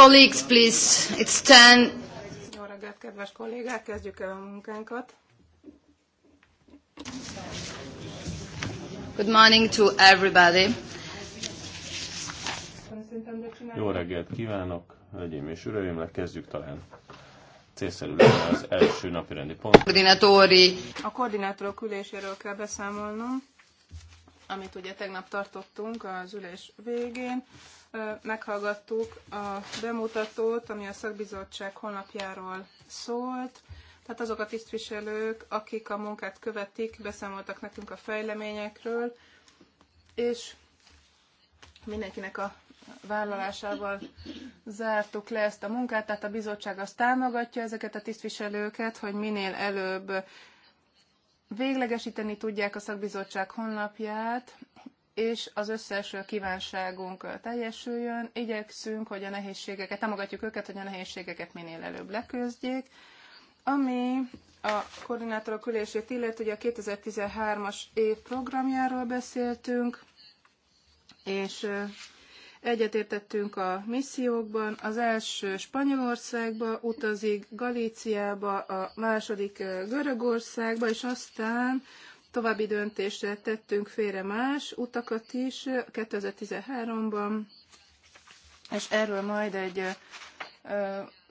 colleagues, please, it's 10. Jó reggelt, kedves kollégák, kezdjük el a munkánkat. Good morning to everybody. Jó reggelt kívánok, hölgyeim és uraim, kezdjük talán célszerű az első napi rendi pont. Koordinátori. A koordinátorok üléséről kell beszámolnom, amit ugye tegnap tartottunk az ülés végén meghallgattuk a bemutatót, ami a szakbizottság honlapjáról szólt. Tehát azok a tisztviselők, akik a munkát követik, beszámoltak nekünk a fejleményekről, és mindenkinek a vállalásával zártuk le ezt a munkát, tehát a bizottság azt támogatja ezeket a tisztviselőket, hogy minél előbb véglegesíteni tudják a szakbizottság honlapját, és az összes kívánságunk teljesüljön. Igyekszünk, hogy a nehézségeket, támogatjuk őket, hogy a nehézségeket minél előbb leküzdjék. Ami a koordinátorok ülését illet, ugye a 2013-as év programjáról beszéltünk, és egyetértettünk a missziókban. Az első Spanyolországba utazik, Galíciába, a második Görögországba, és aztán További döntésre tettünk félre más utakat is 2013-ban, és erről majd egy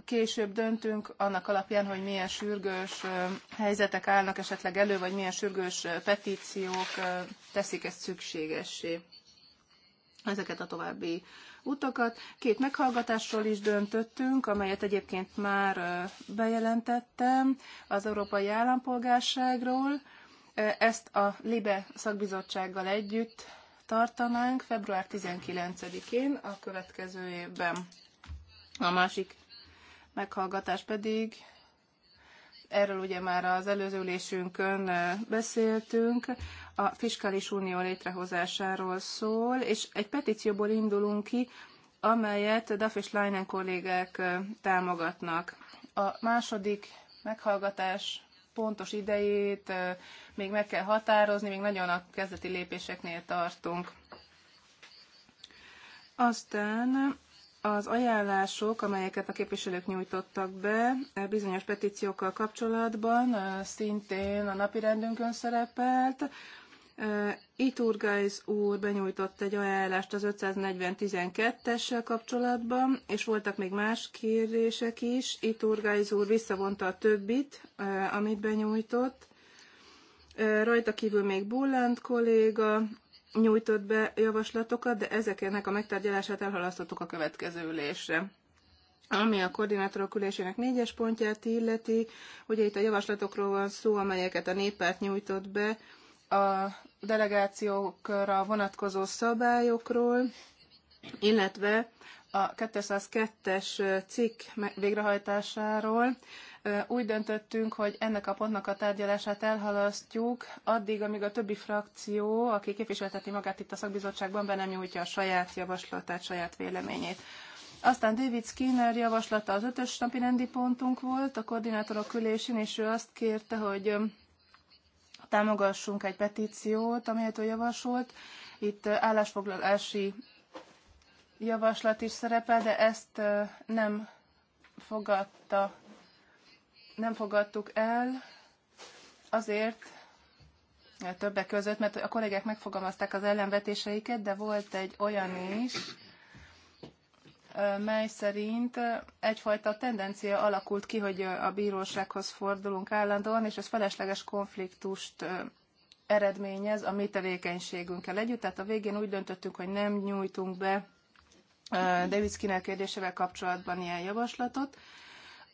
később döntünk annak alapján, hogy milyen sürgős helyzetek állnak esetleg elő, vagy milyen sürgős petíciók teszik ezt szükségessé. Ezeket a további utakat. Két meghallgatásról is döntöttünk, amelyet egyébként már bejelentettem az európai állampolgárságról, ezt a LIBE szakbizottsággal együtt tartanánk február 19-én a következő évben. A másik meghallgatás pedig, erről ugye már az előző ülésünkön beszéltünk, a Fiskális Unió létrehozásáról szól, és egy petícióból indulunk ki, amelyet Duff és Leinen kollégák támogatnak. A második meghallgatás pontos idejét még meg kell határozni, még nagyon a kezdeti lépéseknél tartunk. Aztán az ajánlások, amelyeket a képviselők nyújtottak be bizonyos petíciókkal kapcsolatban, szintén a napirendünkön szerepelt. Iturgais úr benyújtott egy ajánlást az 542 essel kapcsolatban, és voltak még más kérdések is. Iturgais úr visszavonta a többit, amit benyújtott. Rajta kívül még Bullant kolléga nyújtott be javaslatokat, de ezeknek a megtárgyalását elhalasztottuk a következő ülésre ami a koordinátorok ülésének négyes pontját illeti. Ugye itt a javaslatokról van szó, amelyeket a néppárt nyújtott be a delegációkra vonatkozó szabályokról, illetve a 202-es cikk végrehajtásáról. Úgy döntöttünk, hogy ennek a pontnak a tárgyalását elhalasztjuk addig, amíg a többi frakció, aki képviselteti magát itt a szakbizottságban, be nem nyújtja a saját javaslatát, saját véleményét. Aztán David Skinner javaslata az ötös napi rendi pontunk volt a koordinátorok ülésén, és ő azt kérte, hogy támogassunk egy petíciót, amelyet ő javasolt. Itt állásfoglalási javaslat is szerepel, de ezt nem fogadta, nem fogadtuk el azért, többek között, mert a kollégák megfogalmazták az ellenvetéseiket, de volt egy olyan is, mely szerint egyfajta tendencia alakult ki, hogy a bírósághoz fordulunk állandóan, és ez felesleges konfliktust eredményez a mi tevékenységünkkel együtt. Tehát a végén úgy döntöttünk, hogy nem nyújtunk be David kérdésével kapcsolatban ilyen javaslatot.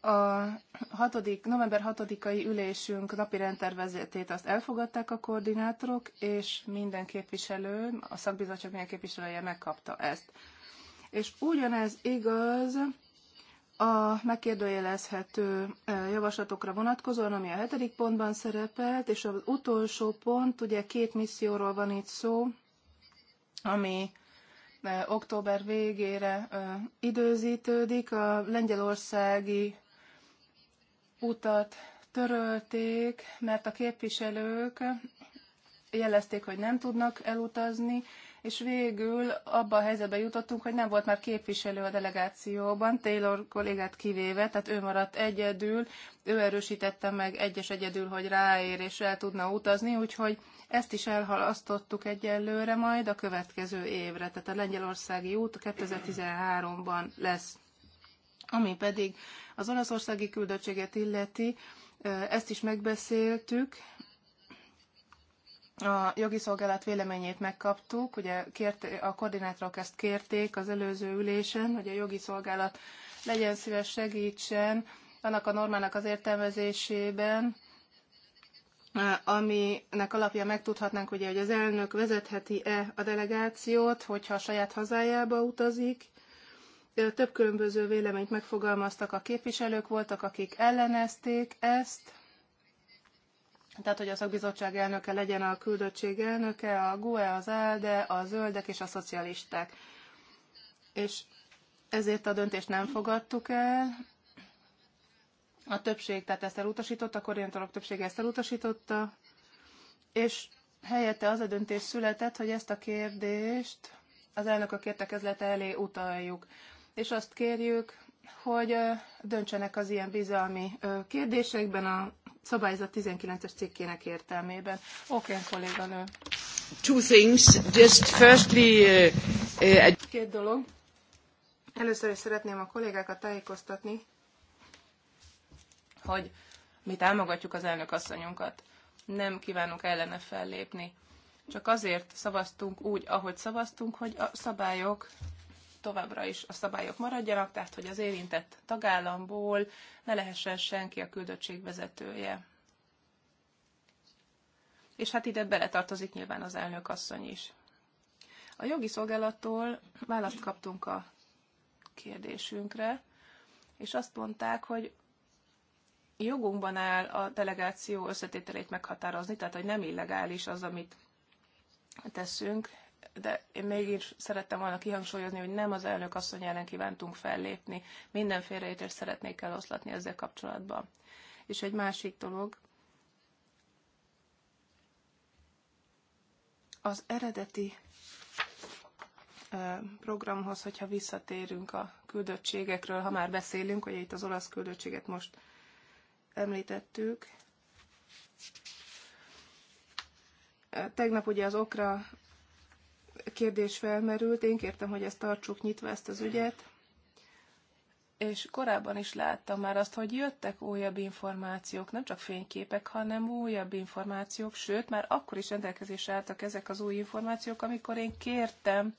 A hatodik, november 6-ai ülésünk napi rendtervezetét azt elfogadták a koordinátorok, és minden képviselő, a szakbizottság minden képviselője megkapta ezt. És ugyanez igaz a megkérdőjelezhető javaslatokra vonatkozóan, ami a hetedik pontban szerepelt, és az utolsó pont, ugye két misszióról van itt szó, ami október végére időzítődik. A lengyelországi utat törölték, mert a képviselők jelezték, hogy nem tudnak elutazni, és végül abba a helyzetbe jutottunk, hogy nem volt már képviselő a delegációban, Taylor kollégát kivéve, tehát ő maradt egyedül, ő erősítette meg egyes egyedül, hogy ráér és el tudna utazni, úgyhogy ezt is elhalasztottuk egyelőre majd a következő évre, tehát a lengyelországi út 2013-ban lesz. Ami pedig az olaszországi küldöttséget illeti, ezt is megbeszéltük, a jogi szolgálat véleményét megkaptuk, ugye kérte a koordinátorok ezt kérték az előző ülésen, hogy a jogi szolgálat legyen szíves segítsen annak a normának az értelmezésében, aminek alapja megtudhatnánk, ugye, hogy az elnök vezetheti-e a delegációt, hogyha a saját hazájába utazik. Több különböző véleményt megfogalmaztak a képviselők, voltak, akik ellenezték ezt, tehát hogy a szakbizottság elnöke legyen a küldöttség elnöke, a GUE, az ELDE, a zöldek és a szocialisták. És ezért a döntést nem fogadtuk el. A többség, tehát ezt elutasította, a koordinátorok többsége ezt elutasította, és helyette az a döntés született, hogy ezt a kérdést az elnökök értekezlete elé utaljuk. És azt kérjük, hogy döntsenek az ilyen bizalmi kérdésekben a szabályzat 19-es cikkének értelmében. Oké, kolléganő. Two things. Just firstly, uh, uh, Két dolog. Először is szeretném a kollégákat tájékoztatni, hogy mi támogatjuk az elnök asszonyunkat. Nem kívánunk ellene fellépni. Csak azért szavaztunk úgy, ahogy szavaztunk, hogy a szabályok továbbra is a szabályok maradjanak, tehát hogy az érintett tagállamból ne lehessen senki a küldöttség vezetője. És hát ide beletartozik nyilván az elnök asszony is. A jogi szolgálattól választ kaptunk a kérdésünkre, és azt mondták, hogy jogunkban áll a delegáció összetételét meghatározni, tehát hogy nem illegális az, amit teszünk, de én mégis szerettem volna kihangsúlyozni, hogy nem az elnök asszony ellen kívántunk fellépni. Minden félreértést szeretnék eloszlatni ezzel kapcsolatban. És egy másik dolog, az eredeti programhoz, hogyha visszatérünk a küldöttségekről, ha már beszélünk, hogy itt az olasz küldöttséget most említettük. Tegnap ugye az okra kérdés felmerült. Én kértem, hogy ezt tartsuk nyitva, ezt az ügyet. És korábban is láttam már azt, hogy jöttek újabb információk, nem csak fényképek, hanem újabb információk, sőt, már akkor is rendelkezésre álltak ezek az új információk, amikor én kértem,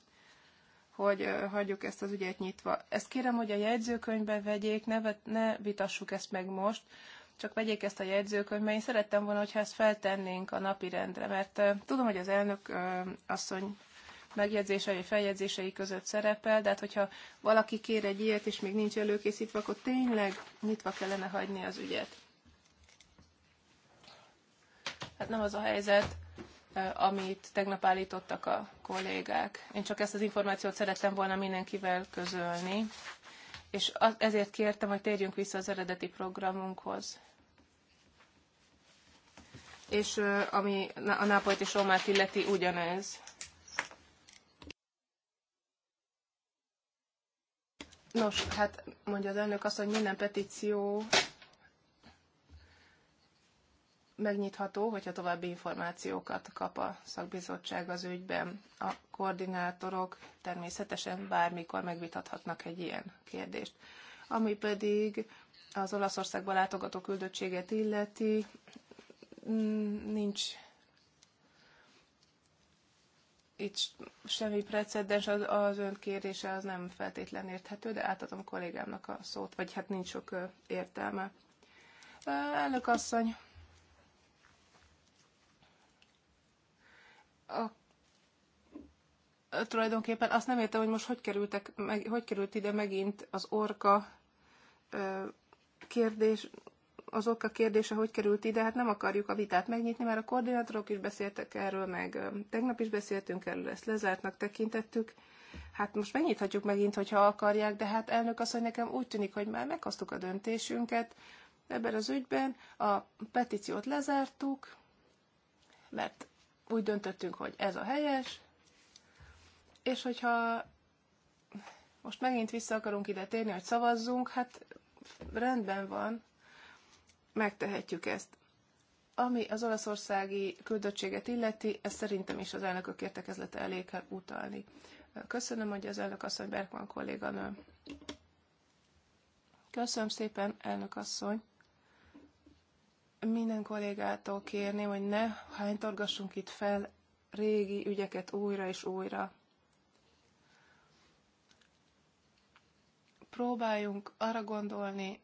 hogy hagyjuk ezt az ügyet nyitva. Ezt kérem, hogy a jegyzőkönyvbe vegyék, ne, vet, ne vitassuk ezt meg most, csak vegyék ezt a jegyzőkönyvbe. Én szerettem volna, hogyha ezt feltennénk a napi rendre, mert tudom, hogy az elnök asszony megjegyzései, feljegyzései között szerepel, de hát hogyha valaki kér egy ilyet, és még nincs előkészítve, akkor tényleg nyitva kellene hagyni az ügyet. Hát nem az a helyzet, amit tegnap állítottak a kollégák. Én csak ezt az információt szerettem volna mindenkivel közölni, és ezért kértem, hogy térjünk vissza az eredeti programunkhoz. És ami a Nápolyt és Rómát illeti, ugyanez. Nos, hát mondja az elnök azt, hogy minden petíció megnyitható, hogyha további információkat kap a szakbizottság az ügyben. A koordinátorok természetesen bármikor megvitathatnak egy ilyen kérdést. Ami pedig az Olaszországba látogató küldöttséget illeti, mm, nincs itt semmi precedens, az, az ön kérdése az nem feltétlen érthető, de átadom kollégámnak a szót, vagy hát nincs sok értelme. Elnök asszony, a, tulajdonképpen azt nem értem, hogy most hogy, kerültek, meg, hogy került ide megint az orka kérdés, azok a kérdése, hogy került ide, hát nem akarjuk a vitát megnyitni, mert a koordinátorok is beszéltek erről, meg tegnap is beszéltünk erről, ezt lezártnak tekintettük. Hát most megnyithatjuk megint, hogyha akarják, de hát elnök azt, hogy nekem úgy tűnik, hogy már meghoztuk a döntésünket ebben az ügyben, a petíciót lezártuk, mert úgy döntöttünk, hogy ez a helyes, és hogyha most megint vissza akarunk ide térni, hogy szavazzunk, hát rendben van, megtehetjük ezt. Ami az olaszországi küldöttséget illeti, ez szerintem is az elnökök értekezlete elé kell utalni. Köszönöm, hogy az elnök asszony Bergman kolléganő. Köszönöm szépen, elnök asszony. Minden kollégától kérném, hogy ne hánytorgassunk itt fel régi ügyeket újra és újra. Próbáljunk arra gondolni,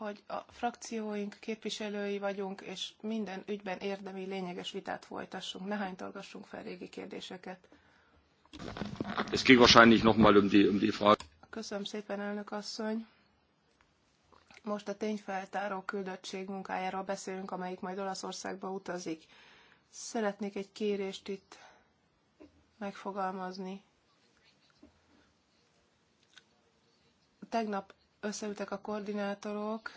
hogy a frakcióink képviselői vagyunk, és minden ügyben érdemi, lényeges vitát folytassunk, ne hánytolgassunk fel régi kérdéseket. Ez geht wahrscheinlich nochmal um die, um die Frage. Köszönöm szépen, elnök asszony. Most a tényfeltáró küldöttség munkájáról beszélünk, amelyik majd Olaszországba utazik. Szeretnék egy kérést itt megfogalmazni. Tegnap összeültek a koordinátorok,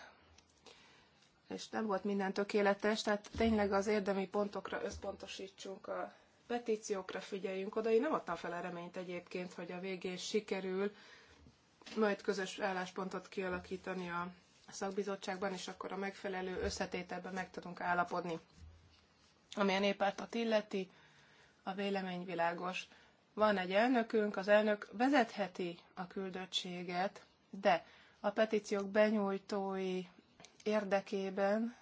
és nem volt minden tökéletes, tehát tényleg az érdemi pontokra összpontosítsunk a petíciókra figyeljünk oda. Én nem adtam fel a reményt egyébként, hogy a végén sikerül majd közös álláspontot kialakítani a szakbizottságban, és akkor a megfelelő összetételben meg tudunk állapodni. Ami a néppártot illeti, a vélemény világos. Van egy elnökünk, az elnök vezetheti a küldöttséget, de a petíciók benyújtói érdekében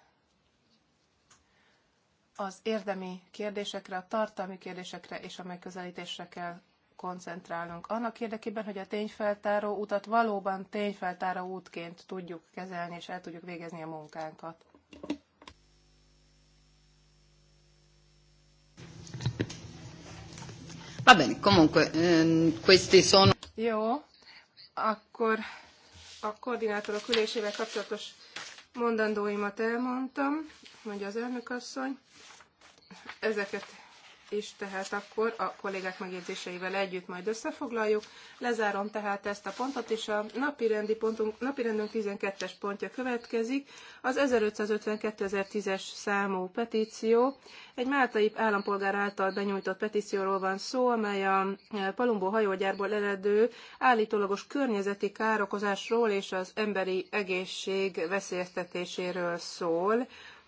az érdemi kérdésekre, a tartalmi kérdésekre és a megközelítésre kell koncentrálnunk. Annak érdekében, hogy a tényfeltáró utat valóban tényfeltáró útként tudjuk kezelni, és el tudjuk végezni a munkánkat. Va bene, comunque, ehm, questi sono... Jó, akkor a koordinátorok ülésével kapcsolatos mondandóimat elmondtam, mondja az asszony, Ezeket és tehát akkor a kollégák megjegyzéseivel együtt majd összefoglaljuk. Lezárom tehát ezt a pontot, és a napirendi pontunk, napirendünk 12-es pontja következik. Az 1552.010-es számú petíció. Egy máltai állampolgár által benyújtott petícióról van szó, amely a e, Palumbó hajógyárból eredő állítólagos környezeti károkozásról és az emberi egészség veszélyeztetéséről szól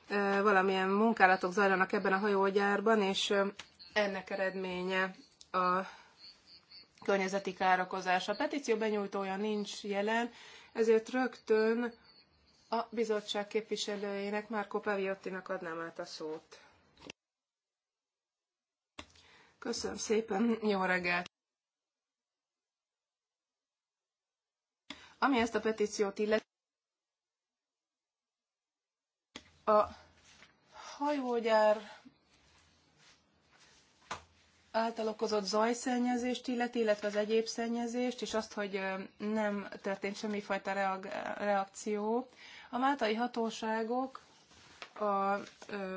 e, valamilyen munkálatok zajlanak ebben a hajógyárban, és e, ennek eredménye a környezeti károkozás. A petíció benyújtója nincs jelen, ezért rögtön a bizottság képviselőjének, Márko Paviottinak adnám át a szót. Köszönöm szépen, jó reggelt! Ami ezt a petíciót illeti, a hajógyár által okozott zajszennyezést illeti, illetve az egyéb szennyezést, és azt, hogy nem történt semmifajta reag- reakció. A máltai hatóságok a ö,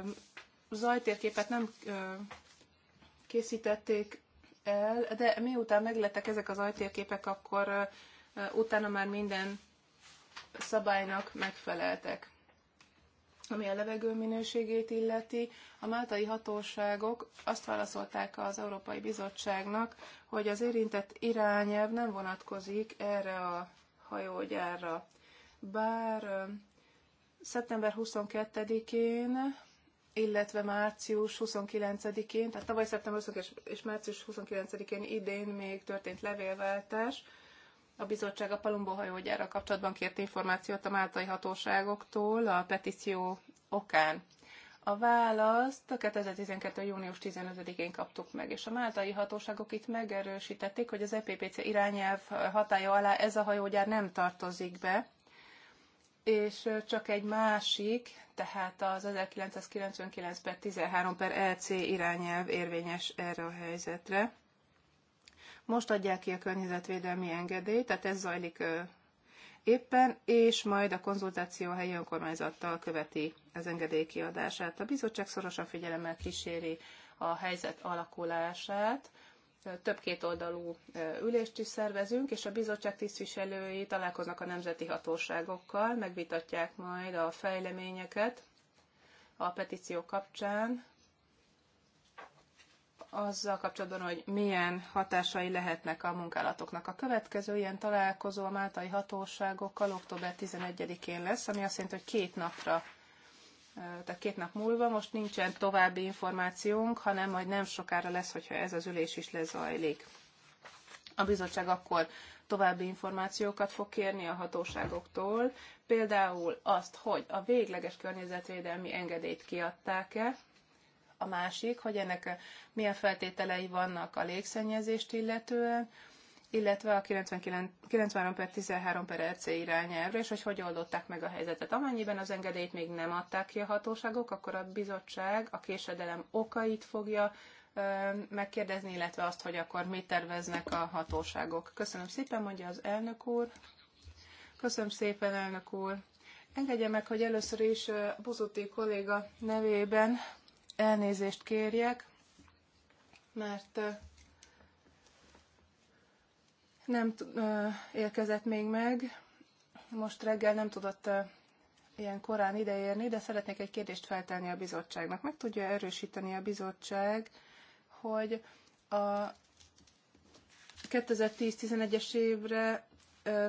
zajtérképet nem ö, készítették el, de miután meglettek ezek a zajtérképek, akkor ö, utána már minden szabálynak megfeleltek ami a levegő minőségét illeti, a máltai hatóságok azt válaszolták az Európai Bizottságnak, hogy az érintett irányelv nem vonatkozik erre a hajógyárra. Bár szeptember 22-én, illetve március 29-én, tehát tavaly szeptember 22 és március 29-én idén még történt levélváltás, a bizottság a Palombo hajógyára kapcsolatban kért információt a máltai hatóságoktól a petíció okán. A választ 2012. június 15-én kaptuk meg, és a máltai hatóságok itt megerősítették, hogy az EPPC irányelv hatája alá ez a hajógyár nem tartozik be, és csak egy másik, tehát az 1999 per 13 per EC irányelv érvényes erre a helyzetre. Most adják ki a környezetvédelmi engedélyt, tehát ez zajlik éppen, és majd a konzultáció a helyi önkormányzattal követi az engedély kiadását. A bizottság szorosan figyelemmel kíséri a helyzet alakulását, több oldalú ülést is szervezünk, és a bizottság tisztviselői találkoznak a nemzeti hatóságokkal, megvitatják majd a fejleményeket a petíció kapcsán, azzal kapcsolatban, hogy milyen hatásai lehetnek a munkálatoknak. A következő ilyen találkozó a máltai hatóságokkal október 11-én lesz, ami azt jelenti, hogy két napra tehát két nap múlva, most nincsen további információnk, hanem majd nem sokára lesz, hogyha ez az ülés is lezajlik. A bizottság akkor további információkat fog kérni a hatóságoktól, például azt, hogy a végleges környezetvédelmi engedélyt kiadták-e, a másik, hogy ennek milyen feltételei vannak a légszennyezést illetően, illetve a 99, 93 per 13 per RC irányelvre, és hogy hogy oldották meg a helyzetet. Amennyiben az engedélyt még nem adták ki a hatóságok, akkor a bizottság a késedelem okait fogja megkérdezni, illetve azt, hogy akkor mit terveznek a hatóságok. Köszönöm szépen, mondja az elnök úr. Köszönöm szépen, elnök úr. Engedje meg, hogy először is Buzuti kolléga nevében elnézést kérjek, mert nem érkezett még meg. Most reggel nem tudott ilyen korán ideérni, de szeretnék egy kérdést feltenni a bizottságnak. Meg tudja erősíteni a bizottság, hogy a 2010-11-es évre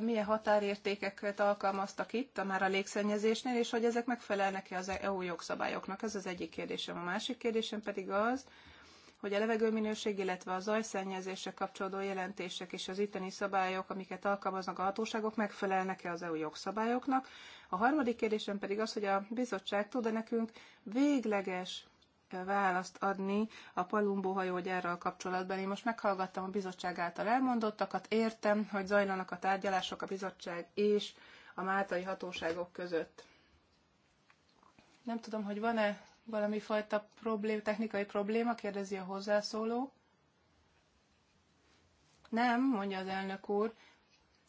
milyen határértékeket alkalmaztak itt, a már a légszennyezésnél, és hogy ezek megfelelnek-e az EU jogszabályoknak. Ez az egyik kérdésem. A másik kérdésem pedig az, hogy a levegőminőség, illetve a zajszennyezésre kapcsolódó jelentések és az itteni szabályok, amiket alkalmaznak a hatóságok, megfelelnek-e az EU jogszabályoknak. A harmadik kérdésem pedig az, hogy a bizottság tud-e nekünk végleges választ adni a Palumbó hajógyárral kapcsolatban. Én most meghallgattam a bizottság által elmondottakat, értem, hogy zajlanak a tárgyalások a bizottság és a máltai hatóságok között. Nem tudom, hogy van-e valami fajta problém, technikai probléma, kérdezi a hozzászóló. Nem, mondja az elnök úr.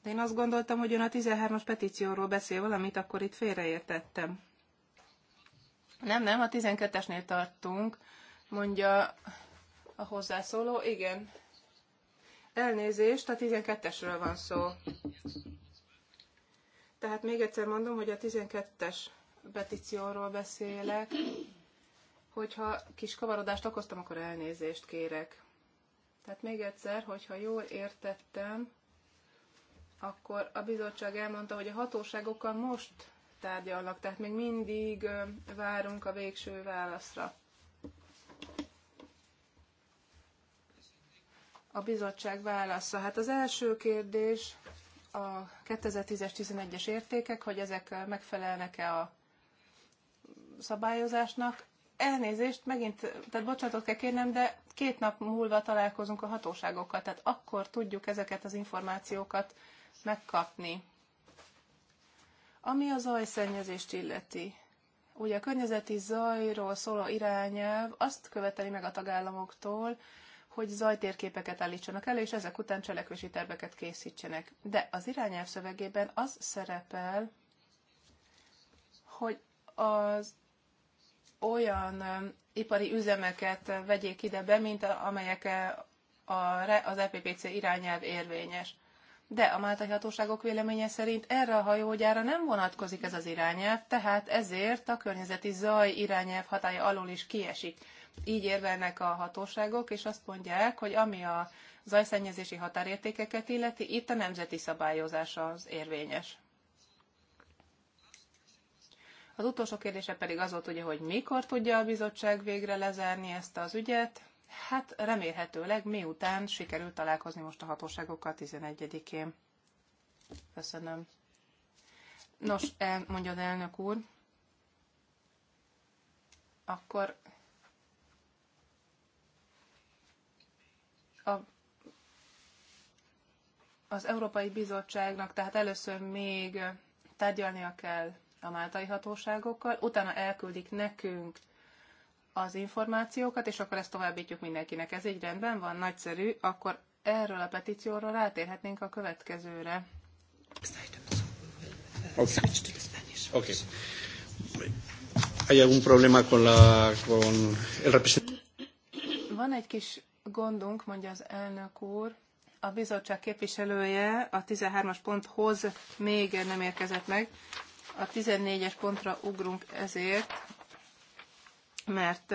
De én azt gondoltam, hogy ön a 13-as petícióról beszél valamit, akkor itt félreértettem. Nem, nem, a 12-esnél tartunk, mondja a hozzászóló. Igen. Elnézést, a 12-esről van szó. Tehát még egyszer mondom, hogy a 12-es petícióról beszélek. Hogyha kis kavarodást okoztam, akkor elnézést kérek. Tehát még egyszer, hogyha jól értettem, akkor a bizottság elmondta, hogy a hatóságokkal most tárgyalnak, tehát még mindig várunk a végső válaszra. A bizottság válasza. Hát az első kérdés a 2010-11-es értékek, hogy ezek megfelelnek-e a szabályozásnak. Elnézést, megint, tehát bocsánatot kell kérnem, de két nap múlva találkozunk a hatóságokkal, tehát akkor tudjuk ezeket az információkat megkapni. Ami a zajszennyezést illeti, ugye a környezeti zajról szóló irányelv azt követeli meg a tagállamoktól, hogy zajtérképeket állítsanak elő, és ezek után cselekvési terveket készítsenek. De az irányelv szövegében az szerepel, hogy az olyan um, ipari üzemeket vegyék ide be, mint amelyek uh, a, az EPPC irányelv érvényes de a máltai hatóságok véleménye szerint erre a hajógyára nem vonatkozik ez az irányelv, tehát ezért a környezeti zaj irányelv hatája alól is kiesik. Így érvelnek a hatóságok, és azt mondják, hogy ami a zajszennyezési határértékeket illeti, itt a nemzeti szabályozás az érvényes. Az utolsó kérdése pedig az volt, ugye, hogy mikor tudja a bizottság végre lezárni ezt az ügyet. Hát remélhetőleg miután sikerült találkozni most a hatóságokkal 11-én. Köszönöm. Nos, el, mondja az elnök úr, akkor a, az Európai Bizottságnak tehát először még tárgyalnia kell a máltai hatóságokkal, utána elküldik nekünk az információkat, és akkor ezt továbbítjuk mindenkinek. Ez így rendben van, nagyszerű, akkor erről a petícióról rátérhetnénk a következőre. Okay. Okay. Van egy kis gondunk, mondja az elnök úr. A bizottság képviselője a 13-as ponthoz még nem érkezett meg. A 14-es pontra ugrunk ezért mert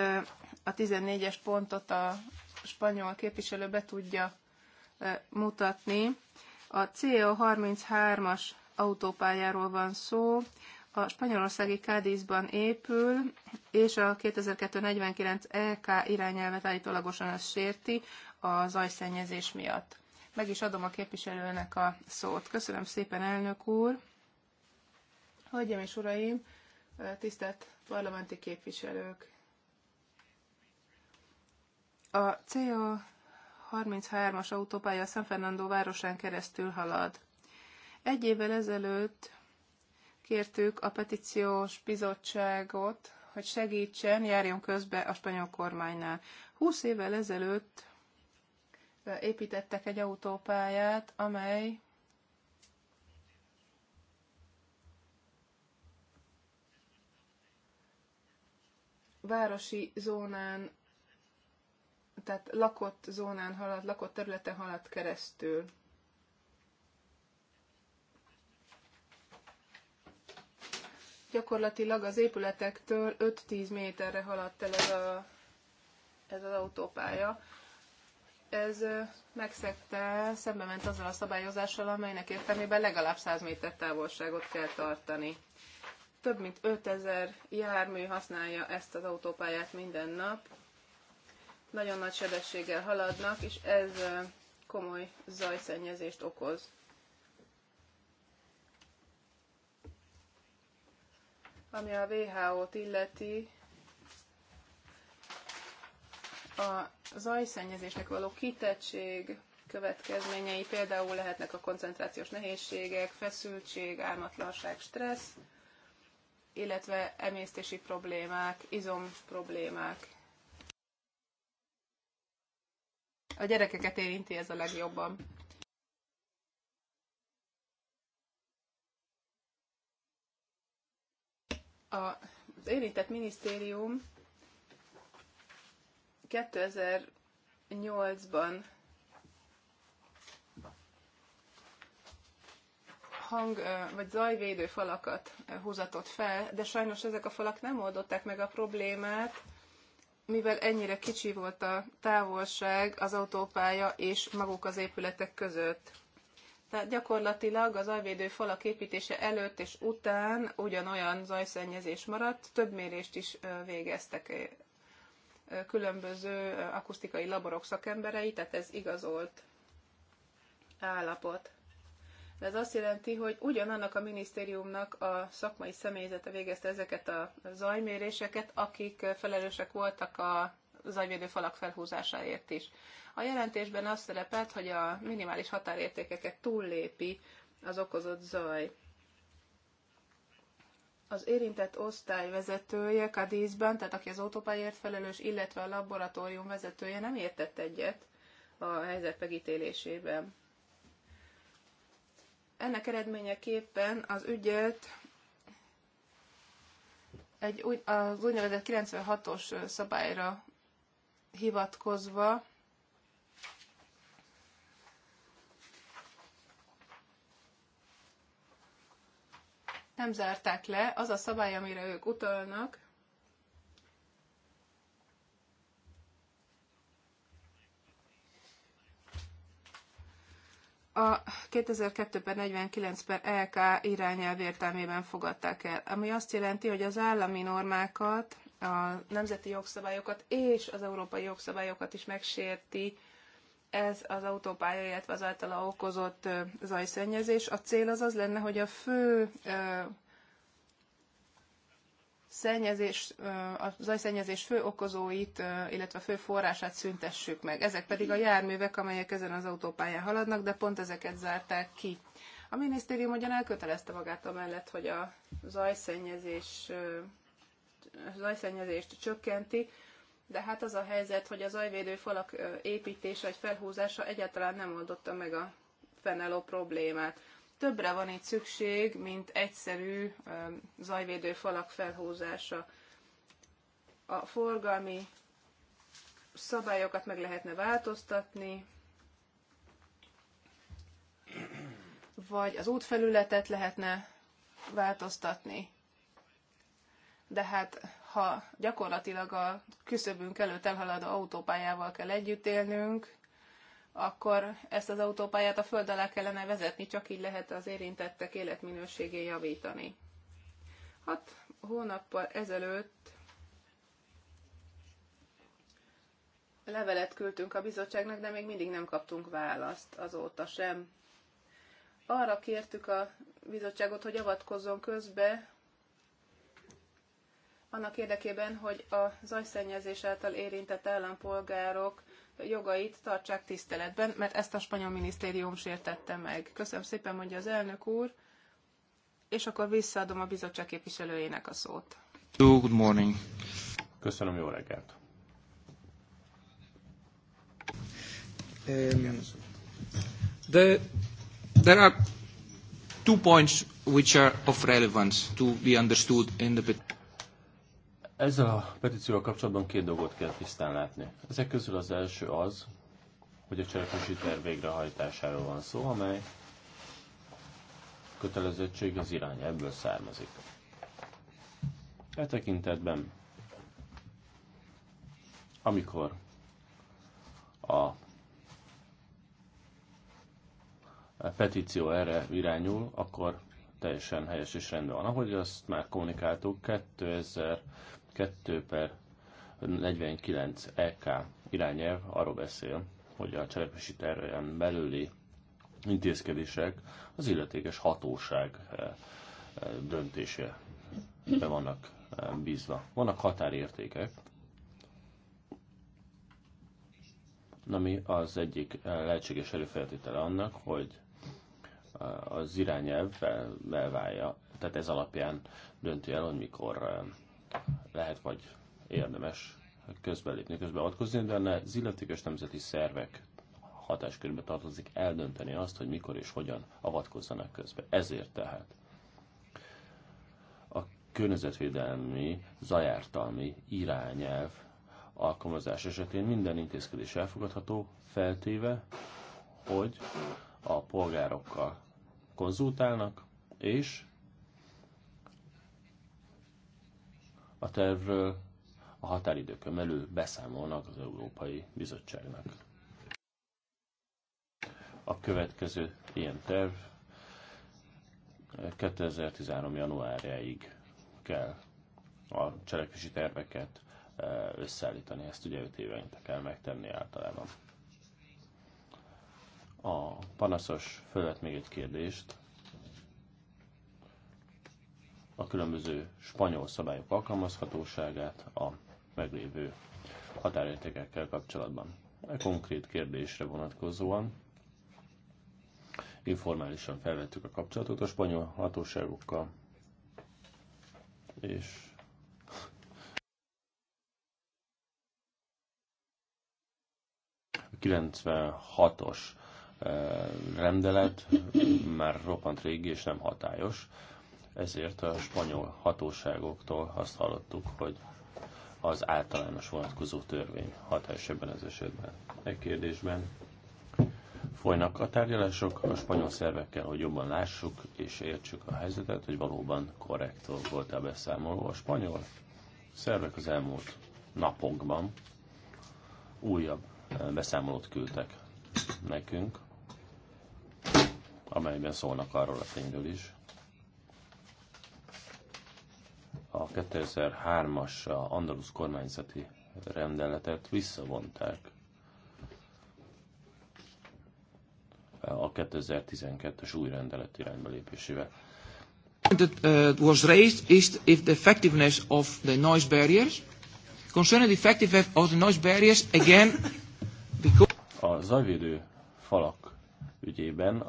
a 14-es pontot a spanyol képviselő be tudja mutatni. A CO33-as autópályáról van szó, a spanyolországi kádizban épül, és a 2249 EK irányelvet állítólagosan az sérti a zajszennyezés miatt. Meg is adom a képviselőnek a szót. Köszönöm szépen, elnök úr! Hölgyeim és uraim, tisztelt parlamenti képviselők! A CO33-as autópálya San Fernando városán keresztül halad. Egy évvel ezelőtt kértük a petíciós bizottságot, hogy segítsen, járjon közbe a spanyol kormánynál. 20 évvel ezelőtt építettek egy autópályát, amely városi zónán tehát lakott zónán halad, lakott területen halad keresztül. Gyakorlatilag az épületektől 5-10 méterre haladt el ez, a, ez az autópálya. Ez megszegte, szembe ment azzal a szabályozással, amelynek értelmében legalább 100 méter távolságot kell tartani. Több mint 5000 jármű használja ezt az autópályát minden nap, nagyon nagy sebességgel haladnak, és ez komoly zajszennyezést okoz. Ami a WHO-t illeti, a zajszennyezésnek való kitettség következményei például lehetnek a koncentrációs nehézségek, feszültség, álmatlanság, stressz, illetve emésztési problémák, izom problémák. A gyerekeket érinti ez a legjobban. a, az érintett minisztérium 2008-ban hang vagy zajvédő falakat húzatott fel, de sajnos ezek a falak nem oldották meg a problémát, mivel ennyire kicsi volt a távolság az autópálya és maguk az épületek között. Tehát gyakorlatilag az ajvédő falak építése előtt és után ugyanolyan zajszennyezés maradt, több mérést is végeztek különböző akusztikai laborok szakemberei, tehát ez igazolt állapot de ez azt jelenti, hogy ugyanannak a minisztériumnak a szakmai személyzete végezte ezeket a zajméréseket, akik felelősek voltak a zajvédő falak felhúzásáért is. A jelentésben azt szerepelt, hogy a minimális határértékeket túllépi az okozott zaj. Az érintett osztály vezetője Kadízban, tehát aki az autópályért felelős, illetve a laboratórium vezetője nem értett egyet a helyzet megítélésében ennek eredményeképpen az ügyet egy, az úgynevezett 96-os szabályra hivatkozva nem zárták le. Az a szabály, amire ők utalnak, a 2002-ben 49 per LK e irányelv értelmében fogadták el, ami azt jelenti, hogy az állami normákat, a nemzeti jogszabályokat és az európai jogszabályokat is megsérti ez az autópálya, illetve az általa okozott zajszennyezés. A cél az az lenne, hogy a fő szennyezés, a zajszennyezés fő okozóit, illetve fő forrását szüntessük meg. Ezek pedig a járművek, amelyek ezen az autópályán haladnak, de pont ezeket zárták ki. A minisztérium ugyan elkötelezte magát amellett, hogy a zajszennyezés, zajszennyezést csökkenti, de hát az a helyzet, hogy a zajvédő falak építése vagy felhúzása egyáltalán nem oldotta meg a fennálló problémát. Többre van itt szükség, mint egyszerű zajvédő falak felhúzása. A forgalmi szabályokat meg lehetne változtatni, vagy az útfelületet lehetne változtatni. De hát, ha gyakorlatilag a küszöbünk előtt elhaladó autópályával kell együtt élnünk, akkor ezt az autópályát a föld alá kellene vezetni, csak így lehet az érintettek életminőségén javítani. Hat hónappal ezelőtt levelet küldtünk a bizottságnak, de még mindig nem kaptunk választ azóta sem. Arra kértük a bizottságot, hogy avatkozzon közbe, annak érdekében, hogy a zajszennyezés által érintett állampolgárok jogait tartsák tiszteletben, mert ezt a spanyol minisztérium sértette meg. Köszönöm szépen, mondja az elnök úr, és akkor visszaadom a bizottság képviselőjének a szót. Good morning. Köszönöm, jó reggelt. Um, the, there are two points which are of relevance to be understood in the ez a petícióval kapcsolatban két dolgot kell tisztán látni. Ezek közül az első az, hogy a cselekvési terv végrehajtásáról van szó, amely kötelezettség az irány ebből származik. E tekintetben, amikor a petíció erre irányul, akkor teljesen helyes és rendben van. Ahogy azt már kommunikáltuk, 2000 2 per 49 EK irányelv arról beszél, hogy a cselekvési terven belüli intézkedések az illetékes hatóság eh, eh, be vannak eh, bízva. Vannak határértékek, ami az egyik lehetséges előfeltétele annak, hogy az irányelv elválja, tehát ez alapján dönti el, hogy mikor lehet vagy érdemes közbelépni, közbeavatkozni, de ne, az illetékes nemzeti szervek hatáskörbe tartozik eldönteni azt, hogy mikor és hogyan avatkozzanak közbe. Ezért tehát a környezetvédelmi, zajártalmi irányelv alkalmazás esetén minden intézkedés elfogadható, feltéve, hogy a polgárokkal konzultálnak, és a tervről a határidőkön belül beszámolnak az Európai Bizottságnak. A következő ilyen terv 2013. Eh, januárjáig kell a cselekvési terveket eh, összeállítani. Ezt ugye 5 évente kell megtenni általában. A panaszos fölött még egy kérdést a különböző spanyol szabályok alkalmazhatóságát a meglévő határértékekkel kapcsolatban. A e konkrét kérdésre vonatkozóan informálisan felvettük a kapcsolatot a spanyol hatóságokkal, és a 96-os eh, rendelet már roppant régi és nem hatályos ezért a spanyol hatóságoktól azt hallottuk, hogy az általános vonatkozó törvény hatás ebben az esetben. E kérdésben folynak a tárgyalások a spanyol szervekkel, hogy jobban lássuk és értsük a helyzetet, hogy valóban korrekt volt a beszámoló. A spanyol szervek az elmúlt napokban újabb eh, beszámolót küldtek nekünk, amelyben szólnak arról a tényről is, a 2003-as andalusz kormányzati rendeletet visszavonták. a 2012-es új rendelet irányba lépésével. That uh, was raised is if the effectiveness of the noise barriers concerning the effectiveness of the noise barriers again because a zajvédő falak ügyében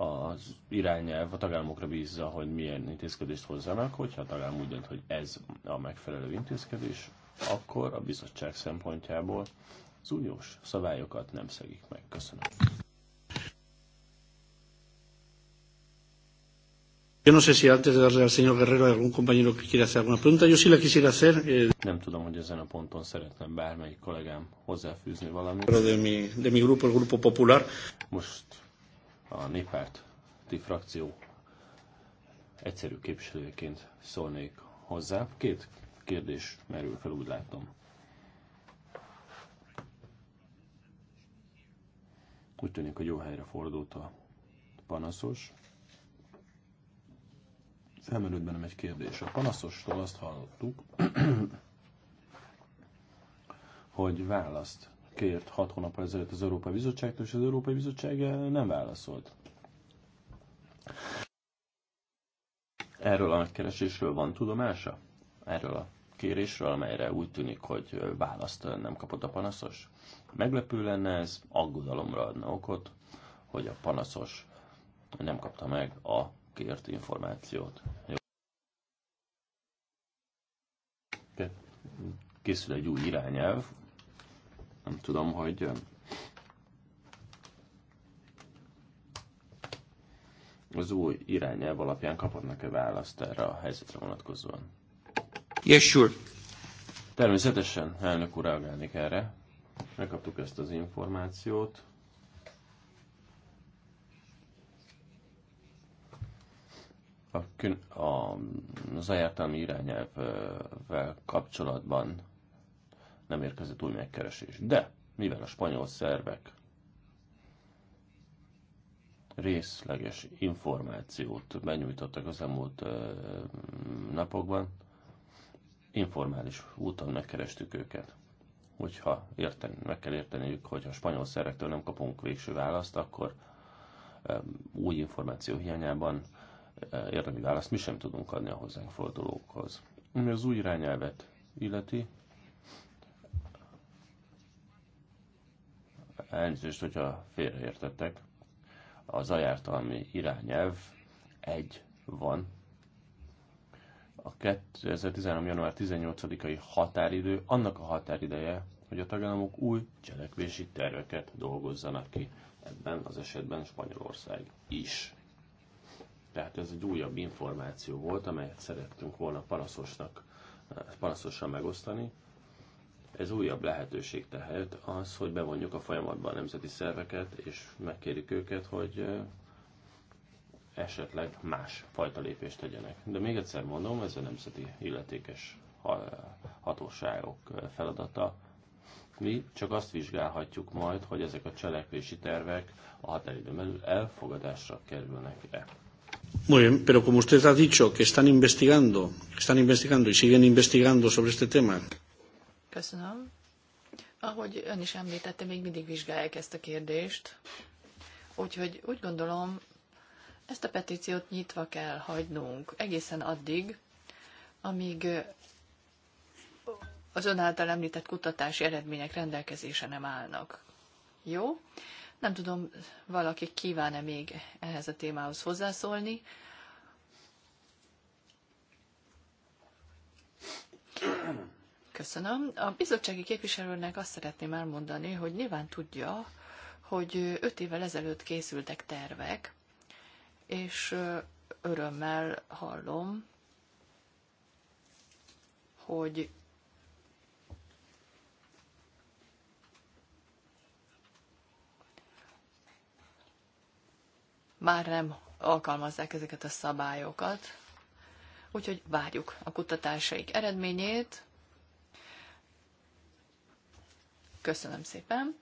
az irányelv a tagállamokra bízza, hogy milyen intézkedést hozzanak, hogyha a tagállam úgy dönt, hogy ez a megfelelő intézkedés, akkor a bizottság szempontjából az uniós szabályokat nem szegik meg. Köszönöm. Yo no sé si antes de darle al señor Guerrero hay algún compañero que quiera hacer alguna pregunta. Yo sí la quisiera hacer. Eh, nem tudom, hogy ezen a ponton szeretném bármelyik kollégám hozzáfűzni valamit. De mi, de mi grupo, el Grupo Popular. Most a néppárt frakció egyszerű képviselőként szólnék hozzá. Két kérdés merül fel, úgy látom. Úgy tűnik, hogy jó helyre fordult a panaszos. Felmerült bennem egy kérdés. A panaszostól azt hallottuk, hogy választ kért 6 hónap ezelőtt az Európai Bizottságtól, és az Európai Bizottság nem válaszolt. Erről a megkeresésről van tudomása? Erről a kérésről, amelyre úgy tűnik, hogy választ nem kapott a panaszos? Meglepő lenne ez, aggodalomra adna okot, hogy a panaszos nem kapta meg a kért információt. Jó. Készül egy új irányelv, nem tudom, hogy az új irányelv alapján kapod neki választ erre a helyzetre vonatkozóan? Yes, sure. Természetesen, elnök úr, reagálnék erre. Megkaptuk ezt az információt. A, kün- a, az ajártalmi irányelvvel kapcsolatban nem érkezett új megkeresés. De, mivel a spanyol szervek részleges információt benyújtottak az elmúlt napokban, informális úton megkerestük őket. Hogyha érteni, meg kell érteniük, hogy a spanyol szervektől nem kapunk végső választ, akkor új információ hiányában érdemi választ mi sem tudunk adni a hozzánk fordulókhoz. Ami az új irányelvet illeti, Elnézést, hogyha félreértettek. Az ajártalmi irányelv egy van. A 2013. január 18-ai határidő annak a határideje, hogy a tagállamok új cselekvési terveket dolgozzanak ki. Ebben az esetben Spanyolország is. Tehát ez egy újabb információ volt, amelyet szerettünk volna panaszosnak, panaszosan megosztani. Ez újabb lehetőség tehát az, hogy bevonjuk a folyamatban a nemzeti szerveket, és megkérjük őket, hogy esetleg más fajta lépést tegyenek. De még egyszer mondom, ez a nemzeti illetékes hatóságok feladata. Mi csak azt vizsgálhatjuk majd, hogy ezek a cselekvési tervek a határidőn belül elfogadásra kerülnek-e. Muy bien, pero como usted ha dicho que están investigando, están investigando y siguen investigando sobre este tema. Köszönöm. Ahogy ön is említette, még mindig vizsgálják ezt a kérdést. Úgyhogy úgy gondolom, ezt a petíciót nyitva kell hagynunk egészen addig, amíg az ön által említett kutatási eredmények rendelkezése nem állnak. Jó? Nem tudom, valaki kíván-e még ehhez a témához hozzászólni. Köszönöm. A bizottsági képviselőnek azt szeretném elmondani, hogy nyilván tudja, hogy öt évvel ezelőtt készültek tervek, és örömmel hallom, hogy már nem alkalmazzák ezeket a szabályokat, úgyhogy várjuk a kutatásaik eredményét, Köszönöm szépen.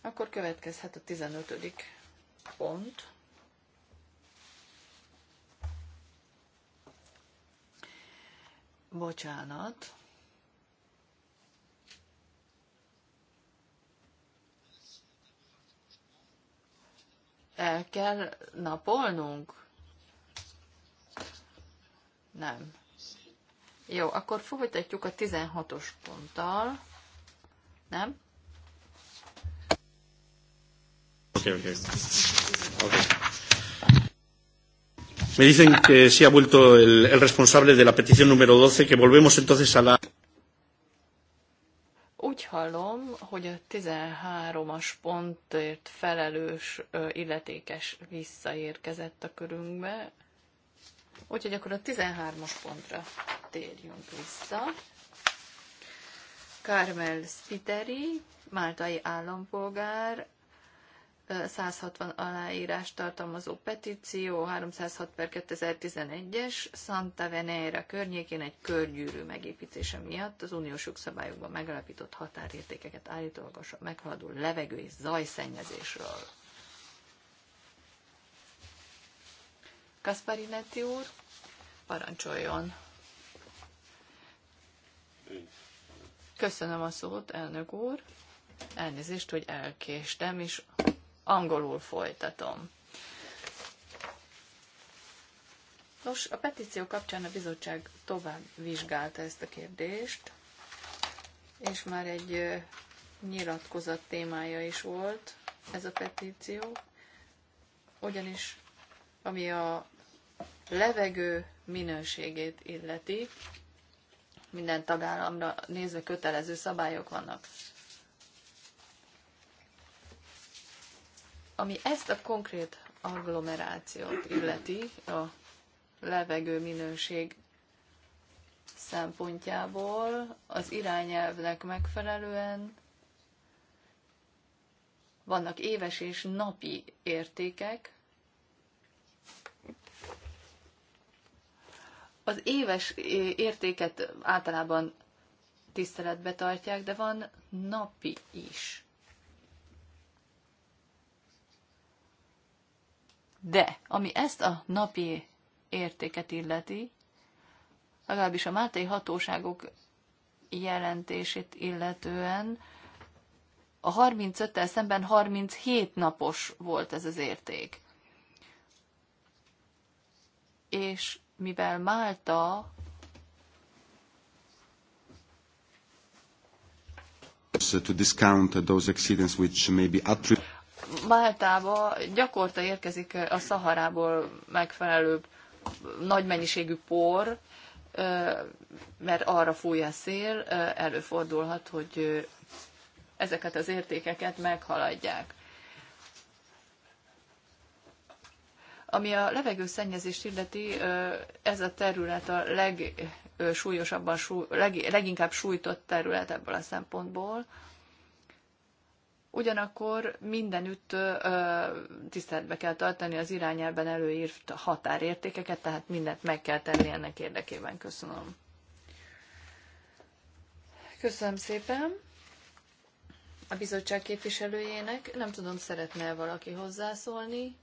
Akkor következhet a 15. pont. Bocsánat. El kell napolnunk? Nem. Jó, akkor folytatjuk a 16-os ponttal nem? Okay, okay. Okay. Me dicen que sí ha vuelto el, el responsable de la petición número 12, que volvemos entonces a la... Úgy hallom, hogy a 13-as pontért felelős illetékes visszaérkezett a körünkbe, úgyhogy akkor a 13-as pontra térjünk vissza. Carmel Spiteri, máltai állampolgár, 160 aláírás tartalmazó petíció, 306 per 2011-es, Santa Venera környékén egy körgyűrű megépítése miatt az uniós jogszabályokban megalapított határértékeket állítólag a meghaladó levegő és zajszennyezésről. Kasparinetti úr, parancsoljon! Köszönöm a szót, elnök úr. Elnézést, hogy elkéstem, és angolul folytatom. Nos, a petíció kapcsán a bizottság tovább vizsgálta ezt a kérdést, és már egy nyilatkozat témája is volt ez a petíció, ugyanis ami a levegő minőségét illeti, minden tagállamra nézve kötelező szabályok vannak. Ami ezt a konkrét agglomerációt illeti, a levegő minőség szempontjából az irányelvnek megfelelően vannak éves és napi értékek, Az éves értéket általában tiszteletbe tartják, de van napi is. De, ami ezt a napi értéket illeti, legalábbis a Máté hatóságok jelentését illetően, a 35-tel szemben 37 napos volt ez az érték. És mivel Málta to discount those accidents which may be Máltába gyakorta érkezik a Szaharából megfelelő nagy mennyiségű por, mert arra fúj a szél, előfordulhat, hogy ezeket az értékeket meghaladják. Ami a levegőszennyezést illeti, ez a terület a legsúlyosabban, leginkább sújtott terület ebből a szempontból. Ugyanakkor mindenütt tiszteletbe kell tartani az irányelben előírt határértékeket, tehát mindent meg kell tenni ennek érdekében. Köszönöm. Köszönöm szépen a bizottság képviselőjének. Nem tudom, szeretne -e valaki hozzászólni?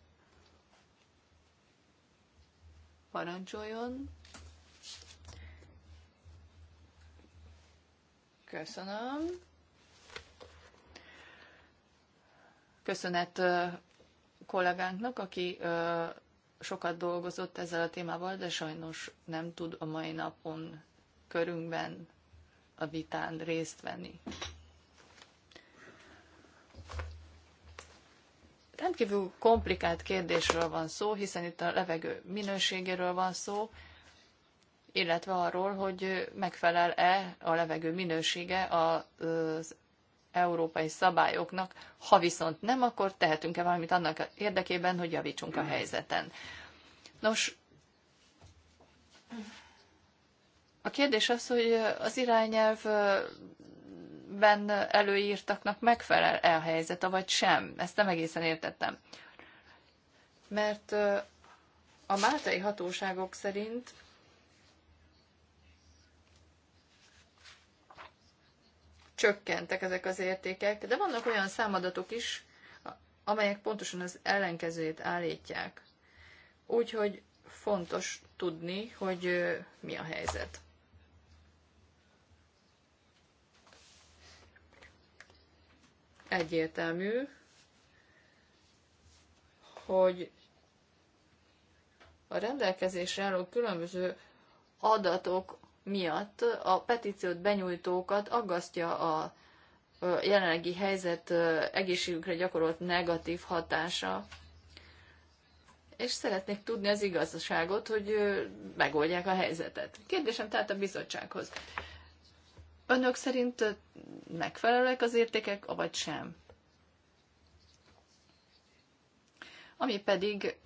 Parancsoljon. Köszönöm. Köszönet kollégánknak, aki sokat dolgozott ezzel a témával, de sajnos nem tud a mai napon körünkben a vitán részt venni. rendkívül komplikált kérdésről van szó, hiszen itt a levegő minőségéről van szó, illetve arról, hogy megfelel-e a levegő minősége az európai szabályoknak, ha viszont nem, akkor tehetünk-e valamit annak érdekében, hogy javítsunk a helyzeten. Nos, a kérdés az, hogy az irányelv ebben előírtaknak megfelel -e a helyzet, vagy sem. Ezt nem egészen értettem. Mert a máltai hatóságok szerint csökkentek ezek az értékek, de vannak olyan számadatok is, amelyek pontosan az ellenkezőjét állítják. Úgyhogy fontos tudni, hogy mi a helyzet. egyértelmű, hogy a rendelkezésre álló különböző adatok miatt a petíciót benyújtókat aggasztja a jelenlegi helyzet egészségükre gyakorolt negatív hatása. És szeretnék tudni az igazságot, hogy megoldják a helyzetet. Kérdésem tehát a bizottsághoz. Önök szerint megfelelőek az értékek, vagy sem. Ami pedig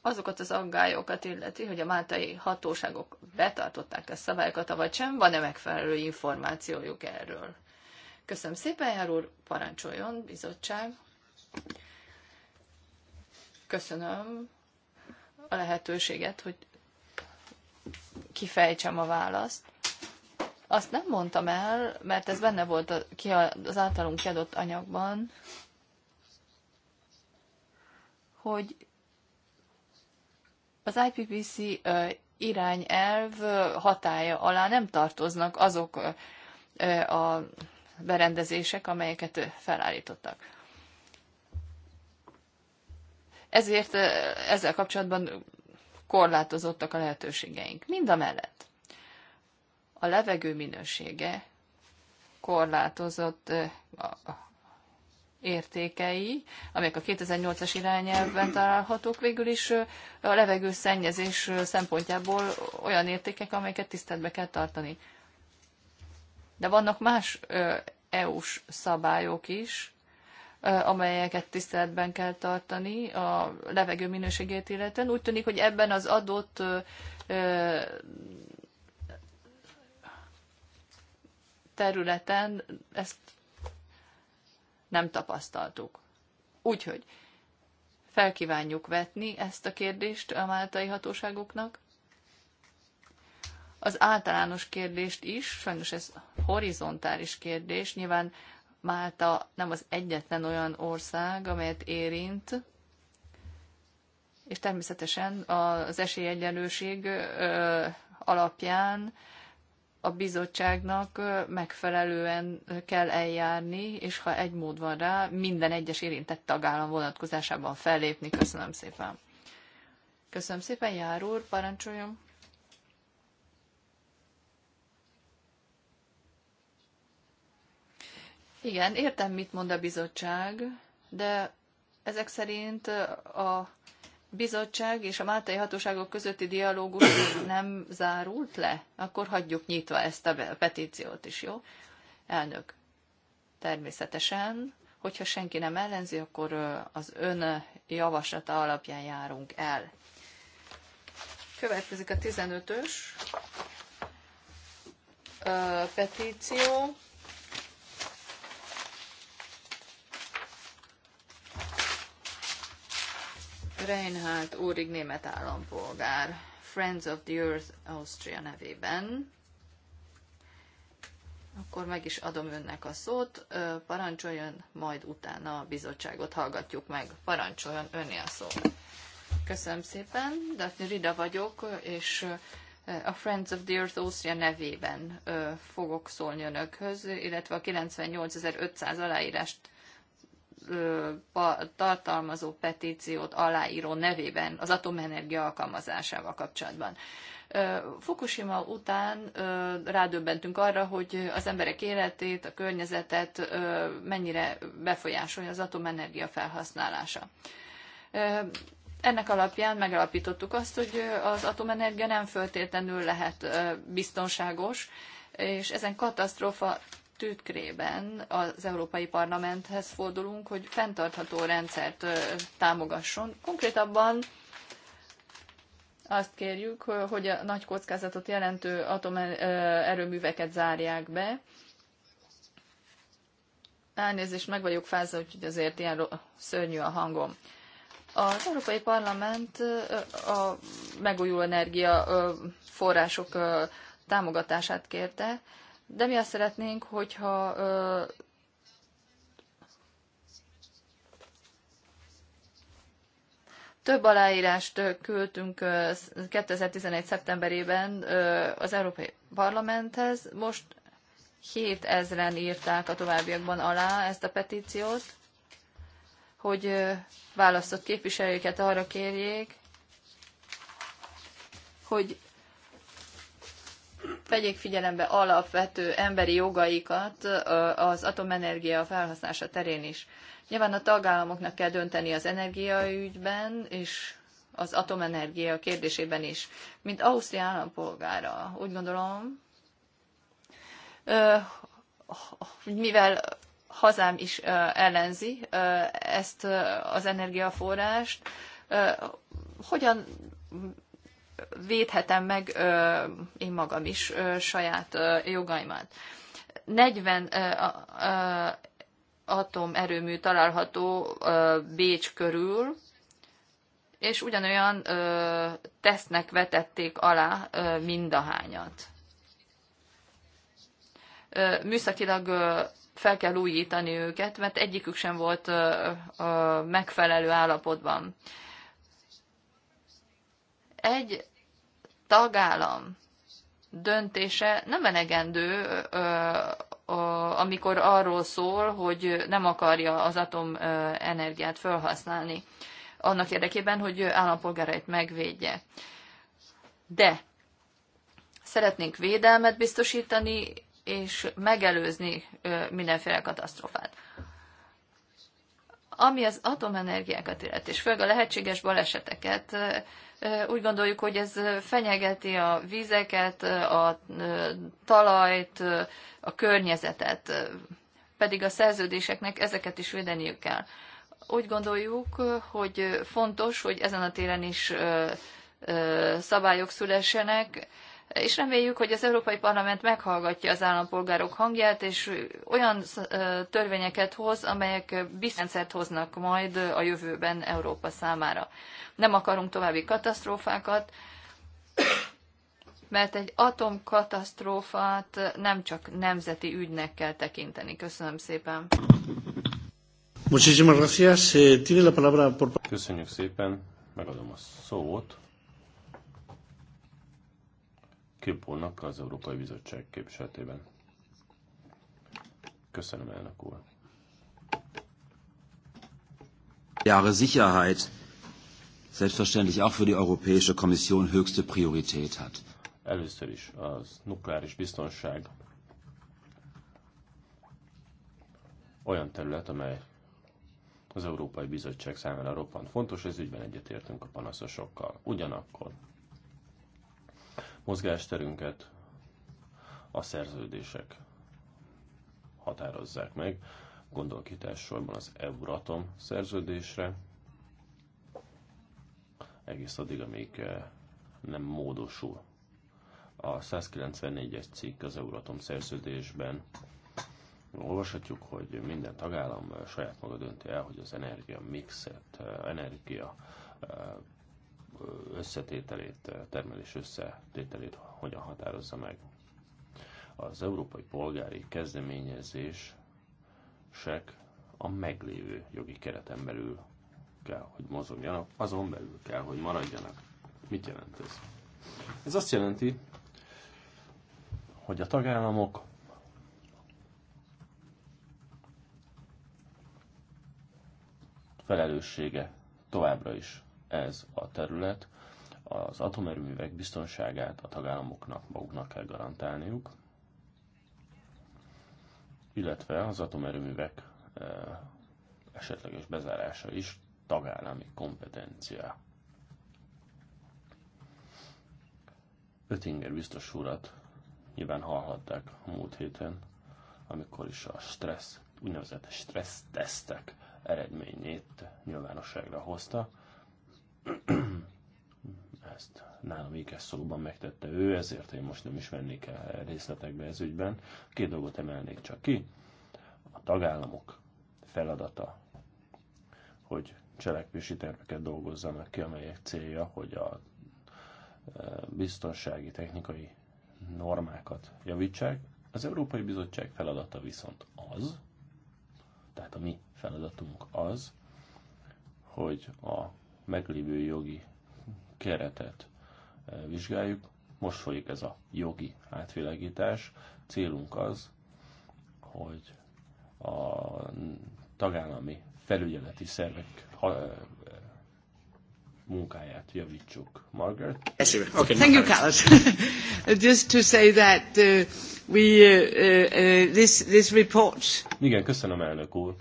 azokat az aggályokat illeti, hogy a máltai hatóságok betartották a szabályokat, vagy sem, van-e megfelelő információjuk erről. Köszönöm szépen, Jár úr, parancsoljon, bizottság. Köszönöm a lehetőséget, hogy kifejtsem a választ. Azt nem mondtam el, mert ez benne volt az általunk kiadott anyagban, hogy az IPPC irányelv hatája alá nem tartoznak azok a berendezések, amelyeket felállítottak. Ezért ezzel kapcsolatban korlátozottak a lehetőségeink. Mind a mellett a levegő minősége korlátozott értékei, amelyek a 2008-as irányelvben találhatók, végül is a levegő szennyezés szempontjából olyan értékek, amelyeket tiszteletbe kell tartani. De vannak más EU-s szabályok is, amelyeket tiszteletben kell tartani a levegő minőségét illetően. Úgy tűnik, hogy ebben az adott területen ezt nem tapasztaltuk. Úgyhogy felkívánjuk vetni ezt a kérdést a máltai hatóságoknak. Az általános kérdést is, sajnos ez horizontális kérdés, nyilván Málta nem az egyetlen olyan ország, amelyet érint, és természetesen az esélyegyenlőség alapján a bizottságnak megfelelően kell eljárni, és ha egy mód van rá, minden egyes érintett tagállam vonatkozásában fellépni. Köszönöm szépen. Köszönöm szépen, Jár úr, parancsoljon. Igen, értem, mit mond a bizottság, de ezek szerint a bizottság és a máltai hatóságok közötti dialógus nem zárult le, akkor hagyjuk nyitva ezt a petíciót is, jó? Elnök, természetesen, hogyha senki nem ellenzi, akkor az ön javaslata alapján járunk el. Következik a 15-ös petíció. Reinhardt úrig német állampolgár, Friends of the Earth Austria nevében. Akkor meg is adom önnek a szót, parancsoljon, majd utána a bizottságot hallgatjuk meg. Parancsoljon, öné a szót. Köszönöm szépen, Daphne Rida vagyok, és a Friends of the Earth Austria nevében fogok szólni önökhöz, illetve a 98.500 aláírást tartalmazó petíciót aláíró nevében az atomenergia alkalmazásával kapcsolatban. Fukushima után rádöbbentünk arra, hogy az emberek életét, a környezetet mennyire befolyásolja az atomenergia felhasználása. Ennek alapján megalapítottuk azt, hogy az atomenergia nem föltétlenül lehet biztonságos, és ezen katasztrófa tükrében az Európai Parlamenthez fordulunk, hogy fenntartható rendszert támogasson. Konkrétabban azt kérjük, hogy a nagy kockázatot jelentő atomerőműveket zárják be. Elnézést, meg vagyok fázva, úgyhogy azért ilyen szörnyű a hangom. Az Európai Parlament a megújuló energia források támogatását kérte, de mi azt szeretnénk, hogyha Több aláírást küldtünk 2011. szeptemberében az Európai Parlamenthez. Most 7000-en írták a továbbiakban alá ezt a petíciót, hogy választott képviselőket arra kérjék, hogy vegyék figyelembe alapvető emberi jogaikat az atomenergia felhasználása terén is. Nyilván a tagállamoknak kell dönteni az energiaügyben, és az atomenergia kérdésében is. Mint Ausztria állampolgára, úgy gondolom, mivel hazám is ellenzi ezt az energiaforrást, hogyan védhetem meg én magam is saját jogaimat. 40 atomerőmű található Bécs körül, és ugyanolyan tesznek vetették alá mindahányat. Műszakilag fel kell újítani őket, mert egyikük sem volt megfelelő állapotban. Egy tagállam döntése nem elegendő, amikor arról szól, hogy nem akarja az atomenergiát felhasználni annak érdekében, hogy állampolgárait megvédje. De szeretnénk védelmet biztosítani, és megelőzni mindenféle katasztrófát. Ami az atomenergiákat illeti, és főleg a lehetséges baleseteket, úgy gondoljuk, hogy ez fenyegeti a vizeket, a talajt, a környezetet, pedig a szerződéseknek ezeket is védeniük kell. Úgy gondoljuk, hogy fontos, hogy ezen a téren is szabályok szülessenek, és reméljük, hogy az Európai Parlament meghallgatja az állampolgárok hangját, és olyan törvényeket hoz, amelyek biztonságot hoznak majd a jövőben Európa számára. Nem akarunk további katasztrófákat, mert egy atomkatasztrófát nem csak nemzeti ügynek kell tekinteni. Köszönöm szépen. Eh, Köszönjük szépen, megadom a szót Kilpónak az Európai Bizottság képviseletében. Köszönöm, elnök úr. Jahre Sicherheit selbstverständlich auch für die Europäische Kommission höchste Priorität hat. Először is az nukleáris biztonság olyan terület, amely az Európai Bizottság számára roppant fontos, ez ügyben egyetértünk a panaszosokkal. Ugyanakkor mozgásterünket a szerződések határozzák meg. Gondolok itt elsősorban az Euratom szerződésre, egész addig, amíg eh, nem módosul. A 194-es cikk az Euratom szerződésben olvashatjuk, hogy minden tagállam eh, saját maga dönti el, hogy az energia mixet, eh, energia összetételét, termelés összetételét hogyan határozza meg. Az európai polgári kezdeményezések a meglévő jogi kereten belül kell, hogy mozogjanak, azon belül kell, hogy maradjanak. Mit jelent ez? Ez azt jelenti, hogy a tagállamok felelőssége továbbra is ez a terület. Az atomerőművek biztonságát a tagállamoknak maguknak kell garantálniuk, illetve az atomerőművek eh, esetleges bezárása is tagállami kompetencia. Ötinger biztos urat nyilván hallhatták a múlt héten, amikor is a stressz, úgynevezett stressz tesztek eredményét nyilvánosságra hozta. Ezt nálam ékes szóban megtette ő, ezért én most nem is vennék el részletekbe ez ügyben. Két dolgot emelnék csak ki. A tagállamok feladata, hogy cselekvési terveket dolgozzanak ki, amelyek célja, hogy a e, biztonsági technikai normákat javítsák. Az Európai Bizottság feladata viszont az, tehát a mi feladatunk az, hogy a meglévő jogi keretet eh, vizsgáljuk. Most folyik ez a jogi átvilágítás. Célunk az, hogy a tagállami felügyeleti szervek eh, munkáját javítsuk. Margaret? Yes, okay, Thank you, Carlos. Just to say that uh, we, uh, uh, this, this report... Igen, köszönöm, elnök úr.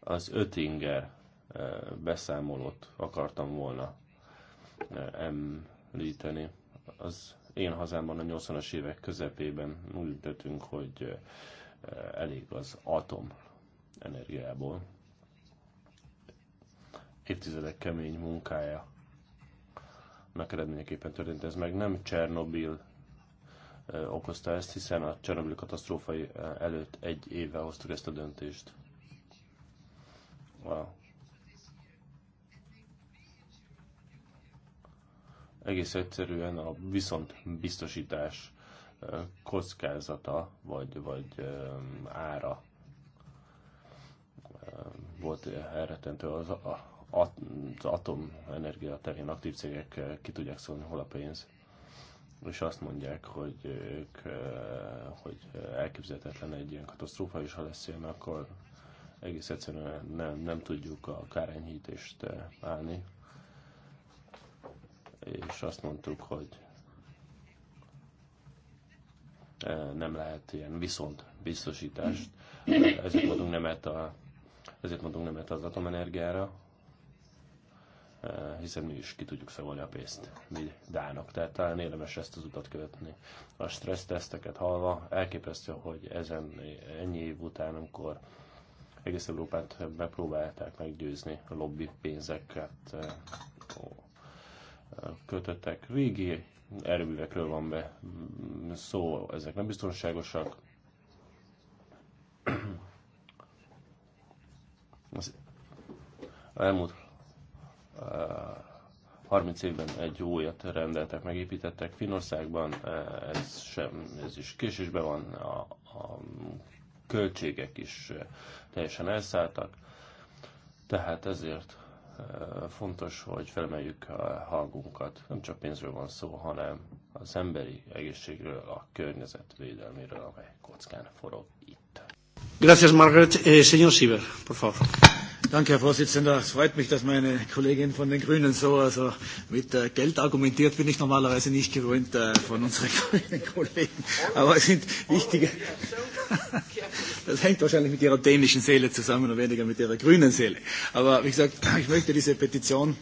Az Öttinger beszámolót akartam volna említeni. Az én hazámban a 80-as évek közepében úgy döntöttünk, hogy elég az atom energiából. Évtizedek kemény munkája annak eredményeképpen történt ez meg. Nem Csernobil okozta ezt, hiszen a Csernobil katasztrófai előtt egy évvel hoztuk ezt a döntést. A Egész egyszerűen a viszont biztosítás kockázata vagy, vagy ára volt elretentő az, az atomenergia terén aktív cégek ki tudják szólni, hol a pénz. És azt mondják, hogy, ők, hogy elképzelhetetlen egy ilyen katasztrófa, is ha lesz ilyen, akkor egész egyszerűen nem, nem tudjuk a kárenyhítést állni és azt mondtuk, hogy e, nem lehet ilyen viszont biztosítást, ezért mondunk nemet, a, ezért mondunk nemet az atomenergiára, e, hiszen mi is ki tudjuk szavolni a pénzt, mi dánok. Tehát talán érdemes ezt az utat követni. A stresszteszteket hallva elképesztő, hogy ezen ennyi év után, amikor egész Európát megpróbálták meggyőzni a lobby pénzeket e, kötöttek. Régi erőművekről van be szó, ezek nem biztonságosak. Az elmúlt 30 eh, évben egy újat rendeltek, megépítettek Finországban, eh, ez, sem, ez is késésben van, a, a költségek is eh, teljesen elszálltak, tehát ezért fontos, hogy felemeljük a hangunkat. Nem csak pénzről van szó, hanem az emberi egészségről, a környezet védelméről, amely kockán forog itt. Gracias, Margaret. Eh, señor Sieber, por favor. Danke, Herr Vorsitzender. Es freut mich, dass meine Kollegin von den Grünen so also mit äh, Geld argumentiert. Bin ich normalerweise nicht gewohnt äh, von unseren grünen Kollegen. Aber es sind wichtige, Das hängt wahrscheinlich mit Ihrer dänischen Seele zusammen und weniger mit Ihrer grünen Seele. Aber wie gesagt, ich möchte diese Petition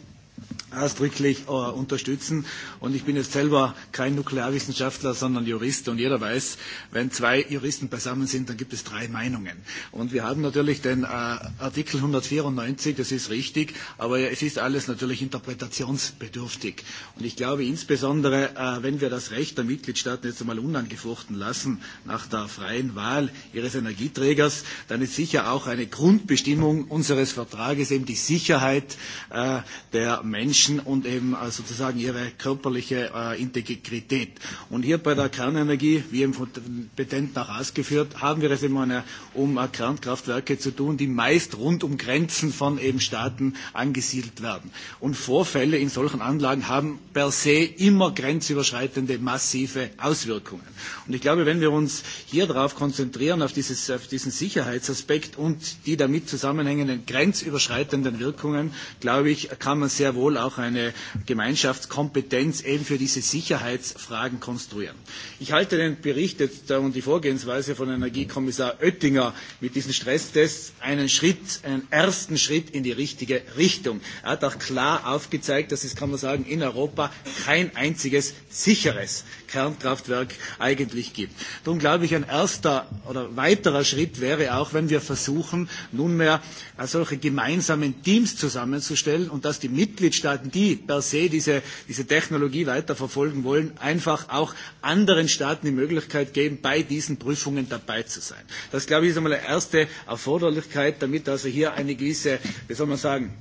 ausdrücklich äh, unterstützen. Und ich bin jetzt selber kein Nuklearwissenschaftler, sondern Jurist. Und jeder weiß, wenn zwei Juristen beisammen sind, dann gibt es drei Meinungen. Und wir haben natürlich den äh, Artikel 194, das ist richtig, aber es ist alles natürlich interpretationsbedürftig. Und ich glaube insbesondere, äh, wenn wir das Recht der Mitgliedstaaten jetzt einmal unangefochten lassen, nach der freien Wahl ihres Energieträgers, dann ist sicher auch eine Grundbestimmung unseres Vertrages eben die Sicherheit äh, der Menschen, Menschen und eben äh, sozusagen ihre körperliche äh, Integrität. Und hier bei der Kernenergie, wie eben von dem Petenten auch ausgeführt, haben wir es eben eine, um äh, Kernkraftwerke zu tun, die meist rund um Grenzen von eben Staaten angesiedelt werden. Und Vorfälle in solchen Anlagen haben per se immer grenzüberschreitende massive Auswirkungen. Und ich glaube, wenn wir uns hier darauf konzentrieren, auf, dieses, auf diesen Sicherheitsaspekt und die damit zusammenhängenden grenzüberschreitenden Wirkungen, glaube ich, kann man sehr wohl auch auch eine Gemeinschaftskompetenz eben für diese Sicherheitsfragen konstruieren. Ich halte den Bericht jetzt und die Vorgehensweise von Energiekommissar Oettinger mit diesen Stresstests einen Schritt, einen ersten Schritt in die richtige Richtung. Er hat auch klar aufgezeigt, dass es, kann man sagen, in Europa kein einziges sicheres Kernkraftwerk eigentlich gibt. Darum glaube ich, ein erster oder weiterer Schritt wäre auch, wenn wir versuchen, nunmehr solche gemeinsamen Teams zusammenzustellen und dass die Mitgliedstaaten Staaten, die per se diese, diese Technologie weiterverfolgen wollen, einfach auch anderen Staaten die Möglichkeit geben, bei diesen Prüfungen dabei zu sein. Das, glaube ich, ist einmal eine erste Erforderlichkeit, damit also hier eine gewisse, wie soll man sagen,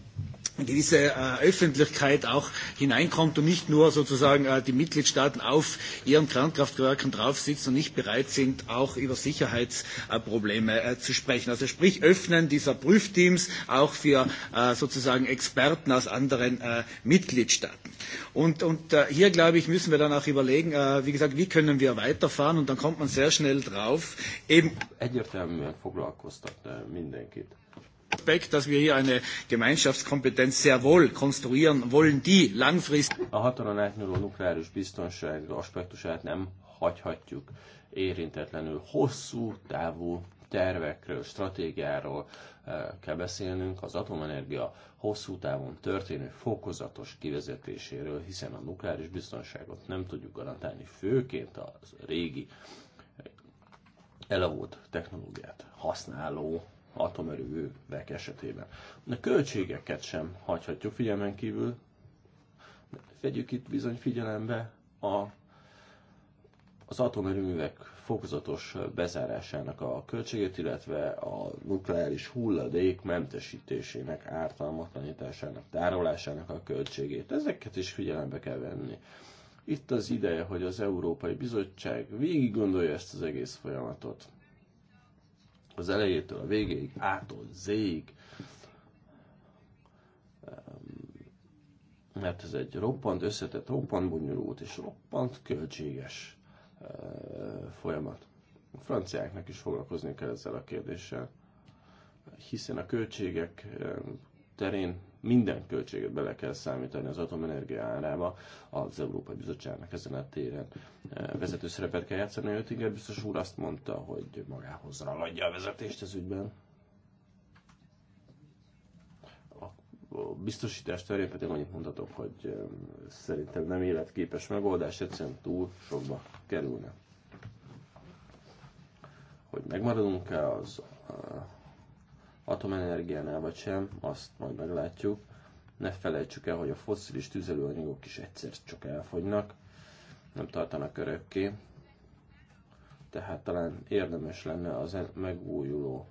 in gewisse äh, Öffentlichkeit auch hineinkommt und nicht nur sozusagen äh, die Mitgliedstaaten auf ihren Kernkraftwerken drauf sitzen und nicht bereit sind, auch über Sicherheitsprobleme äh, zu sprechen. Also sprich Öffnen dieser Prüfteams auch für äh, sozusagen Experten aus anderen äh, Mitgliedstaaten. Und, und äh, hier, glaube ich, müssen wir dann auch überlegen, äh, wie gesagt, wie können wir weiterfahren und dann kommt man sehr schnell drauf. Eben Egyértelműen foglalkoztatna äh, mindenkit Aspekt, dass wir hier eine Gemeinschaftskompetenz sehr wohl konstruieren wollen, die langfristig... A határon átnyúló nukleáris biztonság aspektusát nem hagyhatjuk érintetlenül. Hosszú távú tervekről, stratégiáról eh, kell beszélnünk, az atomenergia hosszú távon történő fokozatos kivezetéséről, hiszen a nukleáris biztonságot nem tudjuk garantálni, főként az régi eh, elavult technológiát használó atomerővek esetében. A költségeket sem hagyhatjuk figyelmen kívül. Vegyük itt bizony figyelembe a, az atomerőművek fokozatos bezárásának a költségét, illetve a nukleáris hulladék mentesítésének, ártalmatlanításának, tárolásának a költségét. Ezeket is figyelembe kell venni. Itt az ideje, hogy az Európai Bizottság végig gondolja ezt az egész folyamatot az elejétől a végéig, ától zéig, mert ez egy roppant összetett, roppant bonyolult és roppant költséges eh, folyamat. A franciáknak is foglalkozni kell ezzel a kérdéssel, hiszen a költségek terén minden költséget bele kell számítani az atomenergia árába, az Európai Bizottságnak ezen a téren e, vezető szerepet kell játszani. Ötinger biztos úr azt mondta, hogy magához ragadja a vezetést ez ügyben. A biztosítás terén pedig annyit mondhatok, hogy e, szerintem nem életképes megoldás, egyszerűen túl sokba kerülne. Hogy megmaradunk-e az e, atomenergiánál vagy sem, azt majd meglátjuk. Ne felejtsük el, hogy a fosszilis tüzelőanyagok is egyszer csak elfogynak, nem tartanak örökké. Tehát talán érdemes lenne az e- megújuló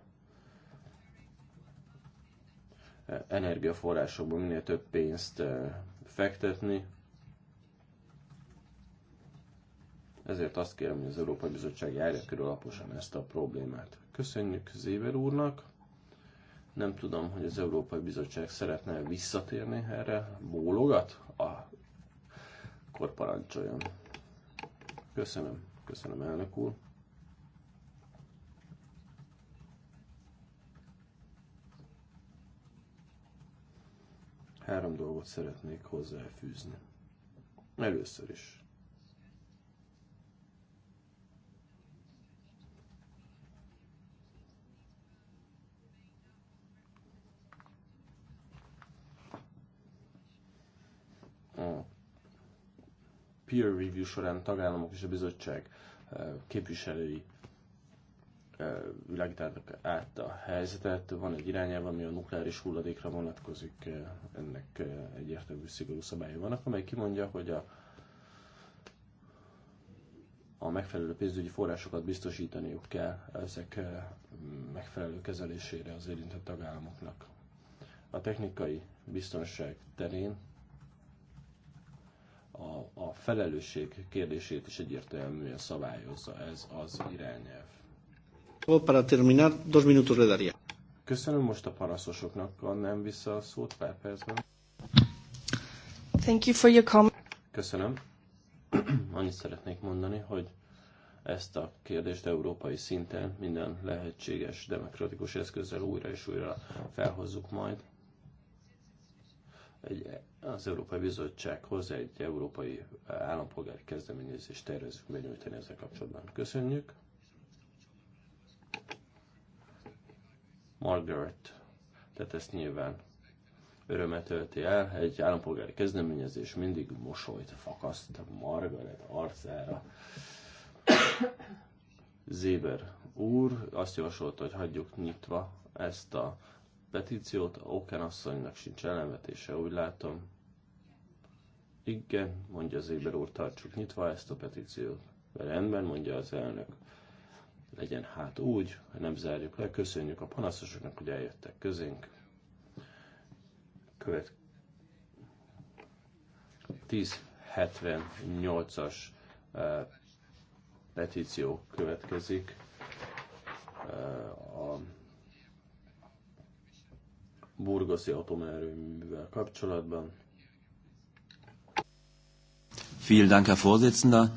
e, energiaforrásokban minél több pénzt e, fektetni. Ezért azt kérem, hogy az Európai Bizottság járja körül alaposan ezt a problémát. Köszönjük Zéber úrnak! Nem tudom, hogy az Európai Bizottság szeretne visszatérni erre. Bólogat? a akkor parancsoljon. Köszönöm. Köszönöm, elnök úr. Három dolgot szeretnék hozzáfűzni. Először is. a peer review során tagállamok és a bizottság eh, képviselői eh, világítanak át a helyzetet. Van egy irányelv, ami a nukleáris hulladékra vonatkozik, eh, ennek egyértelmű szigorú szabályai vannak, amely kimondja, hogy a, a megfelelő pénzügyi forrásokat biztosítaniuk kell ezek megfelelő kezelésére az érintett tagállamoknak. A technikai biztonság terén a, a felelősség kérdését is egyértelműen szabályozza ez az irányelv. Para terminar, dos minutos le daría. Köszönöm most a panaszosoknak, nem vissza a szót pár percben. Thank you for your comment. Köszönöm. Annyit szeretnék mondani, hogy ezt a kérdést európai szinten minden lehetséges demokratikus eszközzel újra és újra felhozzuk majd egy, az Európai Bizottsághoz egy európai állampolgári kezdeményezést tervezünk benyújtani ezzel kapcsolatban. Köszönjük! Margaret, tehát ezt nyilván örömet tölti el, egy állampolgári kezdeményezés mindig mosolyt fakaszt Margaret arcára. Zéber úr azt javasolta, hogy hagyjuk nyitva ezt a petíciót, Okán asszonynak sincs ellenvetése, úgy látom. Igen, mondja az éber úr, tartsuk nyitva ezt a petíciót. Rendben, mondja az elnök. Legyen hát úgy, ha nem zárjuk le, köszönjük a panaszosoknak, hogy eljöttek közénk. Követ 1078-as eh, petíció következik. Eh, a burgoszi atomerőművel kapcsolatban. Vielen Dank, Herr Vorsitzender.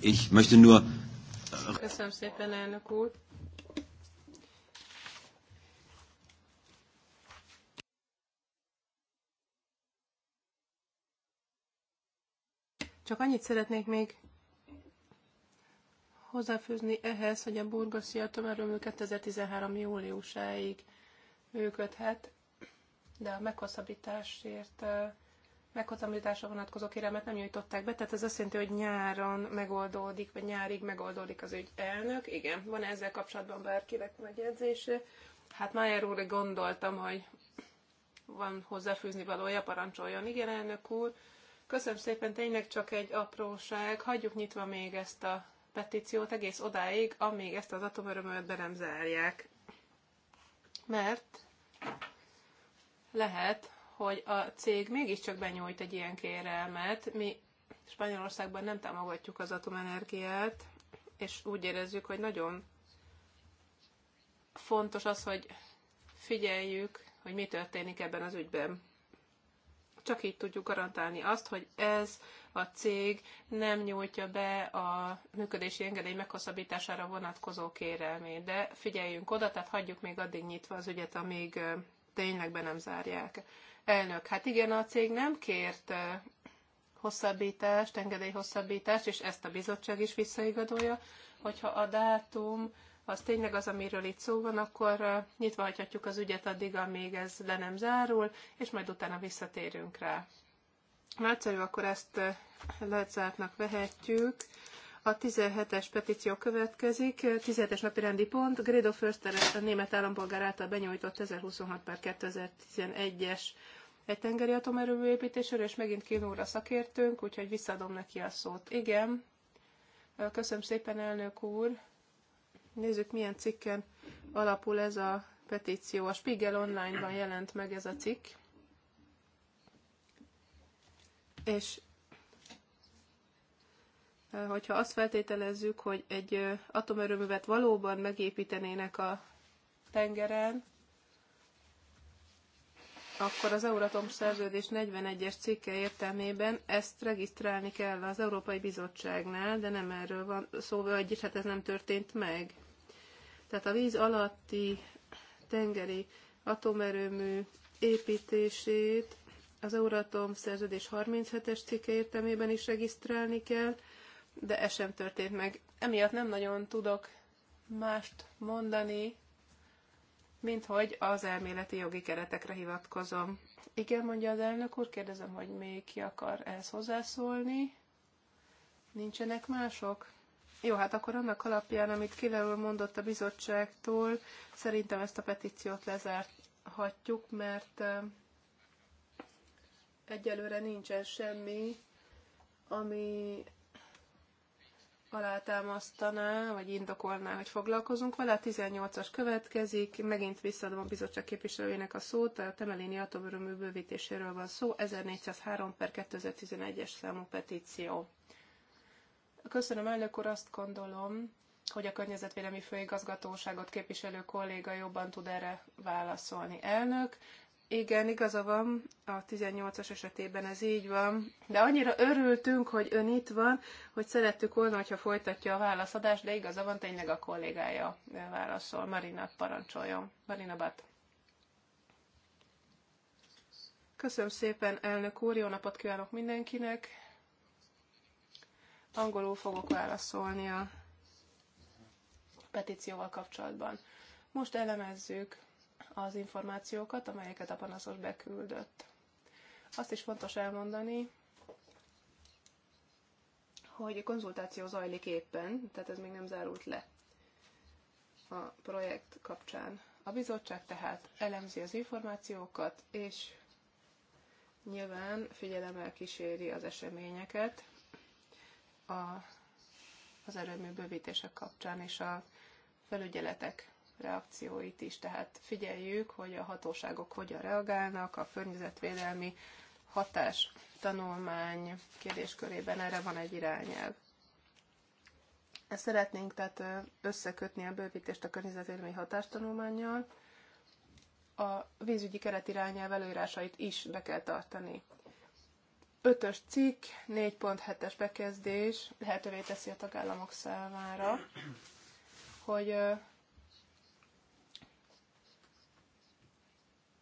Ich möchte nur... Köszönöm szépen, elnök úr. Csak annyit szeretnék még hozzáfűzni ehhez, hogy a burgoszi atomerőmű 2013. júliusáig működhet, de a meghosszabbításért meghosszabbításra vonatkozó kérelmet nem nyújtották be, tehát ez azt jelenti, hogy nyáron megoldódik, vagy nyárig megoldódik az ügy elnök. Igen, van -e ezzel kapcsolatban bárkinek megjegyzése? Hát Májer úr, gondoltam, hogy van hozzáfűzni valója, parancsoljon. Igen, elnök úr, köszönöm szépen, tényleg csak egy apróság, hagyjuk nyitva még ezt a petíciót egész odáig, amíg ezt az atomörömöt be nem zárják. Mert lehet, hogy a cég mégiscsak benyújt egy ilyen kérelmet. Mi Spanyolországban nem támogatjuk az atomenergiát, és úgy érezzük, hogy nagyon fontos az, hogy figyeljük, hogy mi történik ebben az ügyben. Csak így tudjuk garantálni azt, hogy ez a cég nem nyújtja be a működési engedély meghosszabbítására vonatkozó kérelmét. De figyeljünk oda, tehát hagyjuk még addig nyitva az ügyet, amíg tényleg be nem zárják. Elnök, hát igen, a cég nem kért hosszabbítást, engedélyhosszabbítást, és ezt a bizottság is visszaigadolja, hogyha a dátum az tényleg az, amiről itt szó van, akkor nyitva hagyhatjuk az ügyet addig, amíg ez le nem zárul, és majd utána visszatérünk rá. Nagyszerű, akkor ezt lezártnak vehetjük. A 17-es petíció következik, 17-es napi rendi pont, Gredo Förster, a német állampolgár által benyújtott 1026 per 2011-es egy tengeri atomerőmű építésről, és megint kínóra szakértőnk, úgyhogy visszadom neki a szót. Igen, köszönöm szépen, elnök úr. Nézzük, milyen cikken alapul ez a petíció. A Spiegel Online-ban jelent meg ez a cikk. És hogyha azt feltételezzük, hogy egy atomerőművet valóban megépítenének a tengeren, akkor az Euratom szerződés 41-es cikke értelmében ezt regisztrálni kell az Európai Bizottságnál, de nem erről van szó, vagy hát ez nem történt meg. Tehát a víz alatti tengeri atomerőmű építését az Euratom szerződés 37-es cikke értelmében is regisztrálni kell, de ez sem történt meg. Emiatt nem nagyon tudok mást mondani, mint hogy az elméleti jogi keretekre hivatkozom. Igen, mondja az elnök úr, kérdezem, hogy még ki akar ehhez hozzászólni. Nincsenek mások? Jó, hát akkor annak alapján, amit kilelül mondott a bizottságtól, szerintem ezt a petíciót lezárhatjuk, mert eh, egyelőre nincsen semmi, ami alátámasztaná, vagy indokolná, hogy foglalkozunk vele. A 18-as következik, megint visszaadom a bizottság képviselőjének a szót, a Temelini atomerőmű bővítéséről van szó, 1403 per 2011-es számú petíció. Köszönöm, elnök úr, azt gondolom, hogy a Környezetvédelmi Főigazgatóságot képviselő kolléga jobban tud erre válaszolni. Elnök, igen, igaza van, a 18-as esetében ez így van, de annyira örültünk, hogy ön itt van, hogy szerettük volna, hogyha folytatja a válaszadást, de igaza van, tényleg a kollégája válaszol. Marina, parancsoljon. Marina Bat. Köszönöm szépen, elnök úr, jó napot kívánok mindenkinek. Angolul fogok válaszolni a petícióval kapcsolatban. Most elemezzük az információkat, amelyeket a panaszos beküldött. Azt is fontos elmondani, hogy a konzultáció zajlik éppen, tehát ez még nem zárult le a projekt kapcsán. A bizottság tehát elemzi az információkat, és nyilván figyelemmel kíséri az eseményeket a, az erőmű bővítések kapcsán és a felügyeletek reakcióit is. Tehát figyeljük, hogy a hatóságok hogyan reagálnak, a környezetvédelmi hatás tanulmány kérdéskörében erre van egy irányelv. Ezt szeretnénk tehát összekötni a bővítést a környezetvédelmi hatástanulmányjal. A vízügyi keretirányelv előírásait is be kell tartani. Ötös cikk, 4.7-es bekezdés lehetővé teszi a tagállamok számára, hogy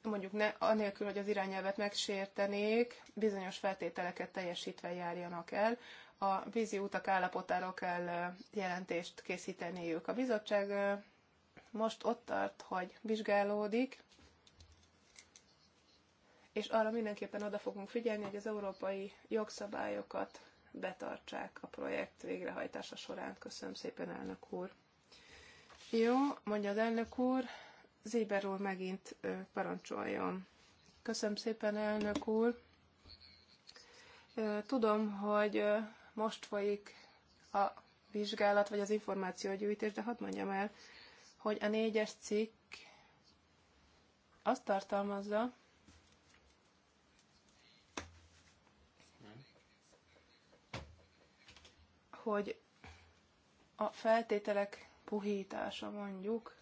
mondjuk ne, anélkül, hogy az irányelvet megsértenék, bizonyos feltételeket teljesítve járjanak el. A vízi utak állapotáról kell jelentést készíteniük. A bizottság most ott tart, hogy vizsgálódik, és arra mindenképpen oda fogunk figyelni, hogy az európai jogszabályokat betartsák a projekt végrehajtása során. Köszönöm szépen, elnök úr! Jó, mondja az elnök úr, Zéber úr megint parancsoljon. Köszönöm szépen, elnök úr. Tudom, hogy most folyik a vizsgálat, vagy az információgyűjtés, de hadd mondjam el, hogy a négyes cikk azt tartalmazza, hogy a feltételek puhítása mondjuk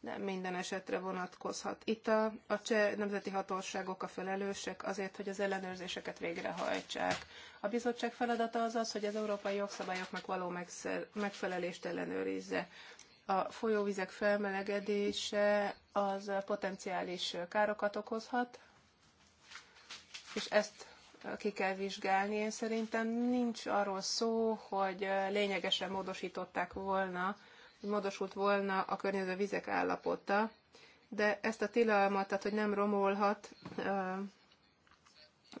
nem minden esetre vonatkozhat. Itt a, a cseh nemzeti hatóságok a felelősek azért, hogy az ellenőrzéseket végrehajtsák. A bizottság feladata az az, hogy az európai jogszabályoknak való megfelelést ellenőrizze. A folyóvizek felmelegedése az potenciális károkat okozhat, és ezt ki kell vizsgálni. Én szerintem nincs arról szó, hogy lényegesen módosították volna módosult volna a környező vizek állapota, de ezt a tilalmat, tehát hogy nem romolhat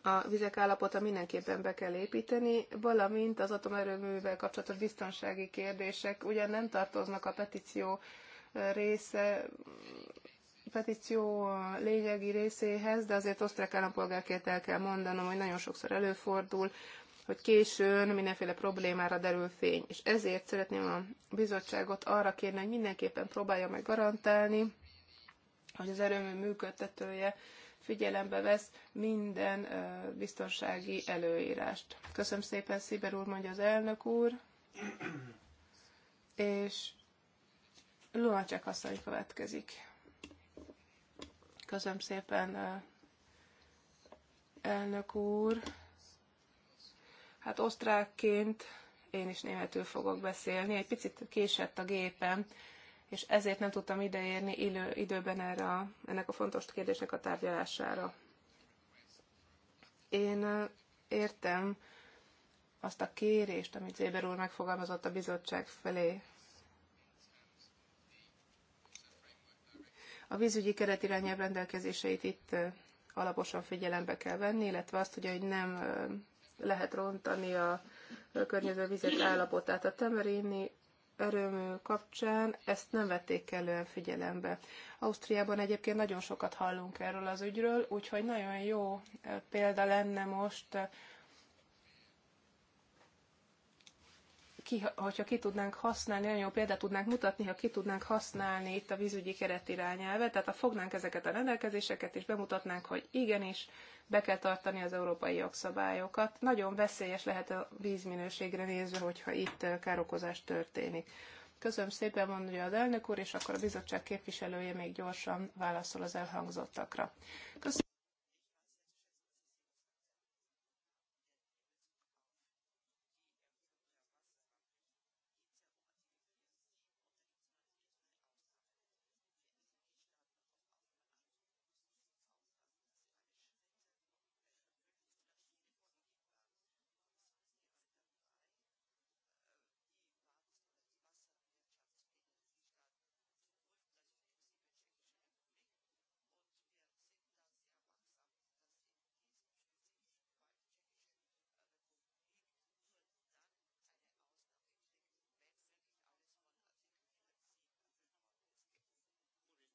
a vizek állapota mindenképpen be kell építeni, valamint az atomerőművel kapcsolatos biztonsági kérdések ugyan nem tartoznak a petíció része, petíció lényegi részéhez, de azért osztrák állampolgárként el kell mondanom, hogy nagyon sokszor előfordul, hogy későn mindenféle problémára derül fény. És ezért szeretném a bizottságot arra kérni, hogy mindenképpen próbálja meg garantálni, hogy az erőmű működtetője figyelembe vesz minden biztonsági előírást. Köszönöm szépen, Sziber úr, mondja az elnök úr, és Lunacek asszony következik. Köszönöm szépen, elnök úr. Hát osztrákként én is németül fogok beszélni. Egy picit késett a gépem, és ezért nem tudtam ideérni idő, időben erre a, ennek a fontos kérdésnek a tárgyalására. Én értem azt a kérést, amit Zéber úr megfogalmazott a bizottság felé. A vízügyi keretirányelv rendelkezéseit itt alaposan figyelembe kell venni, illetve azt, hogy nem lehet rontani a környező vizet állapotát. A temeréni erőmű kapcsán ezt nem vették kellően figyelembe. Ausztriában egyébként nagyon sokat hallunk erről az ügyről, úgyhogy nagyon jó példa lenne most, ki, hogyha ki tudnánk használni, nagyon jó példát tudnánk mutatni, ha ki tudnánk használni itt a vízügyi keretirányelvet, tehát ha fognánk ezeket a rendelkezéseket, és bemutatnánk, hogy igenis, be kell tartani az európai jogszabályokat. Nagyon veszélyes lehet a vízminőségre nézve, hogyha itt károkozás történik. Köszönöm szépen, mondja az elnök úr, és akkor a bizottság képviselője még gyorsan válaszol az elhangzottakra. Köszönöm.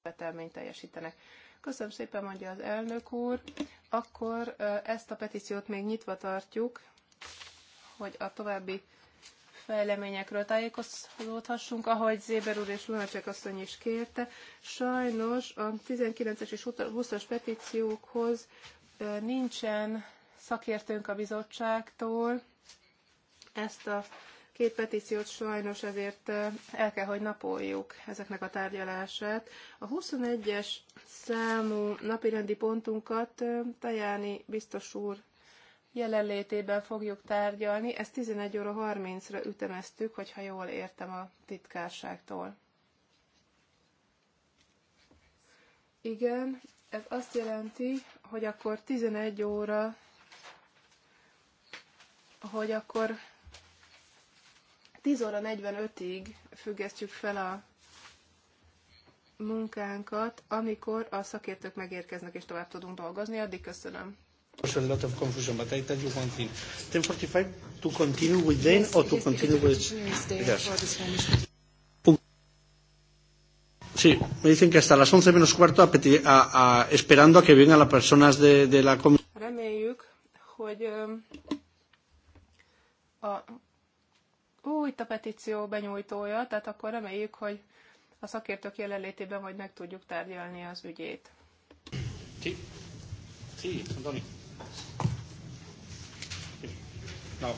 követelményt teljesítenek. Köszönöm szépen, mondja az elnök úr. Akkor ezt a petíciót még nyitva tartjuk, hogy a további fejleményekről tájékozódhassunk, ahogy Zéber úr és Lunacek asszony is kérte. Sajnos a 19-es és 20-as petíciókhoz nincsen szakértőnk a bizottságtól. Ezt a Két petíciót sajnos ezért el kell, hogy napoljuk ezeknek a tárgyalását. A 21-es számú napirendi pontunkat Tajáni biztos úr jelenlétében fogjuk tárgyalni. Ezt 11 óra 30-ra ütemeztük, hogyha jól értem a titkárságtól. Igen, ez azt jelenti, hogy akkor 11 óra, hogy akkor 10 óra 45-ig függesztjük fel a munkánkat, amikor a szakértők megérkeznek és tovább tudunk dolgozni. Addig köszönöm. There's a lot of confusion, but I tell you one thing. 10.45 to continue with them yes, or to continue with... Yes. Sí, me dicen que hasta las 11 menos cuarto a, a, a, esperando a que vengan las personas de, de la comisión. Reméljük, hogy a Ó, itt a petíció benyújtója, tehát akkor reméljük, hogy a szakértők jelenlétében majd meg tudjuk tárgyalni az ügyét. Ki? Ki? sono No,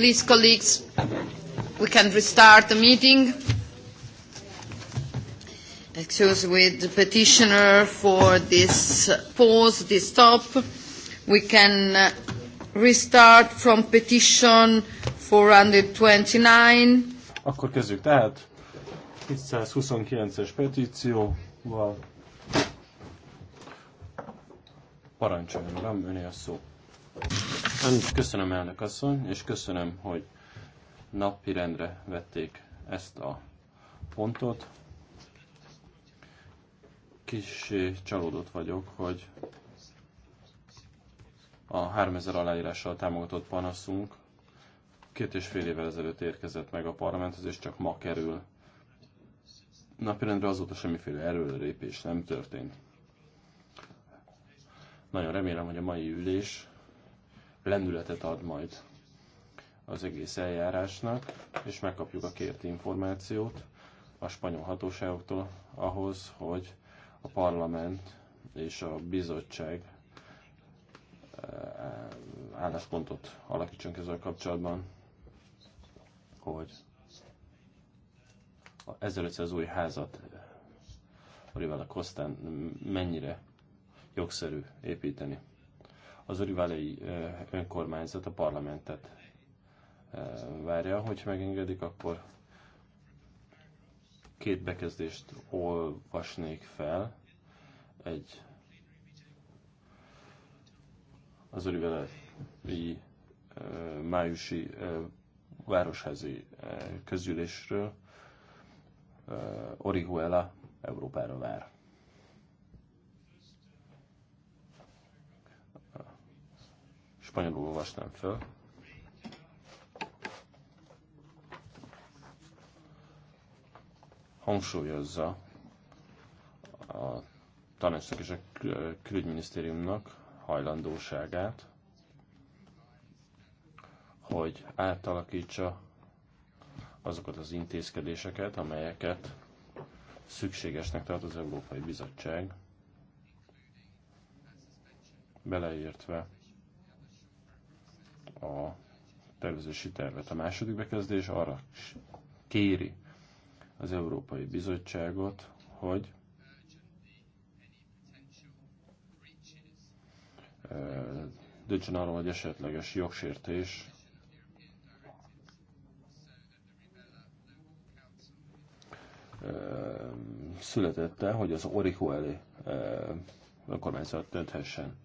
Please, colleagues, we can restart the meeting. Excuse with the petitioner for this pause, this stop. We can uh, restart from petition 429. Akkor kezdjük tehát 229-es petícióval. Parancsoljon, nem öné a szó. Ön, köszönöm elnök asszony, és köszönöm, hogy napi rendre vették ezt a pontot. Kis eh, csalódott vagyok, hogy a 3000 aláírással támogatott panaszunk két és fél évvel ezelőtt érkezett meg a parlamenthez, és csak ma kerül napirendre azóta semmiféle erőlépés nem történt. Nagyon remélem, hogy a mai ülés lendületet ad majd az egész eljárásnak, és megkapjuk a kért információt a spanyol hatóságoktól ahhoz, hogy a parlament és a bizottság eh, álláspontot alakítsunk ezzel kapcsolatban, hogy 1500 új házat Orival a Kostán mennyire jogszerű építeni az örüváliai önkormányzat a parlamentet várja, hogy megengedik, akkor két bekezdést olvasnék fel. Egy az örüvelei májusi városházi közülésről Orihuela Európára vár. Spanyolul olvasnám fel. Hangsúlyozza a tanácsnak és a külügyminisztériumnak hajlandóságát, hogy átalakítsa azokat az intézkedéseket, amelyeket szükségesnek tart az Európai Bizottság, beleértve a tervezési tervet. A második bekezdés arra kéri az Európai Bizottságot, hogy döntsön arról, hogy esetleges jogsértés születette, hogy az Oriko elé önkormányzat dönthessen.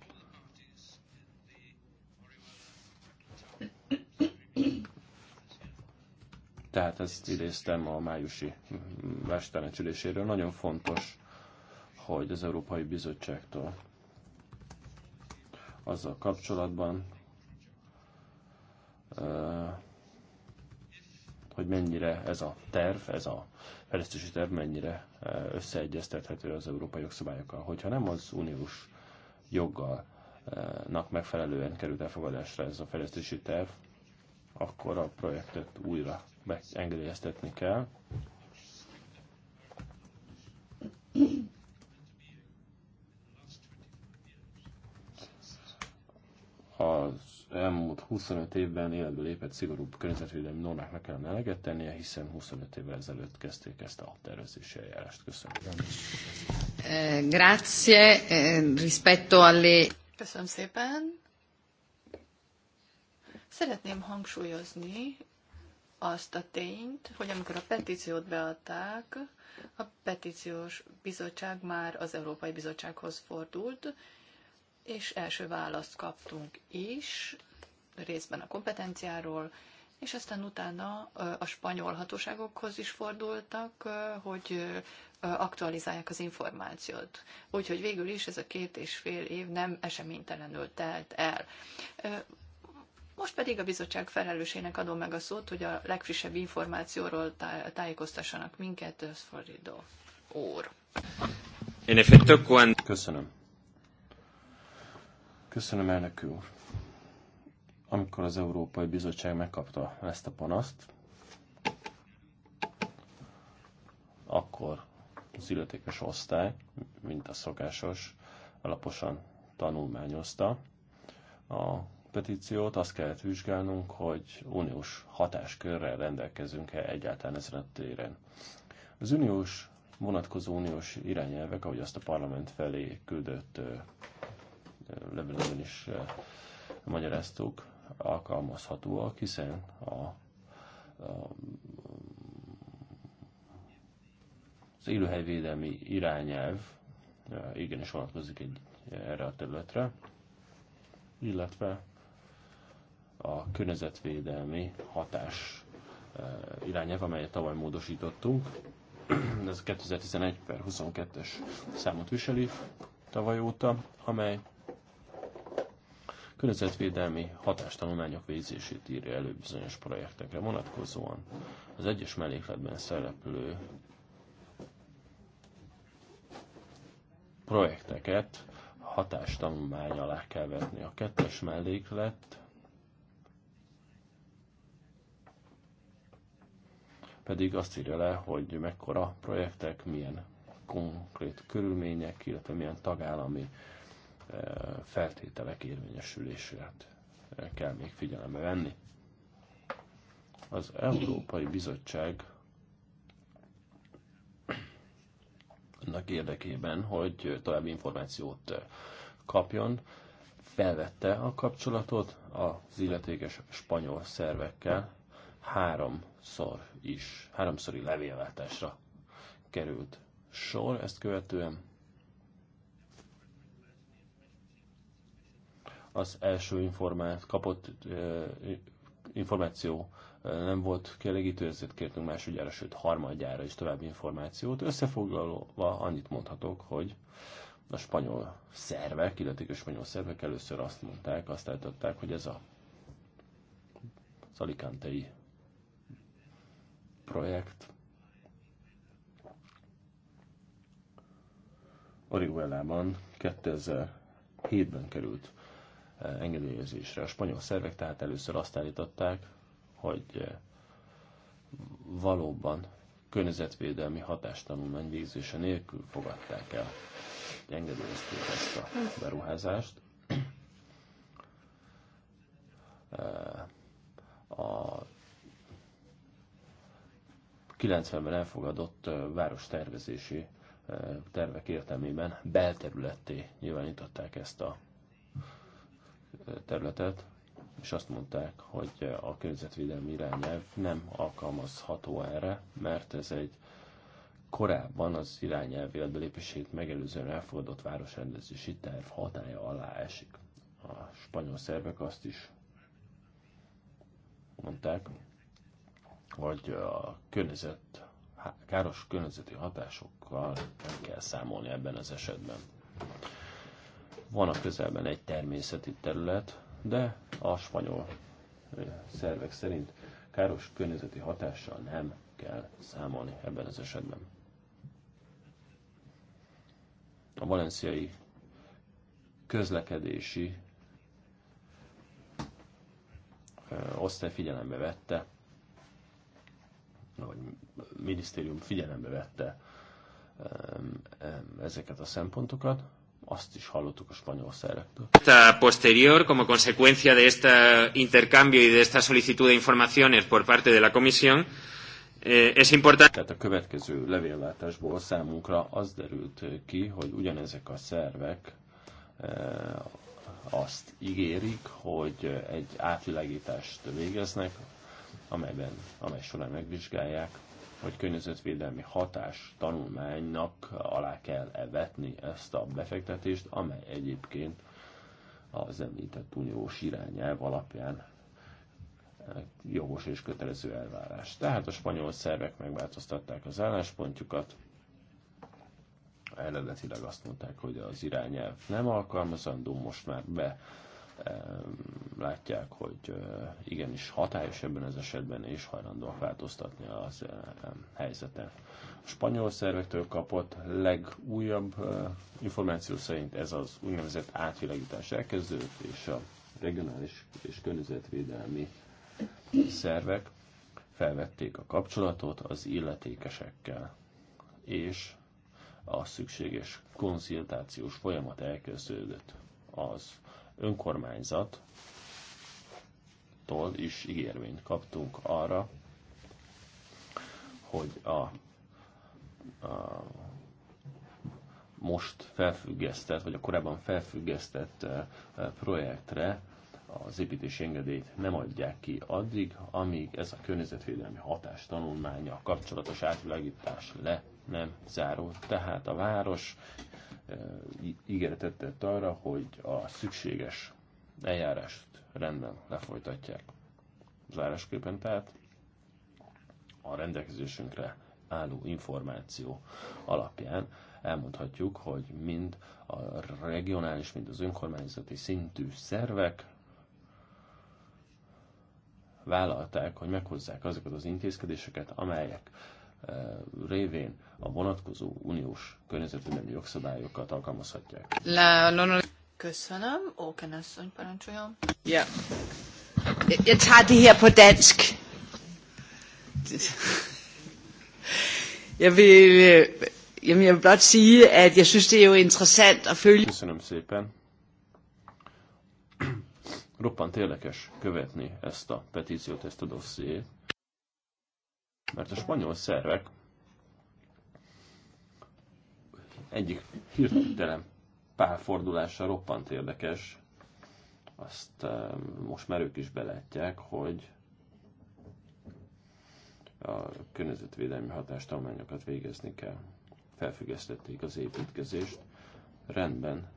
Tehát ezt idéztem a májusi vástanács mm, Nagyon fontos, hogy az Európai Bizottságtól azzal kapcsolatban, hogy mennyire ez a terv, ez a fejlesztési terv mennyire összeegyeztethető az európai jogszabályokkal. Hogyha nem az uniós joggal nak megfelelően került elfogadásra ez a fejlesztési terv, akkor a projektet újra engedélyeztetni kell. Az elmúlt 25 évben életbe lépett szigorúbb környezetvédelmi normáknak kellene eleget tennie, hiszen 25 évvel ezelőtt kezdték ezt a tervezési eljárást. Köszönöm. Eh, grazie, eh, rispetto alle... Köszönöm szépen. Szeretném hangsúlyozni, azt a tényt, hogy amikor a petíciót beadták, a petíciós bizottság már az Európai Bizottsághoz fordult, és első választ kaptunk is, részben a kompetenciáról, és aztán utána a spanyol hatóságokhoz is fordultak, hogy aktualizálják az információt. Úgyhogy végül is ez a két és fél év nem eseménytelenül telt el. Most pedig a bizottság felelősének adom meg a szót, hogy a legfrissebb információról tájékoztassanak minket, fordító úr. Én Köszönöm. Köszönöm, elnök úr. Amikor az Európai Bizottság megkapta ezt a panaszt, akkor az illetékes osztály, mint a szokásos, alaposan tanulmányozta a petíciót, azt kellett vizsgálnunk, hogy uniós hatáskörrel rendelkezünk-e egyáltalán ezen a téren. Az uniós vonatkozó uniós irányelvek, ahogy azt a parlament felé küldött levelben is magyaráztuk, alkalmazhatóak, hiszen a, a, az élőhelyvédelmi irányelv igenis vonatkozik egy, erre a területre, illetve a környezetvédelmi hatás eh, irányelv, amelyet tavaly módosítottunk. Ez a 2011 per 22-es számot viseli tavaly óta, amely környezetvédelmi hatástanulmányok végzését írja elő bizonyos projektekre vonatkozóan. Az egyes mellékletben szereplő projekteket hatástanulmány alá kell vetni. A kettes melléklet pedig azt írja le, hogy mekkora projektek, milyen konkrét körülmények, illetve milyen tagállami eh, feltételek érvényesülését eh, kell még figyelembe venni. Az Európai Bizottság annak érdekében, hogy további információt eh, kapjon, felvette a kapcsolatot az illetékes spanyol szervekkel. Három háromszor is, háromszori levélváltásra került sor, ezt követően az első informált, kapott eh, információ nem volt kielégítő, ezért kértünk másodjára, sőt harmadjára is további információt. Összefoglalva annyit mondhatok, hogy a spanyol szervek, a spanyol szervek először azt mondták, azt állították, hogy ez a az projekt. Orihuelában 2007-ben került eh, engedélyezésre. A spanyol szervek tehát először azt állították, hogy eh, valóban környezetvédelmi hatástanulmány végzése nélkül fogadták el, engedélyezték ezt a beruházást. Eh, a 90-ben elfogadott város tervezési tervek értelmében belterületté nyilvánították ezt a területet, és azt mondták, hogy a környezetvédelmi irányelv nem alkalmazható erre, mert ez egy korábban az irányelv életbelépését megelőzően elfogadott városrendezési terv hatája alá esik. A spanyol szervek azt is mondták, hogy a környezet, káros környezeti hatásokkal nem kell számolni ebben az esetben. Van a közelben egy természeti terület, de a spanyol szervek szerint káros környezeti hatással nem kell számolni ebben az esetben. A valenciai közlekedési osztály figyelembe vette vagy minisztérium figyelembe vette ezeket a szempontokat, azt is hallottuk a spanyol szerektől. Esta posterior, como consecuencia de este intercambio y de esta solicitud de informaciones por parte de la Comisión, eh, es importante... Tehát a következő levéllátásból számunkra az derült ki, hogy ugyanezek a szervek eh, azt ígérik, hogy egy átvilágítást végeznek amelyben, amely során megvizsgálják, hogy környezetvédelmi hatás tanulmánynak alá kell -e vetni ezt a befektetést, amely egyébként az említett uniós irányelv alapján eh, jogos és kötelező elvárás. Tehát a spanyol szervek megváltoztatták az álláspontjukat, eredetileg azt mondták, hogy az irányelv nem alkalmazandó, most már be látják, hogy igenis hatályos ebben az esetben, és hajlandóak változtatni az helyzeten. A spanyol szervektől kapott legújabb információ szerint ez az úgynevezett átvilágítás elkezdődött, és a regionális és környezetvédelmi szervek felvették a kapcsolatot az illetékesekkel, és a szükséges konzultációs folyamat elkezdődött az önkormányzattól is ígérvényt kaptunk arra, hogy a, a most felfüggesztett, vagy a korábban felfüggesztett projektre az építési engedélyt nem adják ki addig, amíg ez a környezetvédelmi hatás tanulmánya kapcsolatos átvilágítás le nem zárul. Tehát a város Eh, ígéretet tett arra, hogy a szükséges eljárást rendben lefolytatják. Zárásképpen tehát a rendelkezésünkre álló információ alapján elmondhatjuk, hogy mind a regionális, mind az önkormányzati szintű szervek vállalták, hogy meghozzák azokat az intézkedéseket, amelyek Eh, révén a vonatkozó uniós környezetvédelmi jogszabályokat alkalmazhatják. Köszönöm. Óken asszony, parancsoljon. Ja. Jeg tager det her på dansk. Jeg vil, eh, jamen jeg vil blot sige, at jeg synes, det er jo interessant at følge... Köszönöm szépen. Roppant érdekes követni ezt a petíciót, ezt a dossziét. Mert a spanyol szervek egyik hirtelen pálfordulása roppant érdekes. Azt eh, most már ők is belátják, hogy a környezetvédelmi hatástalmányokat végezni kell. Felfüggesztették az építkezést. Rendben,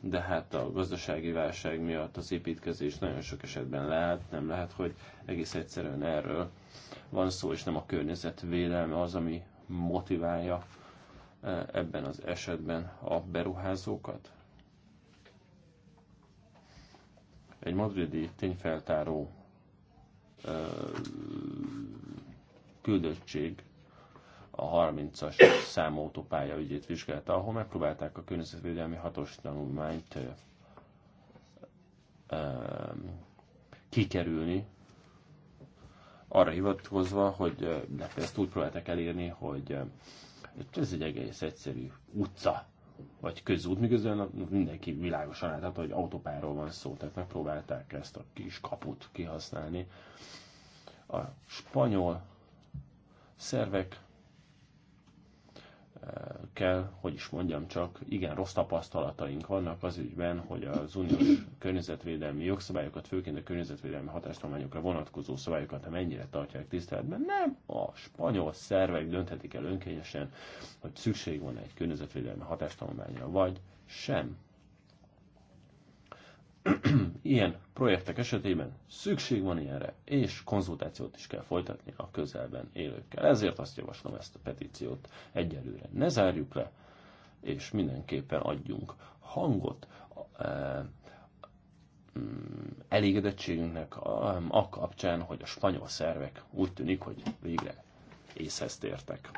de hát a gazdasági válság miatt az építkezés nagyon sok esetben lehet, nem lehet, hogy egész egyszerűen erről van szó, és nem a környezet védelme az, ami motiválja e, ebben az esetben a beruházókat? Egy madridi tényfeltáró e, küldöttség a 30-as számú autópálya ügyét vizsgálta, ahol megpróbálták a környezetvédelmi hatós tanulmányt kikerülni, arra hivatkozva, hogy ezt úgy próbálták elérni, hogy ez egy egész egyszerű utca, vagy közút, miközben mindenki világosan látható, hogy autópáról van szó, tehát megpróbálták ezt a kis kaput kihasználni. A spanyol szervek kell, hogy is mondjam csak, igen rossz tapasztalataink vannak az ügyben, hogy az uniós környezetvédelmi jogszabályokat, főként a környezetvédelmi hatástalmányokra vonatkozó szabályokat mennyire tartják tiszteletben. Nem, a spanyol szervek dönthetik el önkényesen, hogy szükség van egy környezetvédelmi hatástalmányra, vagy sem. ilyen projektek esetében szükség van ilyenre, és konzultációt is kell folytatni a közelben élőkkel. Ezért azt javaslom ezt a petíciót egyelőre. Ne zárjuk le, és mindenképpen adjunk hangot eh, mm, elégedettségünknek a, a kapcsán, hogy a spanyol szervek úgy tűnik, hogy végre észhez tértek.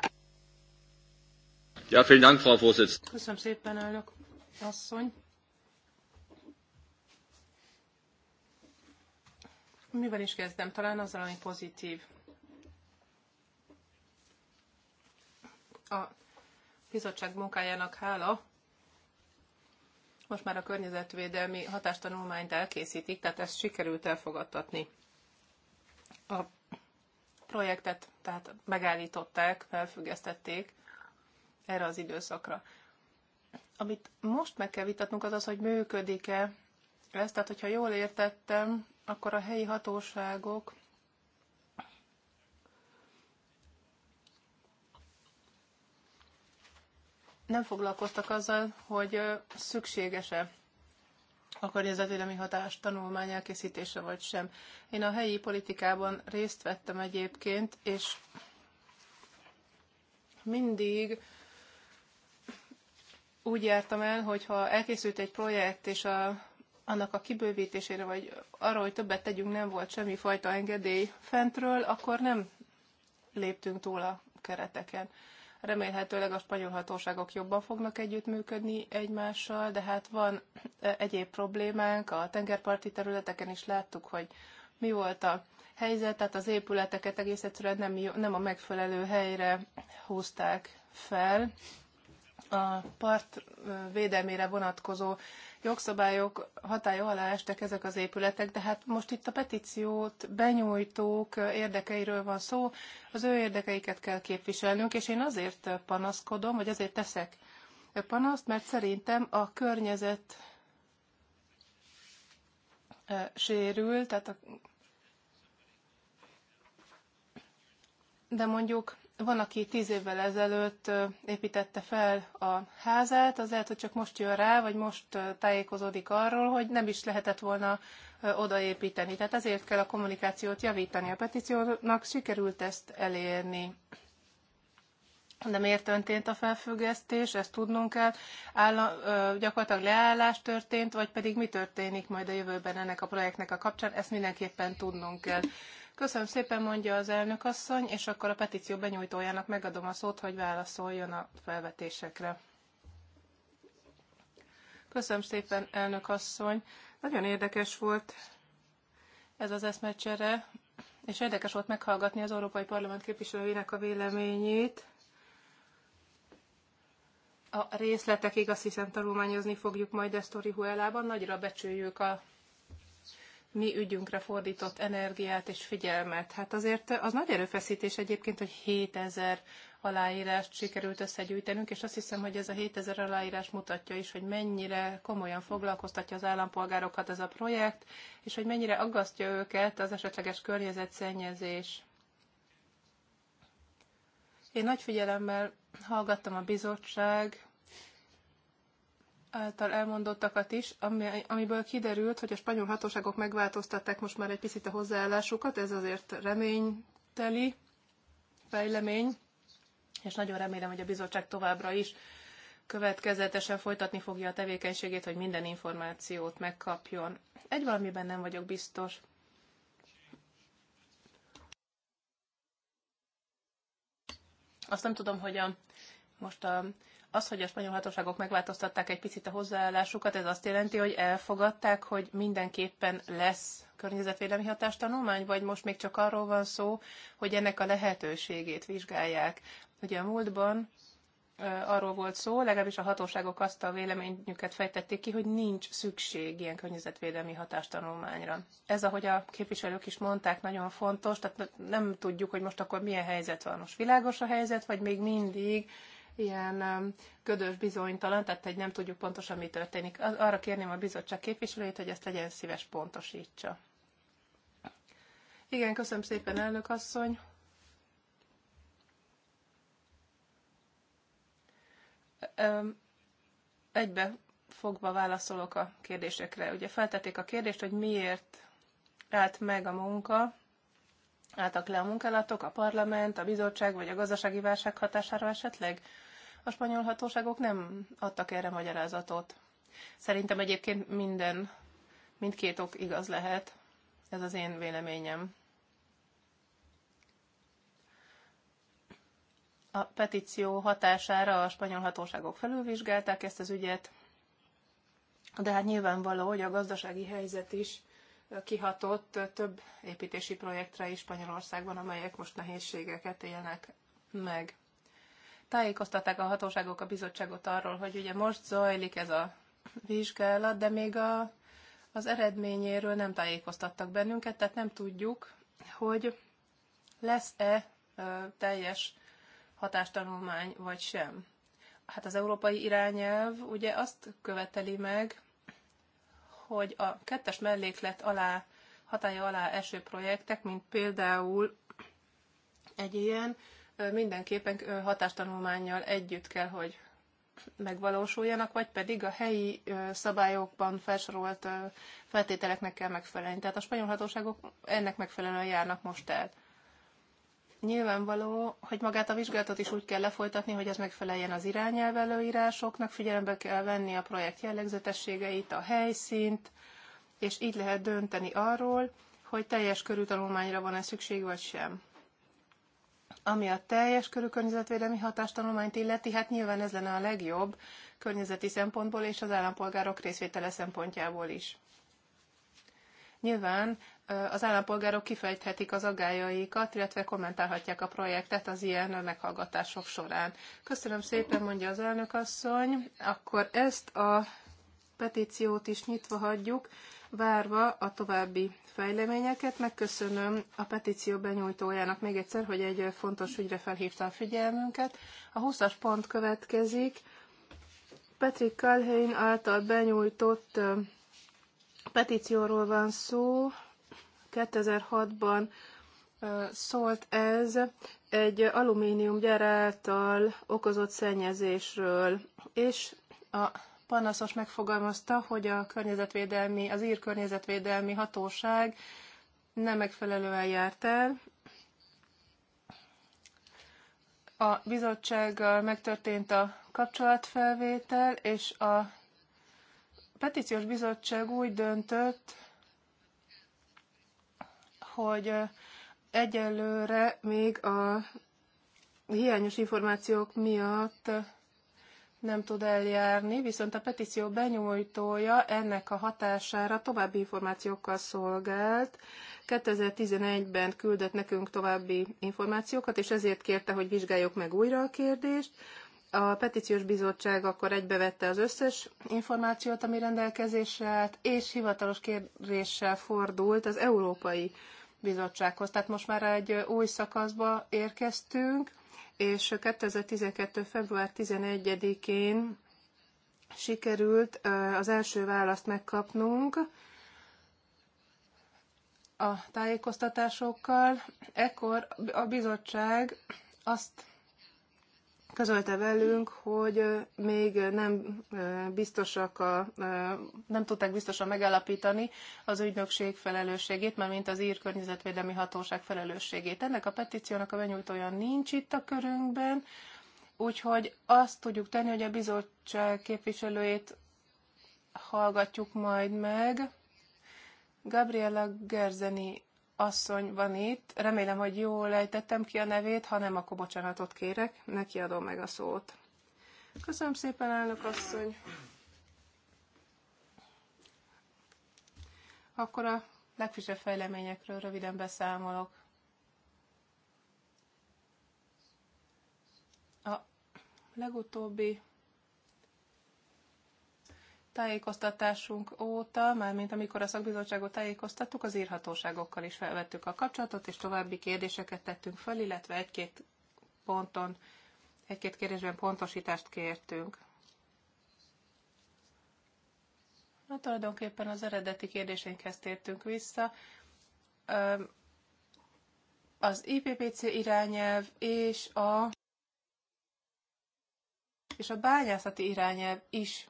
Ja, vielen Dank, Frau Köszönöm szépen, elnök asszony. Mivel is kezdem? Talán azzal, ami pozitív. A bizottság munkájának hála, most már a környezetvédelmi hatástanulmányt elkészítik, tehát ezt sikerült elfogadtatni. A projektet tehát megállították, felfüggesztették erre az időszakra. Amit most meg kell vitatnunk, az az, hogy működik-e ez. Tehát, hogyha jól értettem, akkor a helyi hatóságok nem foglalkoztak azzal, hogy szükséges-e a környezetvédelmi hatás tanulmány elkészítése vagy sem. Én a helyi politikában részt vettem egyébként, és mindig úgy jártam el, hogy ha elkészült egy projekt, és a annak a kibővítésére, vagy arra, hogy többet tegyünk, nem volt semmi fajta engedély fentről, akkor nem léptünk túl a kereteken. Remélhetőleg a spanyol hatóságok jobban fognak együttműködni egymással, de hát van eh, egyéb problémánk, a tengerparti területeken is láttuk, hogy mi volt a helyzet, tehát az épületeket egész egyszerűen nem, nem a megfelelő helyre húzták fel, a part védelmére vonatkozó jogszabályok hatája alá estek ezek az épületek, de hát most itt a petíciót benyújtók érdekeiről van szó, az ő érdekeiket kell képviselnünk, és én azért panaszkodom, vagy azért teszek panaszt, mert szerintem a környezet sérül, tehát a de mondjuk van, aki tíz évvel ezelőtt építette fel a házát, az lehet, hogy csak most jön rá, vagy most tájékozódik arról, hogy nem is lehetett volna odaépíteni. Tehát ezért kell a kommunikációt javítani. A petíciónak sikerült ezt elérni. De miért történt a felfüggesztés, ezt tudnunk kell. Állam, gyakorlatilag leállás történt, vagy pedig mi történik majd a jövőben ennek a projektnek a kapcsán, ezt mindenképpen tudnunk kell. Köszönöm szépen, mondja az elnök asszony, és akkor a petíció benyújtójának megadom a szót, hogy válaszoljon a felvetésekre. Köszönöm szépen, elnök asszony. Nagyon érdekes volt ez az eszmecsere, és érdekes volt meghallgatni az Európai Parlament képviselőinek a véleményét. A részletekig azt hiszem tanulmányozni fogjuk majd ezt a Huelában. Nagyra becsüljük a mi ügyünkre fordított energiát és figyelmet. Hát azért az nagy erőfeszítés egyébként, hogy 7000 aláírást sikerült összegyűjtenünk, és azt hiszem, hogy ez a 7000 aláírás mutatja is, hogy mennyire komolyan foglalkoztatja az állampolgárokat ez a projekt, és hogy mennyire aggasztja őket az esetleges környezetszennyezés. Én nagy figyelemmel hallgattam a bizottság által elmondottakat is, ami, amiből kiderült, hogy a spanyol hatóságok megváltoztatták most már egy picit a hozzáállásukat, ez azért reményteli fejlemény, és nagyon remélem, hogy a bizottság továbbra is következetesen folytatni fogja a tevékenységét, hogy minden információt megkapjon. Egy valamiben nem vagyok biztos. Azt nem tudom, hogy a, most a az, hogy a spanyol hatóságok megváltoztatták egy picit a hozzáállásukat, ez azt jelenti, hogy elfogadták, hogy mindenképpen lesz környezetvédelmi hatástanulmány, vagy most még csak arról van szó, hogy ennek a lehetőségét vizsgálják. Ugye a múltban arról volt szó, legalábbis a hatóságok azt a véleményüket fejtették ki, hogy nincs szükség ilyen környezetvédelmi hatástanulmányra. Ez, ahogy a képviselők is mondták, nagyon fontos, tehát nem tudjuk, hogy most akkor milyen helyzet van. Most világos a helyzet, vagy még mindig ilyen ködös, um, bizonytalan, tehát egy nem tudjuk pontosan, mi történik. Arra kérném a bizottság képviselőjét, hogy ezt legyen szíves pontosítsa. Igen, köszönöm szépen, elnök asszony. Egybe fogva válaszolok a kérdésekre. Ugye feltették a kérdést, hogy miért állt meg a munka, álltak le a munkálatok, a parlament, a bizottság vagy a gazdasági válság hatására esetleg? A spanyol hatóságok nem adtak erre magyarázatot. Szerintem egyébként minden, mindkét ok igaz lehet. Ez az én véleményem. A petíció hatására a spanyol hatóságok felülvizsgálták ezt az ügyet, de hát nyilvánvaló, hogy a gazdasági helyzet is kihatott több építési projektre is Spanyolországban, amelyek most nehézségeket élnek meg tájékoztatták a hatóságok a bizottságot arról, hogy ugye most zajlik ez a vizsgálat, de még a, az eredményéről nem tájékoztattak bennünket, tehát nem tudjuk, hogy lesz-e teljes hatástanulmány vagy sem. Hát az európai irányelv ugye azt követeli meg, hogy a kettes melléklet alá, hatája alá eső projektek, mint például egy ilyen, mindenképpen hatástanulmányjal együtt kell, hogy megvalósuljanak, vagy pedig a helyi szabályokban felsorolt feltételeknek kell megfelelni. Tehát a spanyol hatóságok ennek megfelelően járnak most el. Nyilvánvaló, hogy magát a vizsgálatot is úgy kell lefolytatni, hogy ez megfeleljen az irányelv előírásoknak, figyelembe kell venni a projekt jellegzetességeit, a helyszínt, és így lehet dönteni arról, hogy teljes körű tanulmányra van-e szükség, vagy sem. Ami a teljes körű környezetvédelmi hatástanulmányt illeti, hát nyilván ez lenne a legjobb környezeti szempontból és az állampolgárok részvétele szempontjából is. Nyilván az állampolgárok kifejthetik az agályaikat, illetve kommentálhatják a projektet az ilyen meghallgatások során. Köszönöm szépen, mondja az elnök asszony. Akkor ezt a petíciót is nyitva hagyjuk várva a további fejleményeket. Megköszönöm a petíció benyújtójának még egyszer, hogy egy fontos ügyre felhívta a figyelmünket. A 20-as pont következik. Patrick Calhoun által benyújtott petícióról van szó. 2006-ban szólt ez egy alumínium által okozott szennyezésről, és a panaszos megfogalmazta, hogy a környezetvédelmi, az ír környezetvédelmi hatóság nem megfelelően járt el. A bizottsággal megtörtént a kapcsolatfelvétel, és a petíciós bizottság úgy döntött, hogy egyelőre még a hiányos információk miatt nem tud eljárni, viszont a petíció benyújtója ennek a hatására további információkkal szolgált. 2011-ben küldött nekünk további információkat, és ezért kérte, hogy vizsgáljuk meg újra a kérdést. A petíciós bizottság akkor egybevette az összes információt, ami rendelkezésre állt, és hivatalos kérdéssel fordult az Európai Bizottsághoz. Tehát most már egy új szakaszba érkeztünk, és 2012. február 11-én sikerült az első választ megkapnunk a tájékoztatásokkal. Ekkor a bizottság azt közölte velünk, hogy még nem biztosak a, nem tudták biztosan megállapítani az ügynökség felelősségét, mert mint az ír környezetvédelmi hatóság felelősségét. Ennek a petíciónak a benyújtója nincs itt a körünkben, úgyhogy azt tudjuk tenni, hogy a bizottság képviselőjét hallgatjuk majd meg. Gabriela Gerzeni asszony van itt. Remélem, hogy jól lejtettem ki a nevét, ha nem, akkor bocsánatot kérek. Neki adom meg a szót. Köszönöm szépen, elnök asszony. Akkor a legfrissebb fejleményekről röviden beszámolok. A legutóbbi tájékoztatásunk óta, mármint amikor a szakbizottságot tájékoztattuk, az írhatóságokkal is felvettük a kapcsolatot, és további kérdéseket tettünk föl, illetve egy-két ponton, egy-két kérdésben pontosítást kértünk. Na, tulajdonképpen az eredeti kérdésénkhez tértünk vissza. Az IPPC irányelv és a és a bányászati irányelv is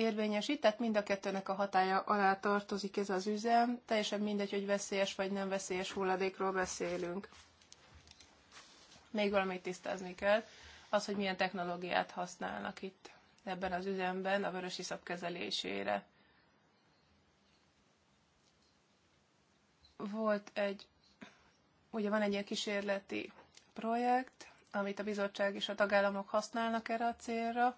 érvényesített, mind a kettőnek a hatája alá tartozik ez az üzem, teljesen mindegy, hogy veszélyes vagy nem veszélyes hulladékról beszélünk. Még valamit tisztázni kell, az, hogy milyen technológiát használnak itt ebben az üzemben a vörösi iszap kezelésére. Volt egy, ugye van egy ilyen kísérleti projekt, amit a bizottság és a tagállamok használnak erre a célra,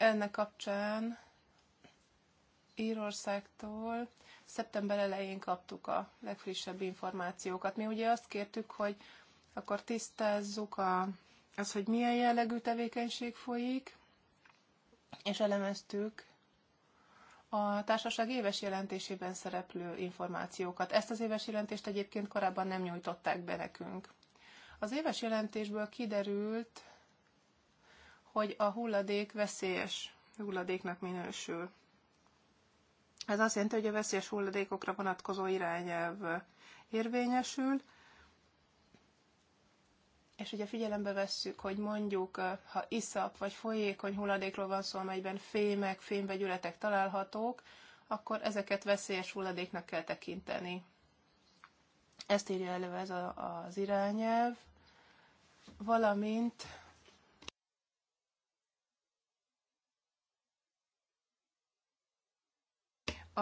ennek kapcsán Írországtól szeptember elején kaptuk a legfrissebb információkat. Mi ugye azt kértük, hogy akkor tisztázzuk a, az, hogy milyen jellegű tevékenység folyik, és elemeztük a társaság éves jelentésében szereplő információkat. Ezt az éves jelentést egyébként korábban nem nyújtották be nekünk. Az éves jelentésből kiderült, hogy a hulladék veszélyes hulladéknak minősül. Ez azt jelenti, hogy a veszélyes hulladékokra vonatkozó irányelv érvényesül, és ugye figyelembe vesszük, hogy mondjuk, eh, ha iszap vagy folyékony hulladékról van szó, amelyben fémek, fémvegyületek találhatók, akkor ezeket veszélyes hulladéknak kell tekinteni. Ezt írja elő ez a, az irányelv, valamint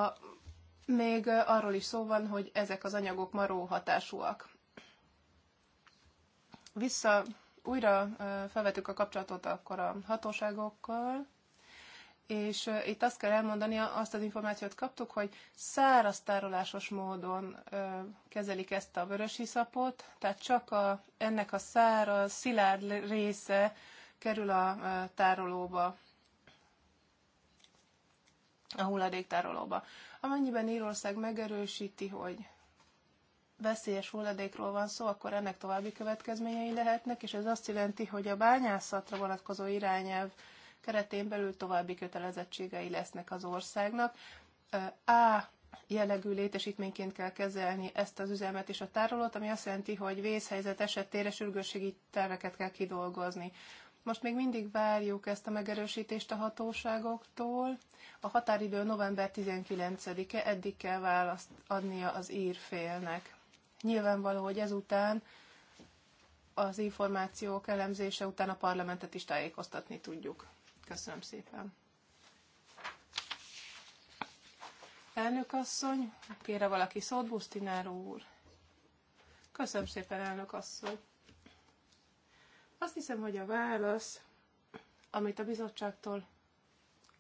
A, még arról is szó van, hogy ezek az anyagok maró hatásúak. Vissza újra felvetük a kapcsolatot akkor a hatóságokkal, és itt azt kell elmondani, azt az információt kaptuk, hogy száraz tárolásos módon kezelik ezt a vörösiszapot, tehát csak a, ennek a száraz, szilárd része kerül a tárolóba a hulladéktárolóba. Amennyiben Írország megerősíti, hogy veszélyes hulladékról van szó, akkor ennek további következményei lehetnek, és ez azt jelenti, hogy a bányászatra vonatkozó irányelv keretén belül további kötelezettségei lesznek az országnak. A jellegű létesítményként kell kezelni ezt az üzemet és a tárolót, ami azt jelenti, hogy vészhelyzet esetére sürgősségi terveket kell kidolgozni. Most még mindig várjuk ezt a megerősítést a hatóságoktól. A határidő november 19-e, eddig kell választ adnia az írfélnek. Nyilvánvaló, hogy ezután az információk elemzése után a parlamentet is tájékoztatni tudjuk. Köszönöm szépen. Elnök asszony, kére valaki szót, Busztináró úr. Köszönöm szépen, elnök asszony. Azt hiszem, hogy a válasz, amit a bizottságtól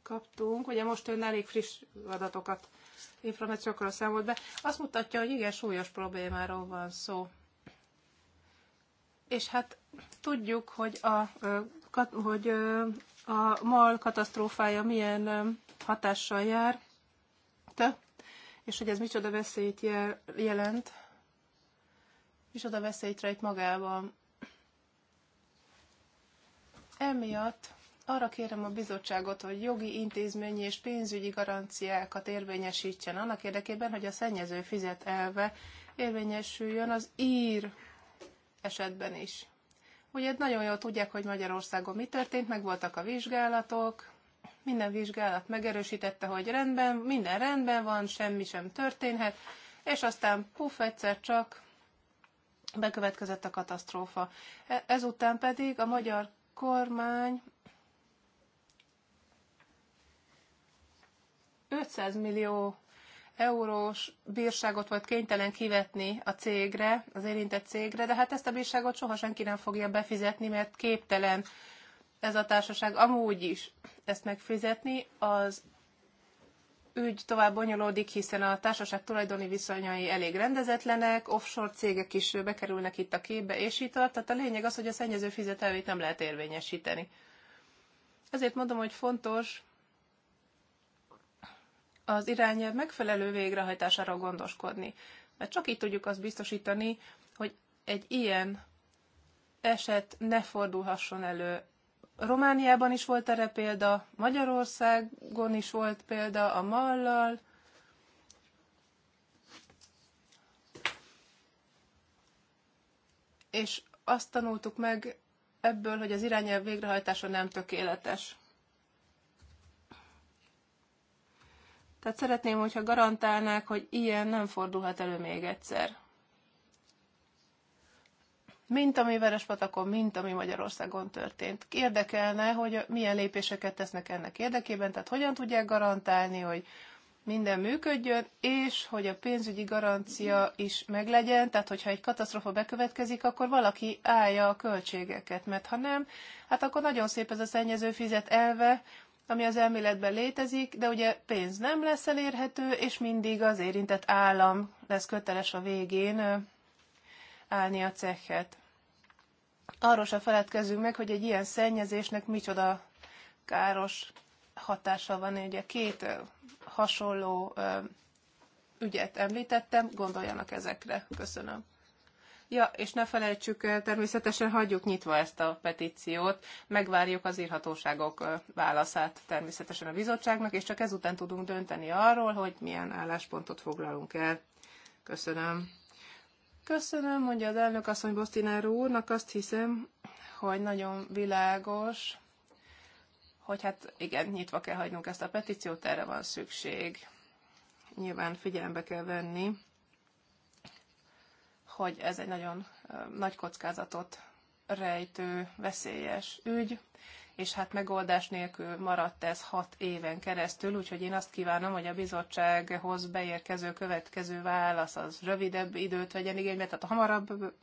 kaptunk, ugye most ön elég friss adatokat, információkról számolt be, azt mutatja, hogy igen, súlyos problémáról van szó. És hát tudjuk, hogy a, hogy a MAL katasztrófája milyen hatással jár, és hogy ez micsoda veszélyt jelent, micsoda veszélyt rejt magában Emiatt arra kérem a bizottságot, hogy jogi, intézményi és pénzügyi garanciákat érvényesítsen annak érdekében, hogy a szennyező fizet elve érvényesüljön az ír esetben is. Ugye nagyon jól tudják, hogy Magyarországon mi történt, meg voltak a vizsgálatok, minden vizsgálat megerősítette, hogy rendben, minden rendben van, semmi sem történhet, és aztán puf, egyszer csak bekövetkezett a katasztrófa. E- ezután pedig a magyar kormány 500 millió eurós bírságot volt kénytelen kivetni a cégre, az érintett cégre, de hát ezt a bírságot soha senki nem fogja befizetni, mert képtelen ez a társaság amúgy is ezt megfizetni. Az ügy tovább bonyolódik, hiszen a társaság tulajdoni viszonyai elég rendezetlenek, offshore cégek is bekerülnek itt a képbe, és így tart. Tehát a lényeg az, hogy a szennyező fizetelmét nem lehet érvényesíteni. Ezért mondom, hogy fontos az irányelv megfelelő végrehajtására gondoskodni. Mert csak így tudjuk azt biztosítani, hogy egy ilyen eset ne fordulhasson elő Romániában is volt erre példa, Magyarországon is volt példa a mallal. És azt tanultuk meg ebből, hogy az irányelv végrehajtása nem tökéletes. Tehát szeretném, hogyha garantálnák, hogy ilyen nem fordulhat elő még egyszer mint ami Verespatakon, mint ami Magyarországon történt. Érdekelne, hogy milyen lépéseket tesznek ennek érdekében, tehát hogyan tudják garantálni, hogy minden működjön, és hogy a pénzügyi garancia is meglegyen, tehát hogyha egy katasztrofa bekövetkezik, akkor valaki állja a költségeket, mert ha nem, hát akkor nagyon szép ez a szennyező fizet elve, ami az elméletben létezik, de ugye pénz nem lesz elérhető, és mindig az érintett állam lesz köteles a végén állni a cechet. Arról se feledkezzünk meg, hogy egy ilyen szennyezésnek micsoda káros hatása van. Én ugye két hasonló ügyet említettem, gondoljanak ezekre. Köszönöm. Ja, és ne felejtsük, természetesen hagyjuk nyitva ezt a petíciót, megvárjuk az írhatóságok válaszát természetesen a bizottságnak, és csak ezután tudunk dönteni arról, hogy milyen álláspontot foglalunk el. Köszönöm. Köszönöm, mondja az elnök asszony Bosztináró úrnak, azt hiszem, hogy nagyon világos, hogy hát igen, nyitva kell hagynunk ezt a petíciót, erre van szükség. Nyilván figyelembe kell venni, hogy ez egy nagyon nagy kockázatot rejtő, veszélyes ügy, és hát megoldás nélkül maradt ez hat éven keresztül, úgyhogy én azt kívánom, hogy a bizottsághoz beérkező következő válasz az rövidebb időt vegyen igénybe, tehát hamarabb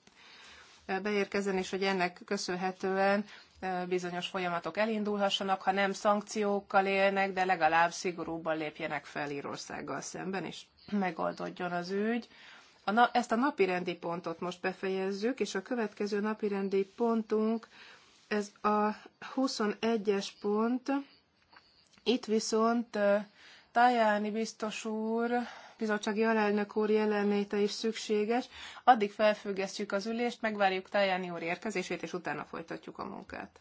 beérkezzen, és hogy ennek köszönhetően e, bizonyos folyamatok elindulhassanak, ha nem szankciókkal élnek, de legalább szigorúban lépjenek fel Írországgal szemben, és megoldodjon az ügy. A na, ezt a napirendi pontot most befejezzük, és a következő napirendi pontunk ez a 21-es pont, itt viszont Tajáni biztos úr, bizottsági alelnök úr jelenléte is szükséges. Addig felfüggesztjük az ülést, megvárjuk Tajáni úr érkezését, és utána folytatjuk a munkát.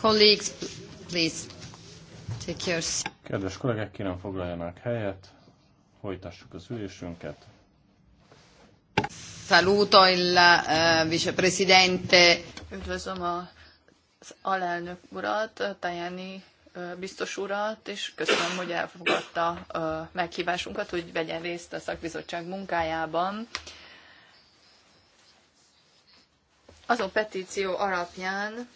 Colleagues, please, take Kedves kollégák, kérem foglaljanak helyet, folytassuk az ülésünket. Saluto il uh, vicepresidente. Üdvözlöm az alelnök urat, Tajani eh, biztos urat, és köszönöm, hogy elfogadta a eh, meghívásunkat, hogy vegyen részt a szakbizottság munkájában. Azon petíció alapján,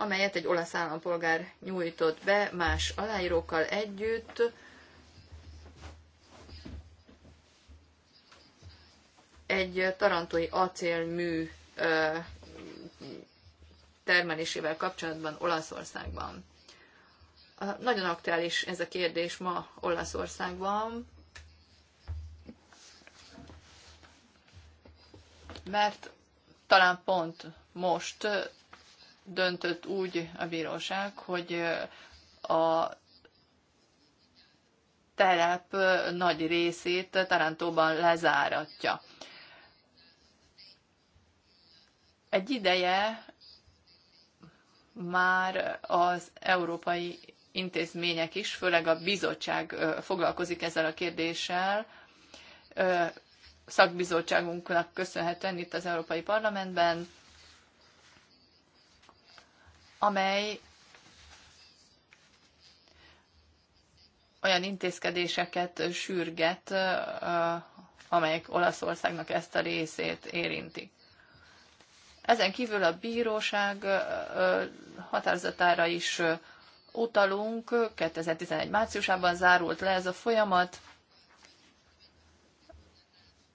amelyet egy olasz állampolgár nyújtott be más aláírókkal együtt. Egy tarantói acélmű termelésével kapcsolatban Olaszországban. Nagyon aktuális ez a kérdés ma Olaszországban, mert talán pont most döntött úgy a bíróság, hogy a terep nagy részét Tarantóban lezáratja. Egy ideje már az európai intézmények is, főleg a bizottság foglalkozik ezzel a kérdéssel. Szakbizottságunknak köszönhetően itt az Európai Parlamentben amely olyan intézkedéseket sürget, amelyek Olaszországnak ezt a részét érintik. Ezen kívül a bíróság határozatára is utalunk, 2011 márciusában zárult le ez a folyamat,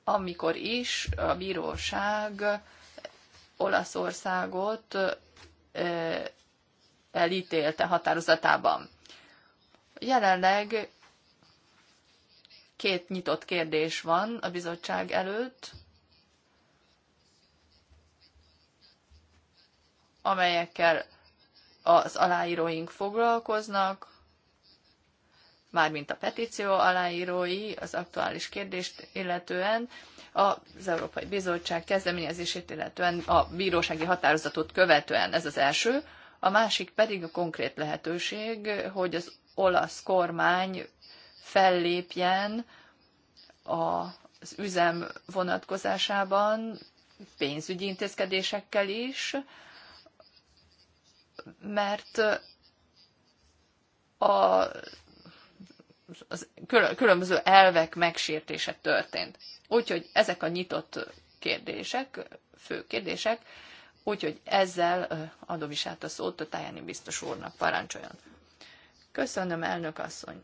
amikor is a bíróság Olaszországot elítélte határozatában. Jelenleg két nyitott kérdés van a bizottság előtt, amelyekkel az aláíróink foglalkoznak, mármint a petíció aláírói az aktuális kérdést illetően, az Európai Bizottság kezdeményezését illetően, a bírósági határozatot követően ez az első, a másik pedig a konkrét lehetőség, hogy az olasz kormány fellépjen az üzem vonatkozásában, pénzügyi intézkedésekkel is, mert a az különböző elvek megsértése történt. Úgyhogy ezek a nyitott kérdések, fő kérdések, úgyhogy ezzel adom is át a szót a Tájáni biztos úrnak, parancsoljon. Köszönöm, elnök asszony!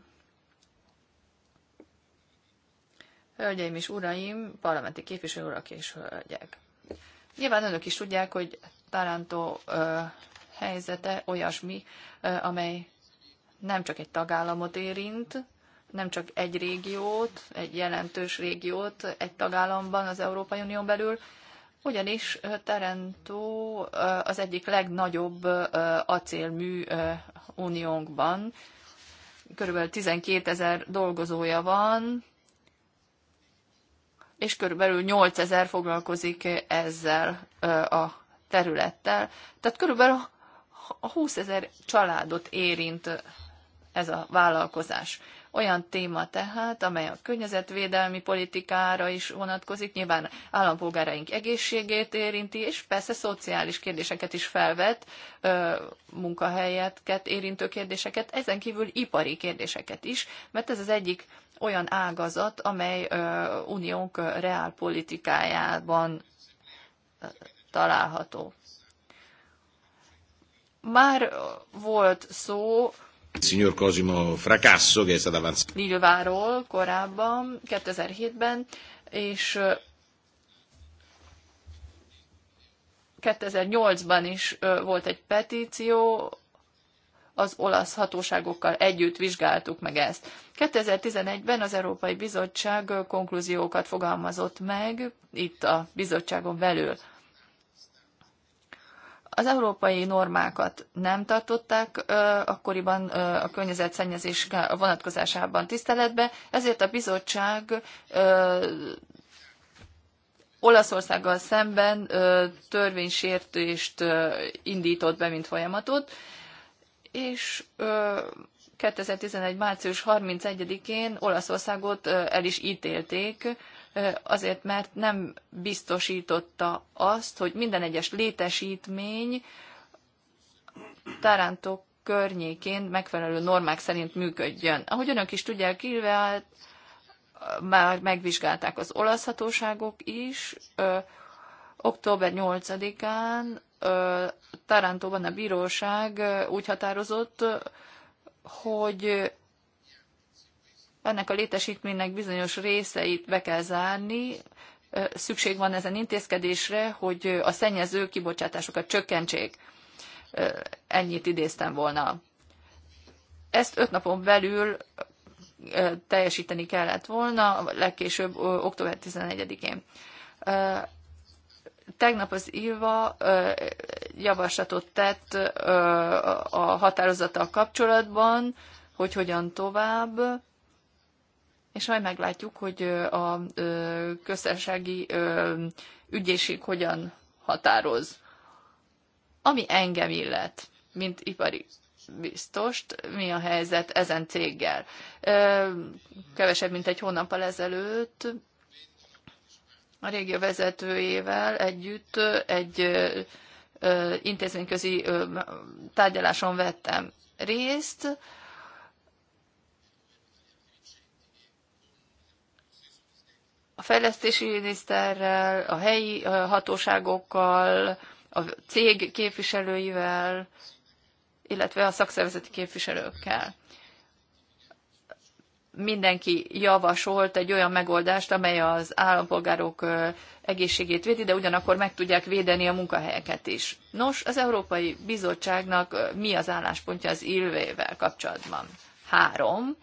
Hölgyeim és uraim, parlamenti képviselő urak és hölgyek! Nyilván önök is tudják, hogy Taranto ö, helyzete olyasmi, ö, amely nem csak egy tagállamot érint, nem csak egy régiót, egy jelentős régiót egy tagállamban az Európai Unión belül, ugyanis Tarentó az egyik legnagyobb acélmű uniónkban. Körülbelül 12 ezer dolgozója van, és körülbelül 8 ezer foglalkozik ezzel a területtel. Tehát körülbelül 20 ezer családot érint ez a vállalkozás. Olyan téma tehát, amely a környezetvédelmi politikára is vonatkozik, nyilván állampolgáraink egészségét érinti, és persze szociális kérdéseket is felvet, munkahelyeket érintő kérdéseket, ezen kívül ipari kérdéseket is, mert ez az egyik olyan ágazat, amely uniónk reálpolitikájában található. Már volt szó Signor Cosimo Fracasso, che è stato avanzato. Lilváról korábban, 2007-ben, és 2008-ban is volt egy petíció, az olasz hatóságokkal együtt vizsgáltuk meg ezt. 2011-ben az Európai Bizottság konklúziókat fogalmazott meg itt a bizottságon belül. Az európai normákat nem tartották akkoriban a környezetszennyezés vonatkozásában tiszteletbe, ezért a bizottság Olaszországgal szemben törvénysértést indított be, mint folyamatot, és 2011. március 31-én Olaszországot el is ítélték azért, mert nem biztosította azt, hogy minden egyes létesítmény tárántok környékén megfelelő normák szerint működjön. Ahogy önök is tudják, illetve már megvizsgálták az olasz hatóságok is. Ö, október 8-án Tarantóban a bíróság úgy határozott, hogy ennek a létesítménynek bizonyos részeit be kell zárni, szükség van ezen intézkedésre, hogy a szennyező kibocsátásokat csökkentsék. Ennyit idéztem volna. Ezt öt napon belül teljesíteni kellett volna, legkésőbb október 11-én. Tegnap az ILVA javaslatot tett a határozattal kapcsolatban, hogy hogyan tovább és majd meglátjuk, hogy a köztársasági ügyészség hogyan határoz. Ami engem illet, mint ipari biztost, mi a helyzet ezen céggel. Kevesebb, mint egy hónappal ezelőtt a régi vezetőjével együtt egy intézményközi tárgyaláson vettem részt, a fejlesztési miniszterrel, a helyi hatóságokkal, a cég képviselőivel, illetve a szakszervezeti képviselőkkel. Mindenki javasolt egy olyan megoldást, amely az állampolgárok egészségét védi, de ugyanakkor meg tudják védeni a munkahelyeket is. Nos, az Európai Bizottságnak mi az álláspontja az ilvével kapcsolatban? Három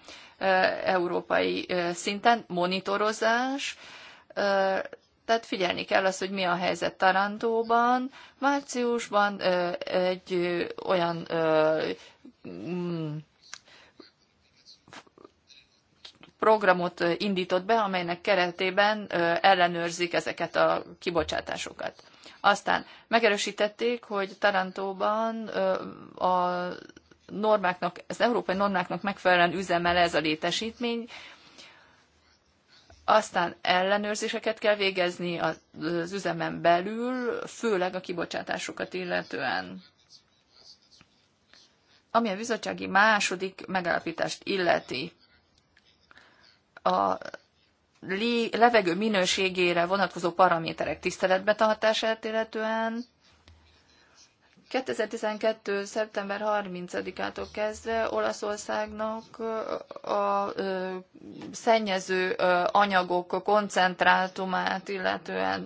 európai szinten, monitorozás, tehát figyelni kell az, hogy mi a helyzet Tarantóban. Márciusban egy olyan mm, programot indított be, amelynek keretében ellenőrzik ezeket a kibocsátásokat. Aztán megerősítették, hogy Tarantóban az normáknak, az európai normáknak megfelelően üzemel ez a létesítmény, aztán ellenőrzéseket kell végezni az üzemen belül, főleg a kibocsátásokat illetően. Ami a bizottsági második megállapítást illeti, a levegő minőségére vonatkozó paraméterek tiszteletbetartását illetően, 2012. szeptember 30-ától kezdve Olaszországnak a szennyező anyagok koncentrátumát illetően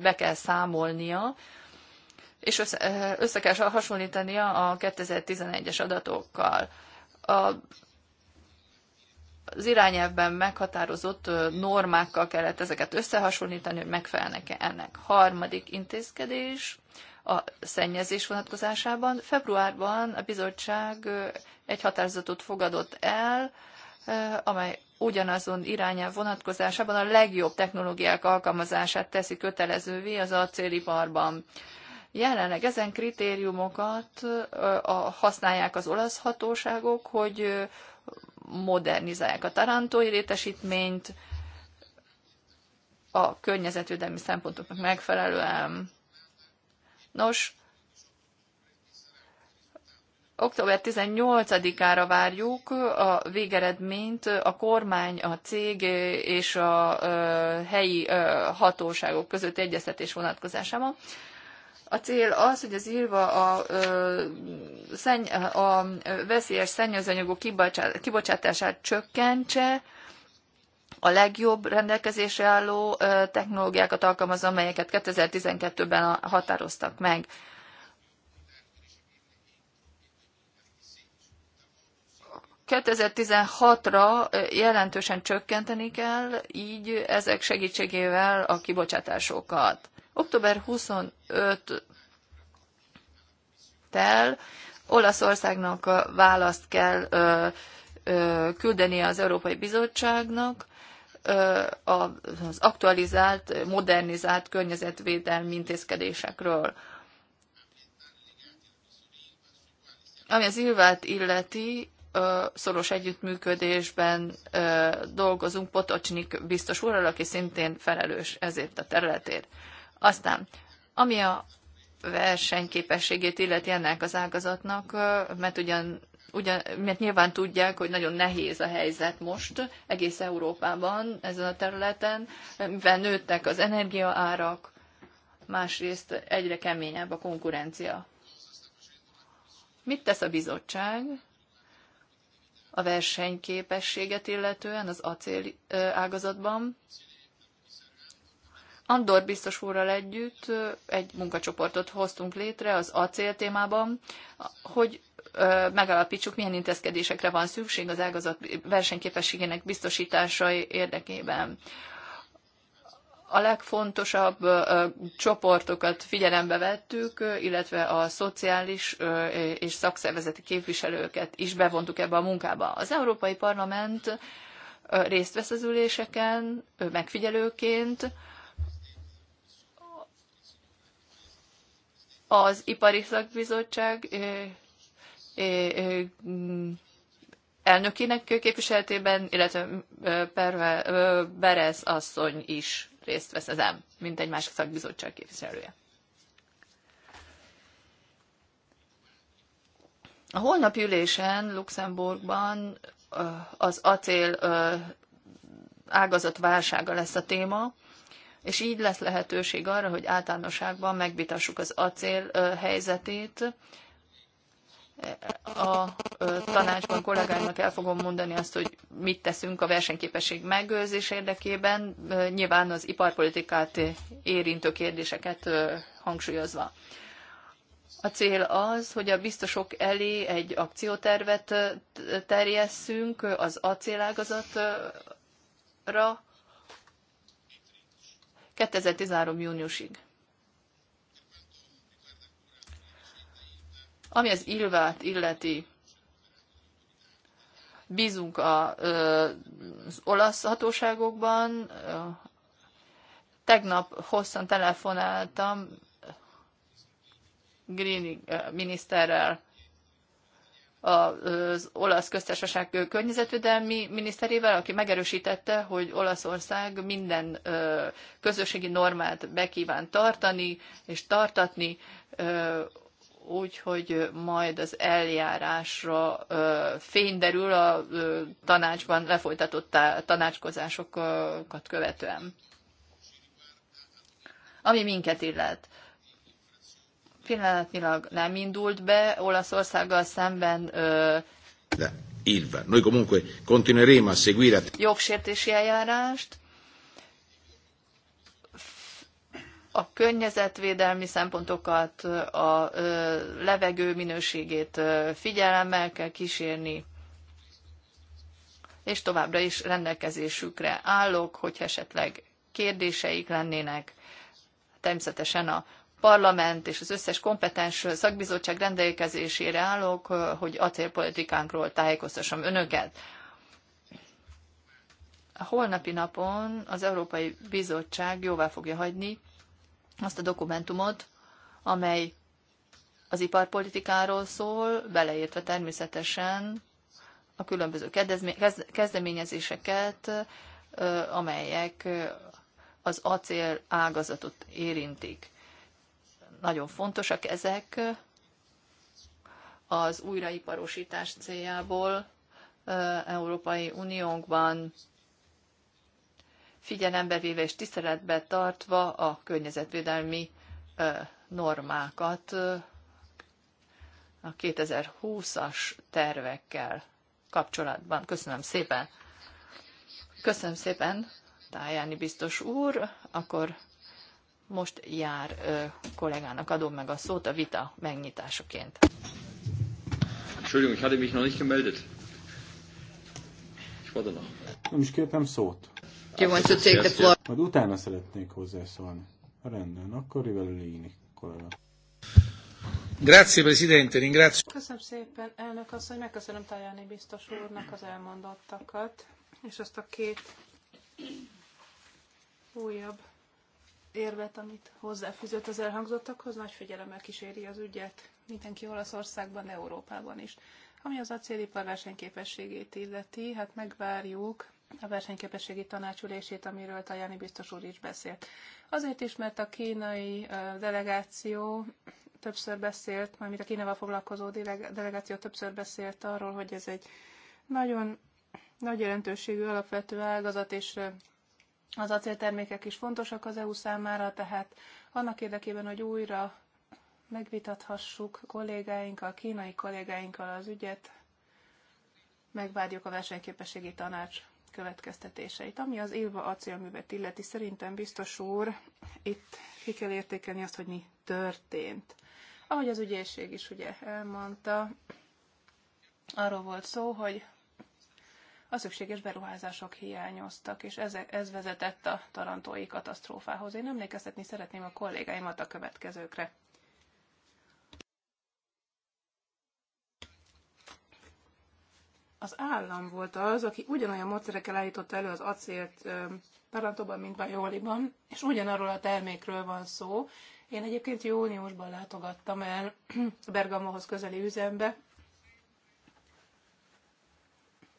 be kell számolnia, és össze kell hasonlítania a 2011-es adatokkal. A az irányelvben meghatározott normákkal kellett ezeket összehasonlítani, hogy megfelelnek-e ennek. Harmadik intézkedés, a szennyezés vonatkozásában. Februárban a bizottság egy határozatot fogadott el, amely ugyanazon irányel vonatkozásában a legjobb technológiák alkalmazását teszi kötelezővé az acéliparban. Jelenleg ezen kritériumokat használják az olasz hatóságok, hogy modernizálják a tarantói létesítményt a környezetvédelmi szempontoknak megfelelően. Nos, október 18-ára várjuk a végeredményt a kormány, a cég és a helyi hatóságok között egyeztetés vonatkozásában. A cél az, hogy az írva a, a, a veszélyes szennyezőanyagok kibocsátását csökkentse, a legjobb rendelkezésre álló technológiákat alkalmaz, amelyeket 2012-ben határoztak meg. ...2016-ra jelentősen csökkenteni kell, így ezek segítségével a kibocsátásokat. Október 25-tel Olaszországnak választ kell küldeni az Európai Bizottságnak, az aktualizált, modernizált környezetvédelmi intézkedésekről. Ami az Ilvát illeti, szoros együttműködésben dolgozunk Potocsnik biztos úrral, aki szintén felelős ezért a területért. Aztán, ami a versenyképességét illeti ennek az ágazatnak, mert ugyan ugyan, mert nyilván tudják, hogy nagyon nehéz a helyzet most egész Európában ezen a területen, mivel nőttek az energiaárak, másrészt egyre keményebb a konkurencia. Mit tesz a bizottság a versenyképességet illetően az acél ágazatban? Andor biztos úrral együtt egy munkacsoportot hoztunk létre az acél témában, hogy megalapítsuk, milyen intézkedésekre van szükség az ágazat versenyképességének biztosítása érdekében. A legfontosabb csoportokat figyelembe vettük, illetve a szociális és szakszervezeti képviselőket is bevontuk ebbe a munkába. Az Európai Parlament részt vesz az üléseken megfigyelőként, az Ipari Szakbizottság elnökének képviseletében, illetve Perve, asszony is részt vesz ezen, mint egy másik szakbizottság képviselője. A holnapi ülésen Luxemburgban az acél ágazat válsága lesz a téma, és így lesz lehetőség arra, hogy általánosságban megvitassuk az acél helyzetét. A tanácsban kollégáimnak el fogom mondani azt, hogy mit teszünk a versenyképesség megőrzés érdekében, nyilván az iparpolitikát érintő kérdéseket hangsúlyozva. A cél az, hogy a biztosok elé egy akciótervet terjesszünk az acélágazatra, 2013. júniusig. Ami az Ilvát illeti, bízunk a, az olasz hatóságokban. Tegnap hosszan telefonáltam Greening miniszterrel, az olasz köztársaság környezetvédelmi miniszterével, aki megerősítette, hogy Olaszország minden közösségi normát bekíván tartani és tartatni, úgyhogy majd az eljárásra fény derül a tanácsban lefolytatott tanácskozásokat követően. Ami minket illet pillanatnyilag nem indult be Olaszországgal szemben. Ö, De, Ilva. Noi comunque continueremo a seguire. Jogsértési eljárást. A környezetvédelmi szempontokat, a ö, levegő minőségét ö, figyelemmel kell kísérni, és továbbra is rendelkezésükre állok, hogy esetleg kérdéseik lennének. Természetesen a parlament és az összes kompetens szakbizottság rendelkezésére állok, hogy acélpolitikánkról tájékoztassam önöket. A holnapi napon az Európai Bizottság jóvá fogja hagyni azt a dokumentumot, amely az iparpolitikáról szól, beleértve természetesen a különböző kezdeményezéseket, amelyek az acél ágazatot érintik nagyon fontosak ezek az újraiparosítás céljából Európai Uniónkban figyelembe véve és tiszteletbe tartva a környezetvédelmi normákat a 2020-as tervekkel kapcsolatban. Köszönöm szépen. Köszönöm szépen, Tájáni biztos úr. Akkor most jár kollégának adom meg a szót a vita megnyitásoként. Entschuldigung, ich hatte mich noch nicht gemeldet. Ich warte noch. Nem is kértem szót. You want to take the floor? Majd utána szeretnék hozzászólni. Rendben, akkor Rivellini kollega. Grazie Presidente, ringrazio. Köszönöm szépen, elnök asszony, megköszönöm Tajani biztos úrnak az elmondottakat, és azt a két újabb érvet, amit hozzáfűzött az elhangzottakhoz, nagy figyelemmel kíséri az ügyet mindenki Olaszországban, Európában is. Ami az acélipar versenyképességét illeti, hát megvárjuk a versenyképességi tanácsülését, amiről Tajani biztos úr is beszélt. Azért is, mert a kínai delegáció többször beszélt, mármint a Kínával foglalkozó delegáció többször beszélt arról, hogy ez egy nagyon nagy jelentőségű alapvető ágazat, és az acéltermékek is fontosak az EU számára, tehát annak érdekében, hogy újra megvitathassuk kollégáinkkal, kínai kollégáinkkal az ügyet, megvárjuk a versenyképességi tanács következtetéseit. Ami az Ilva acélművet illeti, szerintem biztos úr, itt ki kell értékelni azt, hogy mi történt. Ahogy az ügyészség is ugye elmondta, arról volt szó, hogy a szükséges beruházások hiányoztak, és ez, ez vezetett a tarantói katasztrófához. Én emlékeztetni szeretném a kollégáimat a következőkre. Az állam volt az, aki ugyanolyan módszerekkel állította elő az acélt Tarantóban, mint Bajoliban, és ugyanarról a termékről van szó. Én egyébként júniusban látogattam el Bergamohoz közeli üzembe,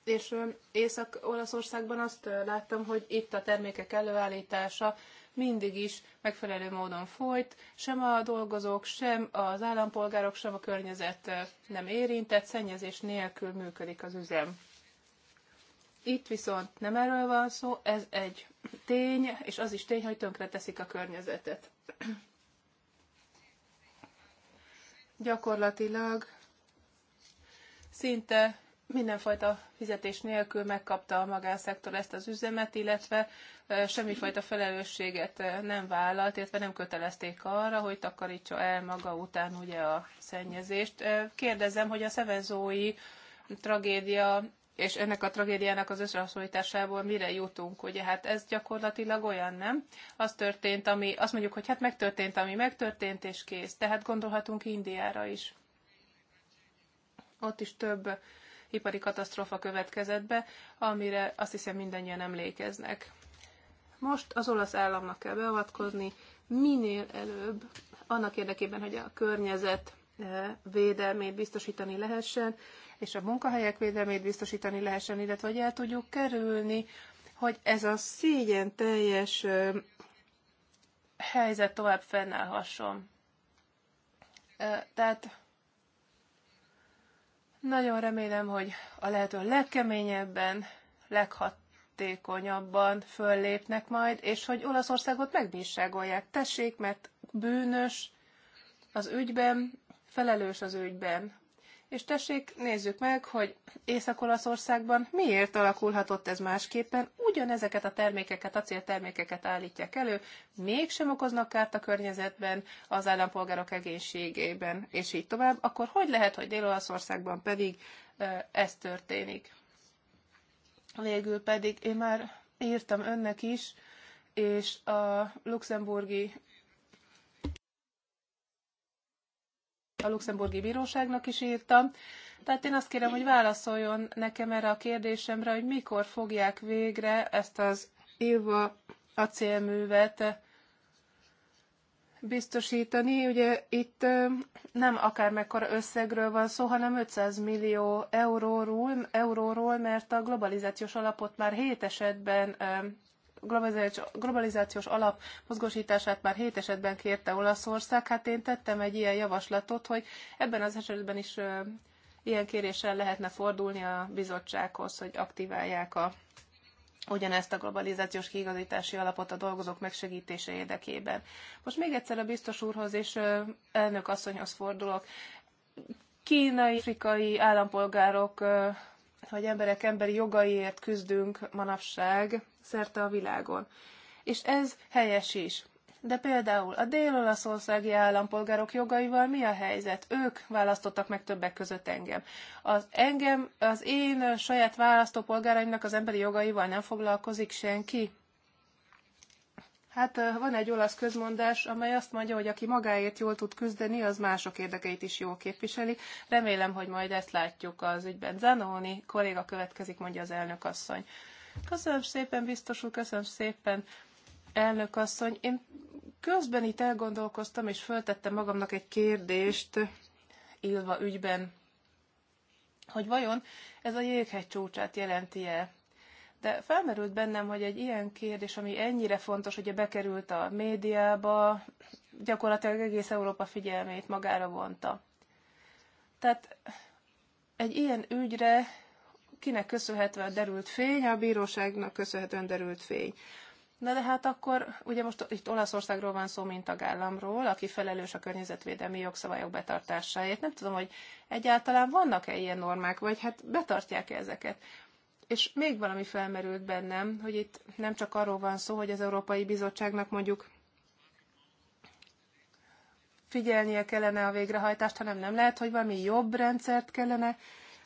és Észak-Olaszországban azt láttam, hogy itt a termékek előállítása mindig is megfelelő módon folyt, sem a dolgozók, sem az állampolgárok, sem a környezet nem érintett, szennyezés nélkül működik az üzem. Itt viszont nem erről van szó, ez egy tény, és az is tény, hogy teszik a környezetet. Gyakorlatilag szinte mindenfajta fizetés nélkül megkapta a magánszektor ezt az üzemet, illetve semmifajta felelősséget nem vállalt, illetve nem kötelezték arra, hogy takarítsa el maga után ugye a szennyezést. Kérdezem, hogy a szevezói tragédia és ennek a tragédiának az összehasonlításából mire jutunk, ugye hát ez gyakorlatilag olyan, nem? Az történt, ami, azt mondjuk, hogy hát megtörtént, ami megtörtént, és kész. Tehát gondolhatunk Indiára is. Ott is több ipari katasztrófa következett be, amire azt hiszem mindannyian emlékeznek. Most az olasz államnak kell beavatkozni, minél előbb, annak érdekében, hogy a környezet eh, védelmét biztosítani lehessen, és a munkahelyek védelmét biztosítani lehessen, illetve hogy el tudjuk kerülni, hogy ez a szégyen teljes eh, helyzet tovább fennállhasson. Eh, tehát nagyon remélem, hogy a lehető legkeményebben, leghatékonyabban föllépnek majd, és hogy Olaszországot megbírságolják. Tessék, mert bűnös az ügyben, felelős az ügyben. És tessék, nézzük meg, hogy Észak-Olaszországban miért alakulhatott ez másképpen. Ugyanezeket a termékeket, acéltermékeket állítják elő, mégsem okoznak kárt a környezetben, az állampolgárok egészségében, és így tovább. Akkor hogy lehet, hogy Dél-Olaszországban pedig ez történik? Végül pedig én már írtam önnek is, és a luxemburgi a luxemburgi bíróságnak is írta, Tehát én azt kérem, hogy válaszoljon nekem erre a kérdésemre, hogy mikor fogják végre ezt az Ilva acélművet biztosítani. Ugye itt nem akár mekkora összegről van szó, hanem 500 millió euróról, euróról, mert a globalizációs alapot már hét esetben globalizációs alap mozgósítását már hét esetben kérte Olaszország. Hát én tettem egy ilyen javaslatot, hogy ebben az esetben is ilyen kéréssel lehetne fordulni a bizottsághoz, hogy aktiválják a ugyanezt a globalizációs kiigazítási alapot a dolgozók megsegítése érdekében. Most még egyszer a biztos úrhoz és elnök asszonyhoz fordulok. Kínai, afrikai állampolgárok vagy emberek emberi jogaiért küzdünk manapság, szerte a világon. És ez helyes is. De például a dél-olaszországi állampolgárok jogaival mi a helyzet? Ők választottak meg többek között engem. Az engem, az én saját választópolgáraimnak az emberi jogaival nem foglalkozik senki. Hát van egy olasz közmondás, amely azt mondja, hogy aki magáért jól tud küzdeni, az mások érdekeit is jól képviseli. Remélem, hogy majd ezt látjuk az ügyben. Zanoni kolléga következik, mondja az elnök asszony. Köszönöm szépen, biztos úr, köszönöm szépen, elnök asszony. Én közben itt elgondolkoztam, és föltettem magamnak egy kérdést Ilva ügyben, hogy vajon ez a jéghegy csúcsát jelenti-e. De felmerült bennem, hogy egy ilyen kérdés, ami ennyire fontos, hogy bekerült a médiába, gyakorlatilag egész Európa figyelmét magára vonta. Tehát egy ilyen ügyre kinek köszönhetve a derült fény, a bíróságnak köszönhetően derült fény. Na de hát akkor, ugye most itt Olaszországról van szó, mint gállamról, aki felelős a környezetvédelmi jogszabályok betartásáért. Nem tudom, hogy egyáltalán vannak-e ilyen normák, vagy hát betartják-e ezeket. És még valami felmerült bennem, hogy itt nem csak arról van szó, hogy az Európai Bizottságnak mondjuk figyelnie kellene a végrehajtást, hanem nem lehet, hogy valami jobb rendszert kellene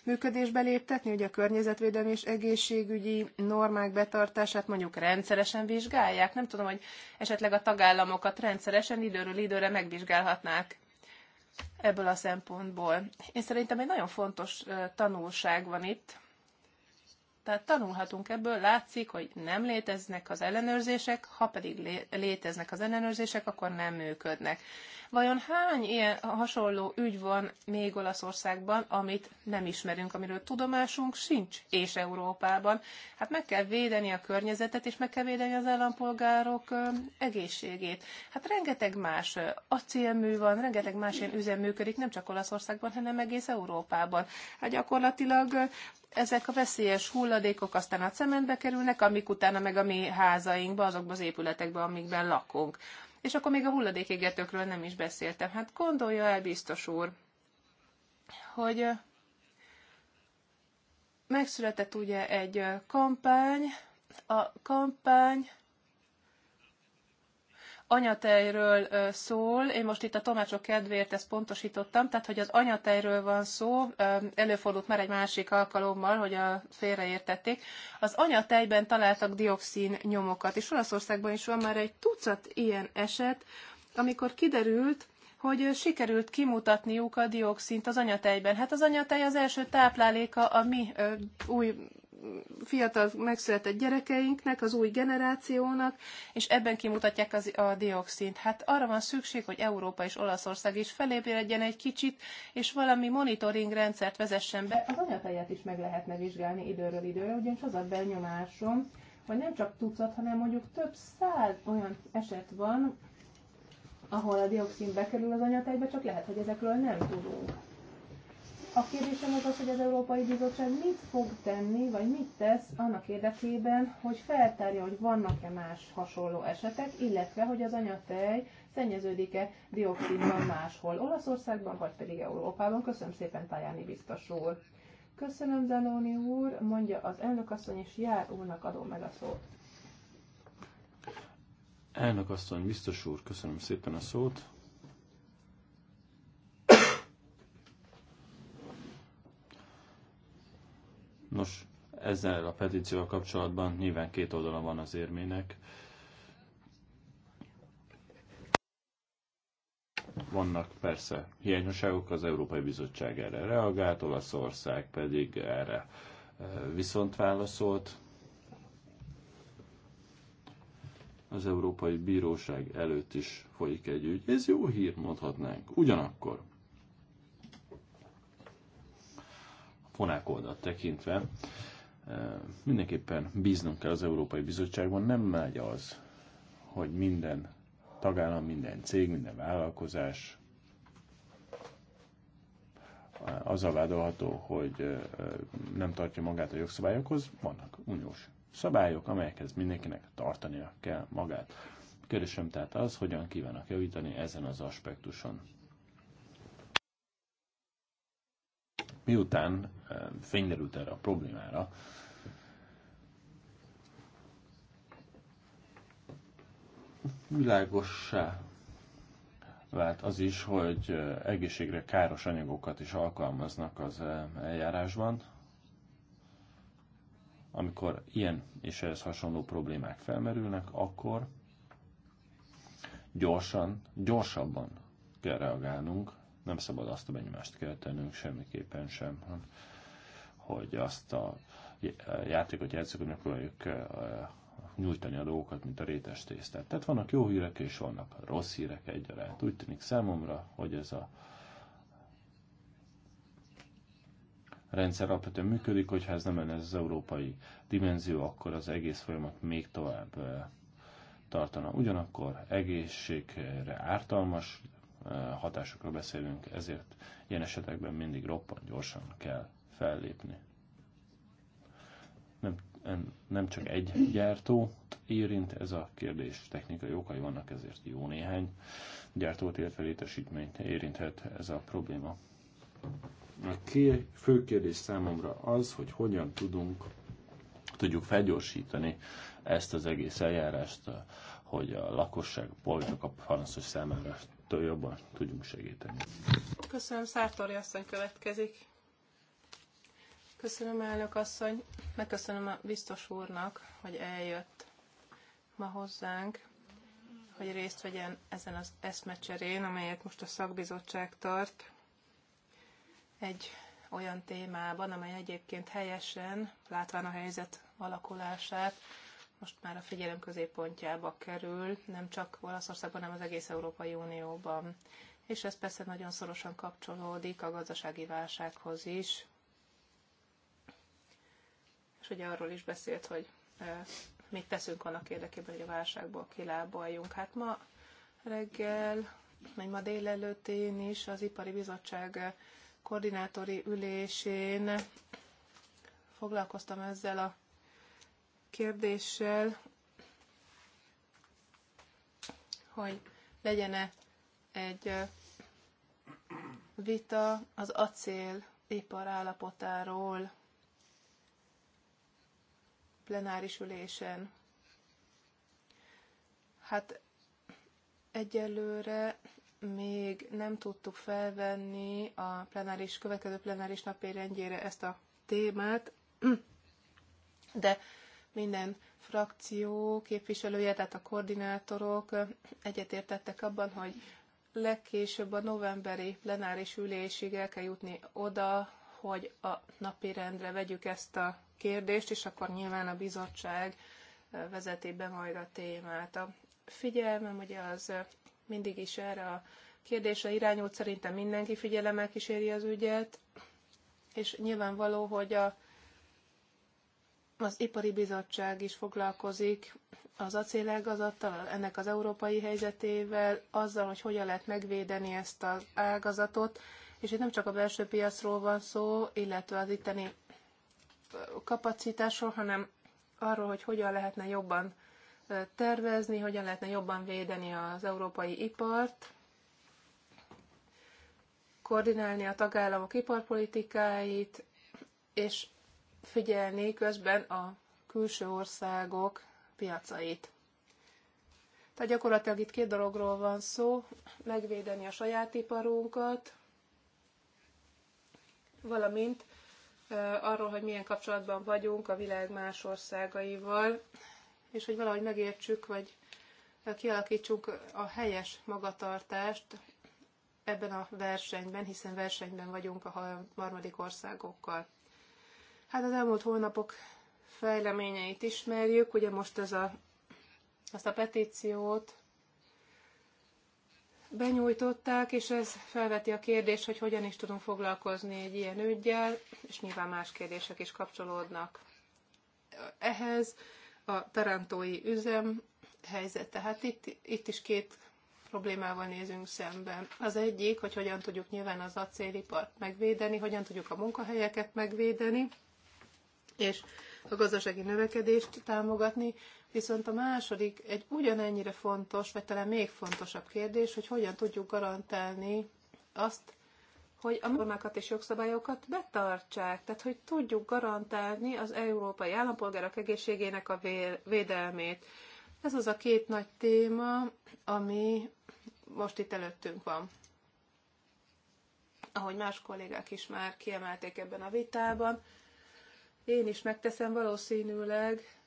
működésbe léptetni, hogy a környezetvédelmi és egészségügyi normák betartását mondjuk rendszeresen vizsgálják? Nem tudom, hogy esetleg a tagállamokat rendszeresen időről időre megvizsgálhatnák ebből a szempontból. Én szerintem egy nagyon fontos tanulság van itt, tehát tanulhatunk ebből, látszik, hogy nem léteznek az ellenőrzések, ha pedig léteznek az ellenőrzések, akkor nem működnek. Vajon hány ilyen hasonló ügy van még Olaszországban, amit nem ismerünk, amiről tudomásunk sincs, és Európában? Hát meg kell védeni a környezetet, és meg kell védeni az állampolgárok egészségét. Hát rengeteg más acélmű van, rengeteg más ilyen üzem működik, nem csak Olaszországban, hanem egész Európában. Hát gyakorlatilag ezek a veszélyes hulladékok aztán a cementbe kerülnek, amik utána meg a mi házainkba, azokba az épületekbe, amikben lakunk. És akkor még a hulladékégetőkről nem is beszéltem. Hát gondolja el, biztos úr, hogy megszületett ugye egy kampány, a kampány anyatejről szól, én most itt a tomácsok kedvéért ezt pontosítottam, tehát hogy az anyatejről van szó, előfordult már egy másik alkalommal, hogy a félreértették. Az anyatejben találtak dioxin nyomokat, és Olaszországban is van már egy tucat ilyen eset, amikor kiderült, hogy sikerült kimutatniuk a dioxint az anyatejben. Hát az anyatej az első tápláléka a mi új fiatal megszületett gyerekeinknek, az új generációnak, és ebben kimutatják az, a dioxint. Hát arra van szükség, hogy Európa és Olaszország is felébredjen egy kicsit, és valami monitoring rendszert vezessen be. Az anyatejet is meg lehetne vizsgálni időről időre, ugyanis az a benyomásom, hogy nem csak tucat, hanem mondjuk több száz olyan eset van, ahol a dioxin bekerül az anyatejbe, csak lehet, hogy ezekről nem tudunk. A kérdésem az az, hogy az Európai Bizottság mit fog tenni, vagy mit tesz annak érdekében, hogy feltárja, hogy vannak-e más hasonló esetek, illetve hogy az anyatej szennyeződik-e dioxinban máshol, Olaszországban, vagy pedig Európában. Köszönöm szépen, Tajáni biztos úr. Köszönöm, Zanoni úr, mondja az elnökasszony, és jár úrnak adom meg a szót. Elnök asszony, biztos úr, köszönöm szépen a szót. Nos, ezzel a petícióval kapcsolatban nyilván két oldala van az érmének. Vannak persze hiányosságok, az Európai Bizottság erre reagált, Olaszország pedig erre eh, viszont válaszolt. Az Európai Bíróság előtt is folyik egy ügy. Ez jó hír, mondhatnánk. Ugyanakkor fonák oldalt tekintve eh, mindenképpen bíznunk kell az Európai Bizottságban. Nem megy az, hogy minden tagállam, minden cég, minden vállalkozás eh, az a vádolható, hogy eh, nem tartja magát a jogszabályokhoz. Vannak uniós szabályok, amelyekhez mindenkinek tartania kell magát. Kérdésem tehát az, hogyan kívánok javítani ezen az aspektuson. Miután eh, fényderült erre a problémára, világossá vált az is, hogy eh, egészségre káros anyagokat is alkalmaznak az eh, eljárásban, amikor ilyen és ehhez hasonló problémák felmerülnek, akkor gyorsan, gyorsabban kell reagálnunk, nem szabad azt a benyomást keltenünk semmiképpen sem, hogy azt a játékot játszunk, hogy megpróbáljuk eh, nyújtani a dolgokat, mint a rétes tésztát. Tehát vannak jó hírek és vannak rossz hírek egyaránt. Úgy tűnik számomra, hogy ez a rendszer alapvetően működik, hogyha ez nem lenne ez az európai dimenzió, akkor az egész folyamat még tovább eh, tartana. Ugyanakkor egészségre ártalmas hatásokról beszélünk, ezért ilyen esetekben mindig roppant gyorsan kell fellépni. Nem, nem csak egy gyártót érint ez a kérdés, technikai okai vannak, ezért jó néhány gyártót, illetve létesítményt érinthet ez a probléma. A ké, fő kérdés számomra az, hogy hogyan tudunk, tudjuk felgyorsítani ezt az egész eljárást, hogy a lakosság, a polgárok, a panaszos számára ettől jobban tudjunk segíteni. Köszönöm, Szártori asszony következik. Köszönöm, elnök asszony. Megköszönöm a biztos úrnak, hogy eljött ma hozzánk, hogy részt vegyen ezen az eszmecserén, amelyet most a szakbizottság tart. Egy olyan témában, amely egyébként helyesen, látván a helyzet alakulását, most már a figyelem középpontjába kerül, nem csak Olaszországban, hanem az egész Európai Unióban. És ez persze nagyon szorosan kapcsolódik a gazdasági válsághoz is. És ugye arról is beszélt, hogy mit teszünk annak érdekében, hogy a válságból kilábaljunk. Hát ma reggel, vagy ma délelőtt én is az Ipari Bizottság koordinátori ülésén foglalkoztam ezzel a kérdéssel, hogy legyen egy vita az acél ipar állapotáról plenáris ülésen. Hát egyelőre még nem tudtuk felvenni a plenáris, következő plenáris napi rendjére ezt a témát, de minden frakció képviselője, tehát a koordinátorok egyetértettek abban, hogy legkésőbb a novemberi plenáris ülésig el kell jutni oda, hogy a napi rendre vegyük ezt a kérdést, és akkor nyilván a bizottság vezeti be majd a témát. A figyelmem ugye az mindig is erre a kérdésre irányult, szerintem mindenki figyelemmel kíséri az ügyet, és nyilvánvaló, hogy a az Ipari Bizottság is foglalkozik az acélágazattal, ennek az európai helyzetével, azzal, hogy hogyan lehet megvédeni ezt az ágazatot, és itt nem csak a belső piacról van szó, illetve az itteni kapacitásról, hanem arról, hogy hogyan lehetne jobban tervezni, hogyan lehetne jobban védeni az európai ipart, koordinálni a tagállamok iparpolitikáit, és figyelni közben a külső országok piacait. Tehát gyakorlatilag itt két dologról van szó, megvédeni a saját iparunkat, valamint arról, hogy milyen kapcsolatban vagyunk a világ más országaival, és hogy valahogy megértsük, vagy kialakítsunk a helyes magatartást ebben a versenyben, hiszen versenyben vagyunk a harmadik országokkal. Hát az elmúlt hónapok fejleményeit ismerjük, ugye most ez a, azt a petíciót benyújtották, és ez felveti a kérdést, hogy hogyan is tudunk foglalkozni egy ilyen ügyjel, és nyilván más kérdések is kapcsolódnak ehhez. A tarantói üzem helyzet, tehát itt, itt is két problémával nézünk szemben. Az egyik, hogy hogyan tudjuk nyilván az acélipart megvédeni, hogyan tudjuk a munkahelyeket megvédeni, és a gazdasági növekedést támogatni, viszont a második egy ugyanennyire fontos, vagy talán még fontosabb kérdés, hogy hogyan tudjuk garantálni azt, hogy a normákat és jogszabályokat betartsák, tehát hogy tudjuk garantálni az európai állampolgárok egészségének a védelmét. Ez az a két nagy téma, ami most itt előttünk van. Ahogy más kollégák is már kiemelték ebben a vitában, én is megteszem valószínűleg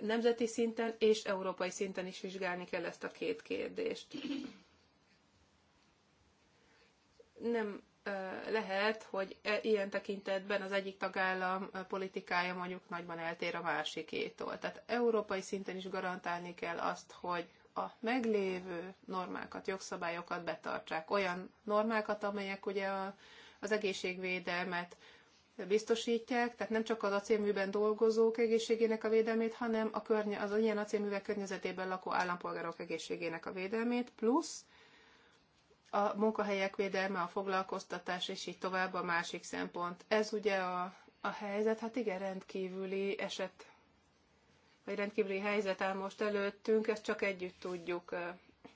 nemzeti szinten és európai szinten is vizsgálni kell ezt a két kérdést. Nem lehet, hogy e, ilyen tekintetben az egyik tagállam politikája mondjuk nagyban eltér a másikétól. Tehát európai szinten is garantálni kell azt, hogy a meglévő normákat, jogszabályokat betartsák. Olyan normákat, amelyek ugye a, az egészségvédelmet, biztosítják, tehát nem csak az acélműben dolgozók egészségének a védelmét, hanem a környe, az ilyen acélművek környezetében lakó állampolgárok egészségének a védelmét, plusz a munkahelyek védelme, a foglalkoztatás, és így tovább a másik szempont. Ez ugye a, a helyzet, hát igen, rendkívüli eset, vagy rendkívüli helyzet áll most előttünk, ezt csak együtt tudjuk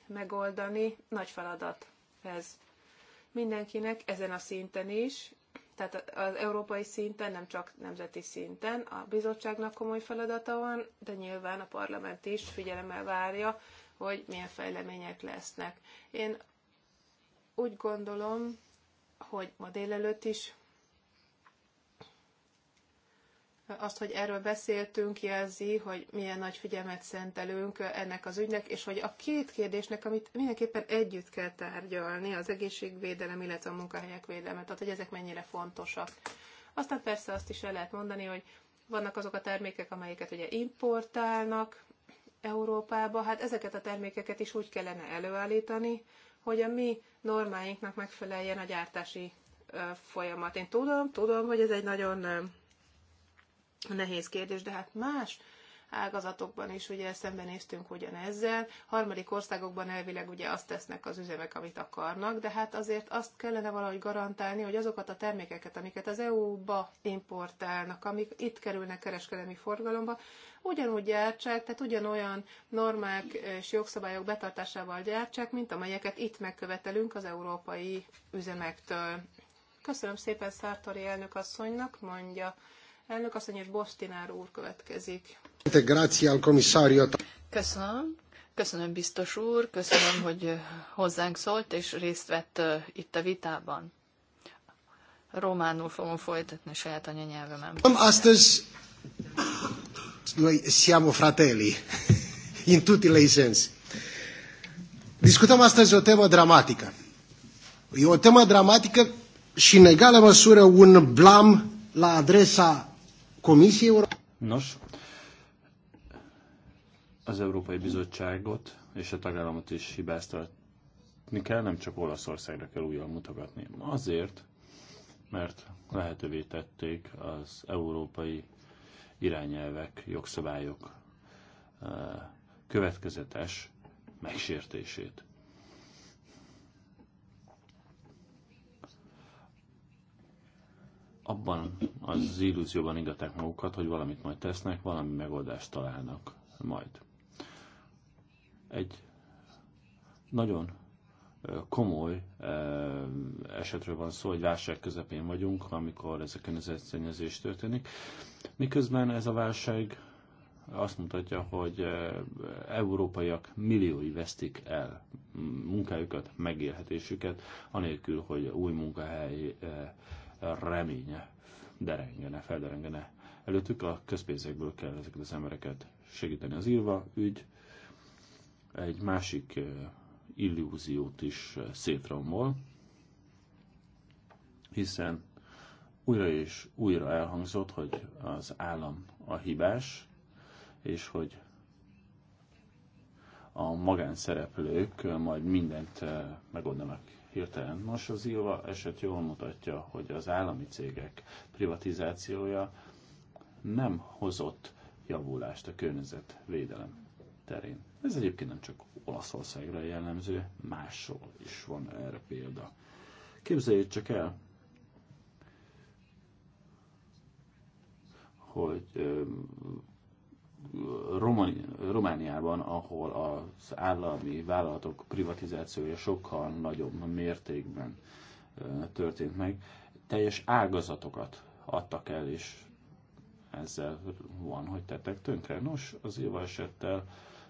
megoldani. Nagy feladat ez mindenkinek, ezen a szinten is, tehát az európai szinten, nem csak nemzeti szinten a bizottságnak komoly feladata van, de nyilván a parlament is figyelemmel várja, hogy milyen fejlemények lesznek. Én úgy gondolom, hogy ma délelőtt is azt, hogy erről beszéltünk, jelzi, hogy milyen nagy figyelmet szentelünk ennek az ügynek, és hogy a két kérdésnek, amit mindenképpen együtt kell tárgyalni, az egészségvédelem, illetve a munkahelyek védelme, tehát hogy ezek mennyire fontosak. Aztán persze azt is el lehet mondani, hogy vannak azok a termékek, amelyeket ugye importálnak Európába, hát ezeket a termékeket is úgy kellene előállítani, hogy a mi normáinknak megfeleljen a gyártási folyamat. Én tudom, tudom, hogy ez egy nagyon nehéz kérdés, de hát más ágazatokban is ugye szembenéztünk ugyanezzel. Harmadik országokban elvileg ugye azt tesznek az üzemek, amit akarnak, de hát azért azt kellene valahogy garantálni, hogy azokat a termékeket, amiket az EU-ba importálnak, amik itt kerülnek kereskedelmi forgalomba, ugyanúgy gyártsák, tehát ugyanolyan normák és jogszabályok betartásával gyártsák, mint amelyeket itt megkövetelünk az európai üzemektől. Köszönöm szépen Szártori elnök asszonynak, mondja Elnök asszony és Bostinár úr következik. Köszönöm. Köszönöm, biztos úr, köszönöm, hogy hozzánk szólt és részt vett itt a vitában. Románul fogom folytatni a saját anyanyelvemen. Astăzi noi siamo fratelli, in tutti i sensi. Discutăm astăzi o temă dramatică. E o temă dramatică și, în egală măsură, un blam la adresa komisszióra. Nos, az Európai Bizottságot és a tagállamot is hibáztatni kell, nem csak Olaszországra kell újra mutogatni. Azért, mert lehetővé tették az európai irányelvek, jogszabályok eh, következetes megsértését. abban az illúzióban ingatják magukat, hogy valamit majd tesznek, valami megoldást találnak majd. Egy nagyon komoly esetről van szó, hogy válság közepén vagyunk, amikor ezeken az egyszennyezés történik. Miközben ez a válság azt mutatja, hogy európaiak milliói vesztik el munkájukat, megélhetésüket, anélkül, hogy új munkahely reménye derengene, felderengene előttük. A közpénzekből kell ezeket az embereket segíteni. Az írva ügy egy másik eh, illúziót is eh, szétrombol, hiszen újra és újra elhangzott, hogy az állam a hibás, és hogy a magánszereplők eh, majd mindent megoldanak hirtelen. Nos, az Ilva eset jól mutatja, hogy az állami cégek privatizációja nem hozott javulást a környezetvédelem terén. Ez egyébként nem csak Olaszországra jellemző, máshol is van erre példa. Képzeljék csak el, hogy Romani, Romániában, ahol az állami vállalatok privatizációja sokkal nagyobb mértékben történt meg, teljes ágazatokat adtak el, és ezzel van, hogy tettek tönkre. Nos, az éva esettel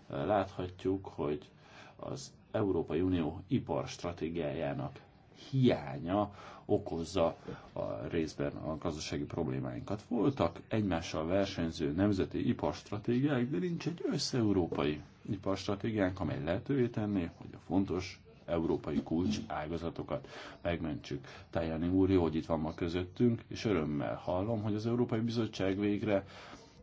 láthatjuk, hogy az Európai Unió stratégiájának hiánya okozza a részben a gazdasági problémáinkat. Voltak egymással versenyző nemzeti iparstratégiák, de nincs egy össze-európai iparstratégiánk, amely lehetővé tenné, hogy a fontos európai kulcs ágazatokat megmentsük. Tajani úr, jó, hogy itt van ma közöttünk, és örömmel hallom, hogy az Európai Bizottság végre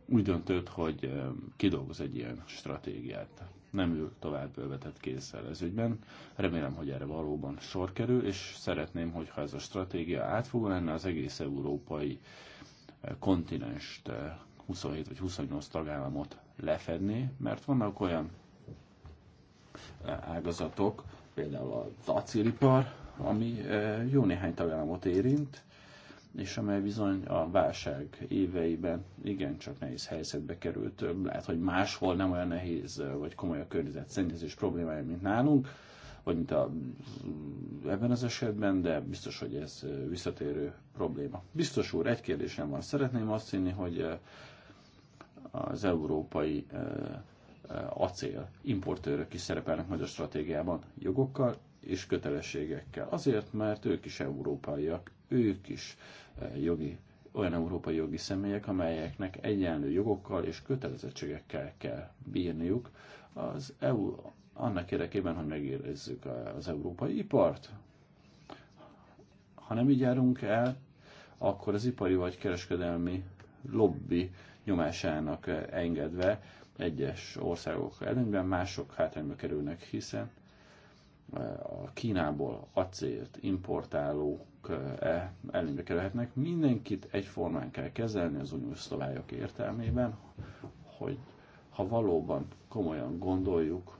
úgy döntött, hogy eh, kidolgoz egy ilyen stratégiát nem ül tovább bővetett kézzel ez ügyben. Remélem, hogy erre valóban sor kerül, és szeretném, hogyha ez a stratégia átfogó lenne az egész európai eh, kontinenst, 27 eh, vagy 28 tagállamot lefedni, mert vannak olyan eh, ágazatok, például a acélipar, ami jó néhány tagállamot érint, és amely bizony a válság éveiben igencsak nehéz helyzetbe került. Lehet, hogy máshol nem olyan nehéz vagy komoly a környezetszennyezés problémája, mint nálunk, vagy mint a, ebben az esetben, de biztos, hogy ez visszatérő probléma. Biztos úr, egy kérdésem van. Szeretném azt hinni, hogy eh, az európai eh, eh, acél importőrök is szerepelnek majd a stratégiában jogokkal és kötelességekkel. Azért, mert ők is európaiak, ők is jogi, olyan európai jogi személyek, amelyeknek egyenlő jogokkal és kötelezettségekkel kell bírniuk az EU annak érdekében, hogy megérezzük az európai ipart. Ha nem így járunk el, akkor az ipari vagy kereskedelmi lobby nyomásának engedve egyes országok előnyben, mások hátrányba kerülnek, hiszen a Kínából acélt importálók eh, előnybe kerülhetnek. Mindenkit egyformán kell kezelni az uniós szabályok értelmében, hogy ha valóban komolyan gondoljuk,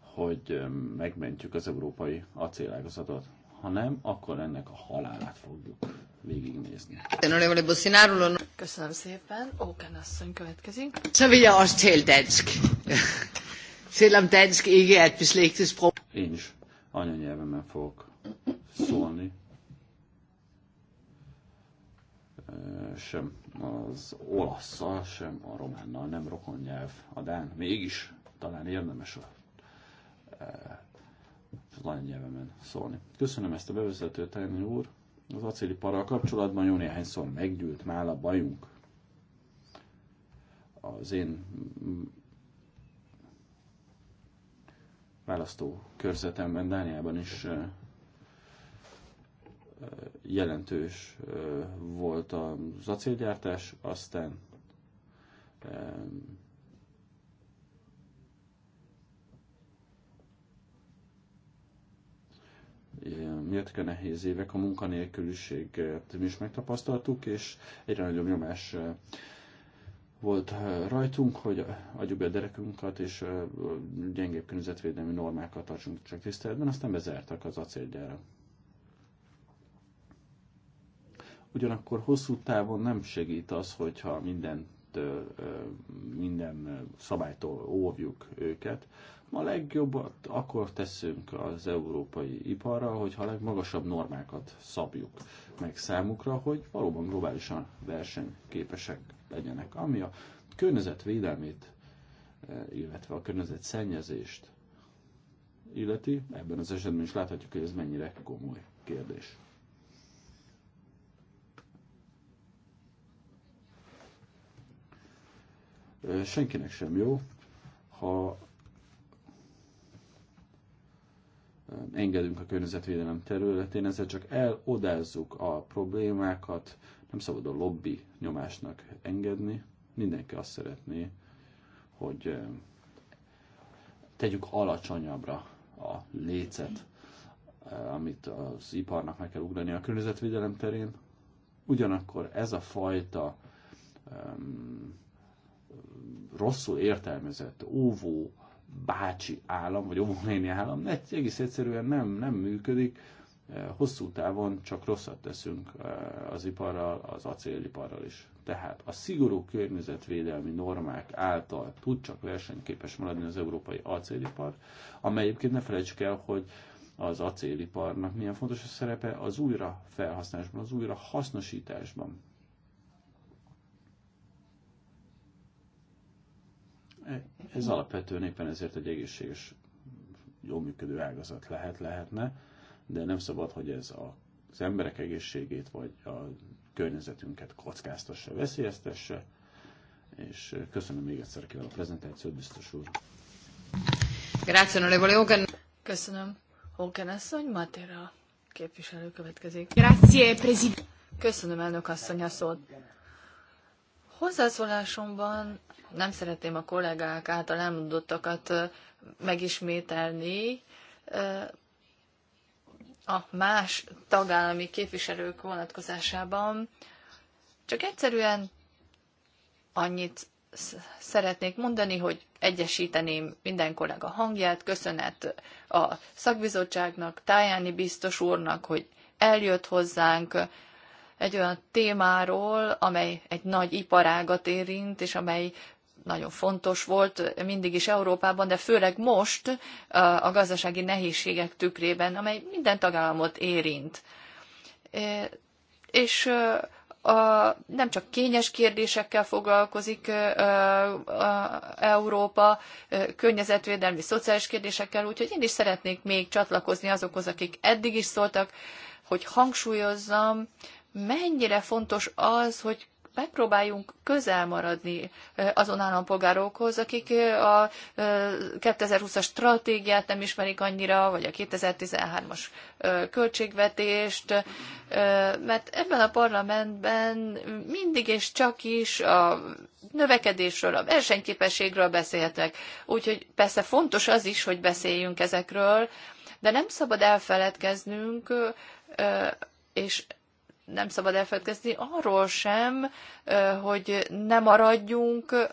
hogy eh, megmentjük az európai acélágazatot, ha nem, akkor ennek a halálát fogjuk végignézni. Köszönöm szépen. Óken asszony következik. Sevilla azt selvom dansk ikke er et beslægtet sprog. Én is anyanyelvemen fogok szólni. Sem az olaszsal, sem a románnal nem rokon nyelv a dán. Mégis talán érdemes a az anyanyelvemen szólni. Köszönöm ezt a bevezetőt, Elni úr. Az acéliparral kapcsolatban jó néhányszor meggyűlt már a bajunk. Az én választó körzetemben, Dániában is jelentős volt az acélgyártás, aztán mértke nehéz évek, a munkanélküliséget mi is megtapasztaltuk, és egyre nagyobb nyomás volt rajtunk, hogy adjuk be a derekünket, és gyengébb környezetvédelmi normákat tartsunk csak tiszteletben, aztán bezártak az acélgyára. Ugyanakkor hosszú távon nem segít az, hogyha mindent, minden szabálytól óvjuk őket. Ma legjobbat akkor teszünk az európai iparra, hogyha a legmagasabb normákat szabjuk meg számukra, hogy valóban globálisan versenyképesek legyenek. Ami a környezetvédelmét, eh, illetve a szennyezést illeti, ebben az esetben is láthatjuk, hogy ez mennyire komoly kérdés. Eh, senkinek sem jó, ha eh, engedünk a környezetvédelem területén, ezzel csak elodázzuk a problémákat, nem szabad a lobby nyomásnak engedni. Mindenki azt szeretné, hogy eh, tegyük alacsonyabbra a lécet, eh, amit az iparnak meg kell ugrani a környezetvédelem terén. Ugyanakkor ez a fajta um, rosszul értelmezett, óvó, bácsi állam, vagy óvónéni állam, egész egyszerűen nem, nem működik hosszú távon csak rosszat teszünk eh, az iparral, az acéliparral is. Tehát a szigorú környezetvédelmi normák által tud csak versenyképes maradni az európai acélipar, amely egyébként ne felejtsük el, hogy az acéliparnak milyen fontos a szerepe az újra felhasználásban, az újra hasznosításban. Ez alapvetően éppen ezért egy egészséges, jól működő ágazat lehet, lehetne de nem szabad, hogy ez a, az emberek egészségét vagy a környezetünket kockáztassa, veszélyeztesse, és köszönöm még egyszer kivel a prezentációt, biztos úr. Grazie, onorevole Hogan. Köszönöm. Hogan asszony, Matera képviselő következik. Grazie, president. Köszönöm, elnök asszony, a szót. Hozzászólásomban nem szeretném a kollégák által elmondottakat megismételni, a más tagállami képviselők vonatkozásában, csak egyszerűen annyit szeretnék mondani, hogy egyesíteném minden kollega hangját, köszönet a szakbizottságnak, Tájáni biztos úrnak, hogy eljött hozzánk egy olyan témáról, amely egy nagy iparágat érint, és amely nagyon fontos volt mindig is Európában, de főleg most a gazdasági nehézségek tükrében, amely minden tagállamot érint. És a, nem csak kényes kérdésekkel foglalkozik Európa, környezetvédelmi, szociális kérdésekkel, úgyhogy én is szeretnék még csatlakozni azokhoz, akik eddig is szóltak, hogy hangsúlyozzam, mennyire fontos az, hogy megpróbáljunk közel maradni azon állampolgárokhoz, akik a 2020-as stratégiát nem ismerik annyira, vagy a 2013-as költségvetést, mert ebben a parlamentben mindig és csak is a növekedésről, a versenyképességről beszéltek. Úgyhogy persze fontos az is, hogy beszéljünk ezekről, de nem szabad elfeledkeznünk, és nem szabad elfelejtkezni arról sem, hogy ne maradjunk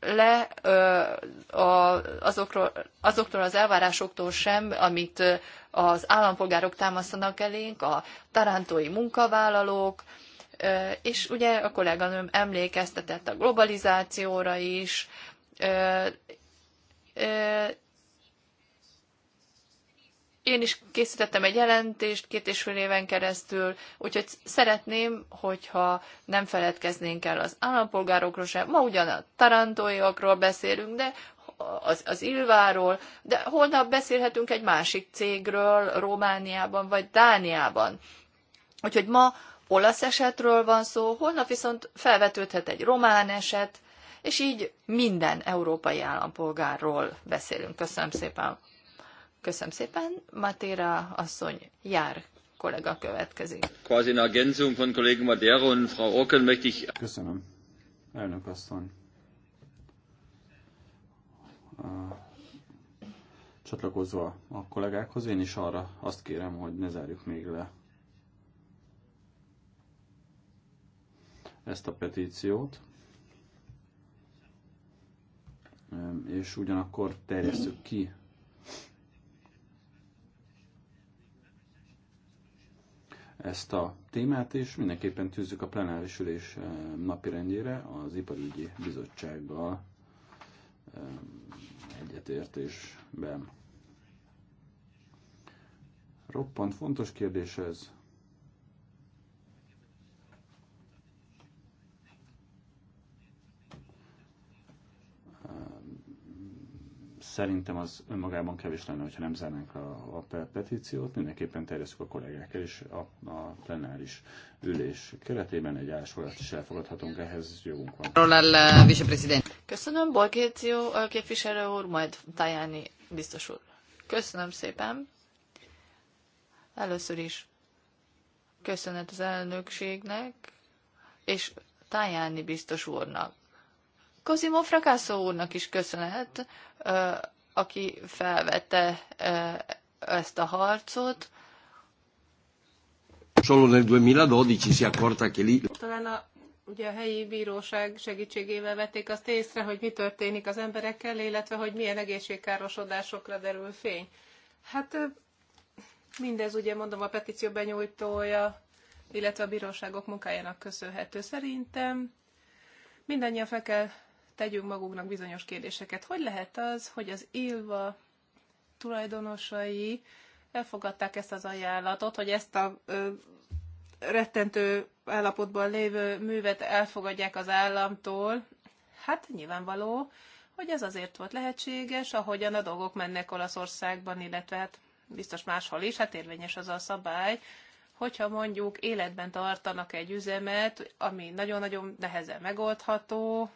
le azokról, azoktól az elvárásoktól sem, amit az állampolgárok támasztanak elénk, a tarántói munkavállalók, és ugye a kolléganőm emlékeztetett a globalizációra is, én is készítettem egy jelentést két és fél éven keresztül, úgyhogy szeretném, hogyha nem feledkeznénk el az állampolgárokról sem. Ma ugyan a tarantóiakról beszélünk, de az, az Ilváról, de holnap beszélhetünk egy másik cégről Romániában vagy Dániában. Úgyhogy ma olasz esetről van szó, holnap viszont felvetődhet egy román eset, és így minden európai állampolgárról beszélünk. Köszönöm szépen! Köszönöm szépen. Matéra asszony jár kollega következik. Quasi in Ergänzung von Kollegen Madero und Frau Orkel möchte ich... Köszönöm, elnök asszony. Csatlakozva a kollégákhoz, én is arra azt kérem, hogy ne zárjuk még le ezt a petíciót, és ugyanakkor terjesszük ki ezt a témát, és mindenképpen tűzzük a plenáris ülés eh, napirendjére az Iparügyi Bizottsággal eh, egyetértésben. Roppant fontos kérdés ez, Szerintem az önmagában kevés lenne, hogyha nem zárnánk a, a petíciót, mindenképpen terjesztjük a kollégákkal és a, a plenáris ülés keretében egy álsolat is elfogadhatunk, ehhez jogunk van. Eh, Köszönöm, Borgéció eh, képviselő úr, majd Tajani biztos úr. Köszönöm szépen. Először is köszönet az elnökségnek, és Tajani biztos úrnak. Cosimo Fracasso úrnak is köszönhet, aki felvette ezt a harcot. Solo nel 2012 si accorta che lì... Talán a, ugye a helyi bíróság segítségével vették azt észre, hogy mi történik az emberekkel, illetve hogy milyen egészségkárosodásokra derül fény. Hát mindez ugye mondom a petíció benyújtója, illetve a bíróságok munkájának köszönhető. Szerintem mindannyian fel kell tegyünk magunknak bizonyos kérdéseket. Hogy lehet az, hogy az Ilva tulajdonosai elfogadták ezt az ajánlatot, hogy ezt a ö, rettentő állapotban lévő művet elfogadják az államtól? Hát nyilvánvaló, hogy ez azért volt lehetséges, ahogyan a dolgok mennek Olaszországban, illetve hát biztos máshol is, hát érvényes az a szabály, hogyha mondjuk életben tartanak egy üzemet, ami nagyon-nagyon nehezen megoldható,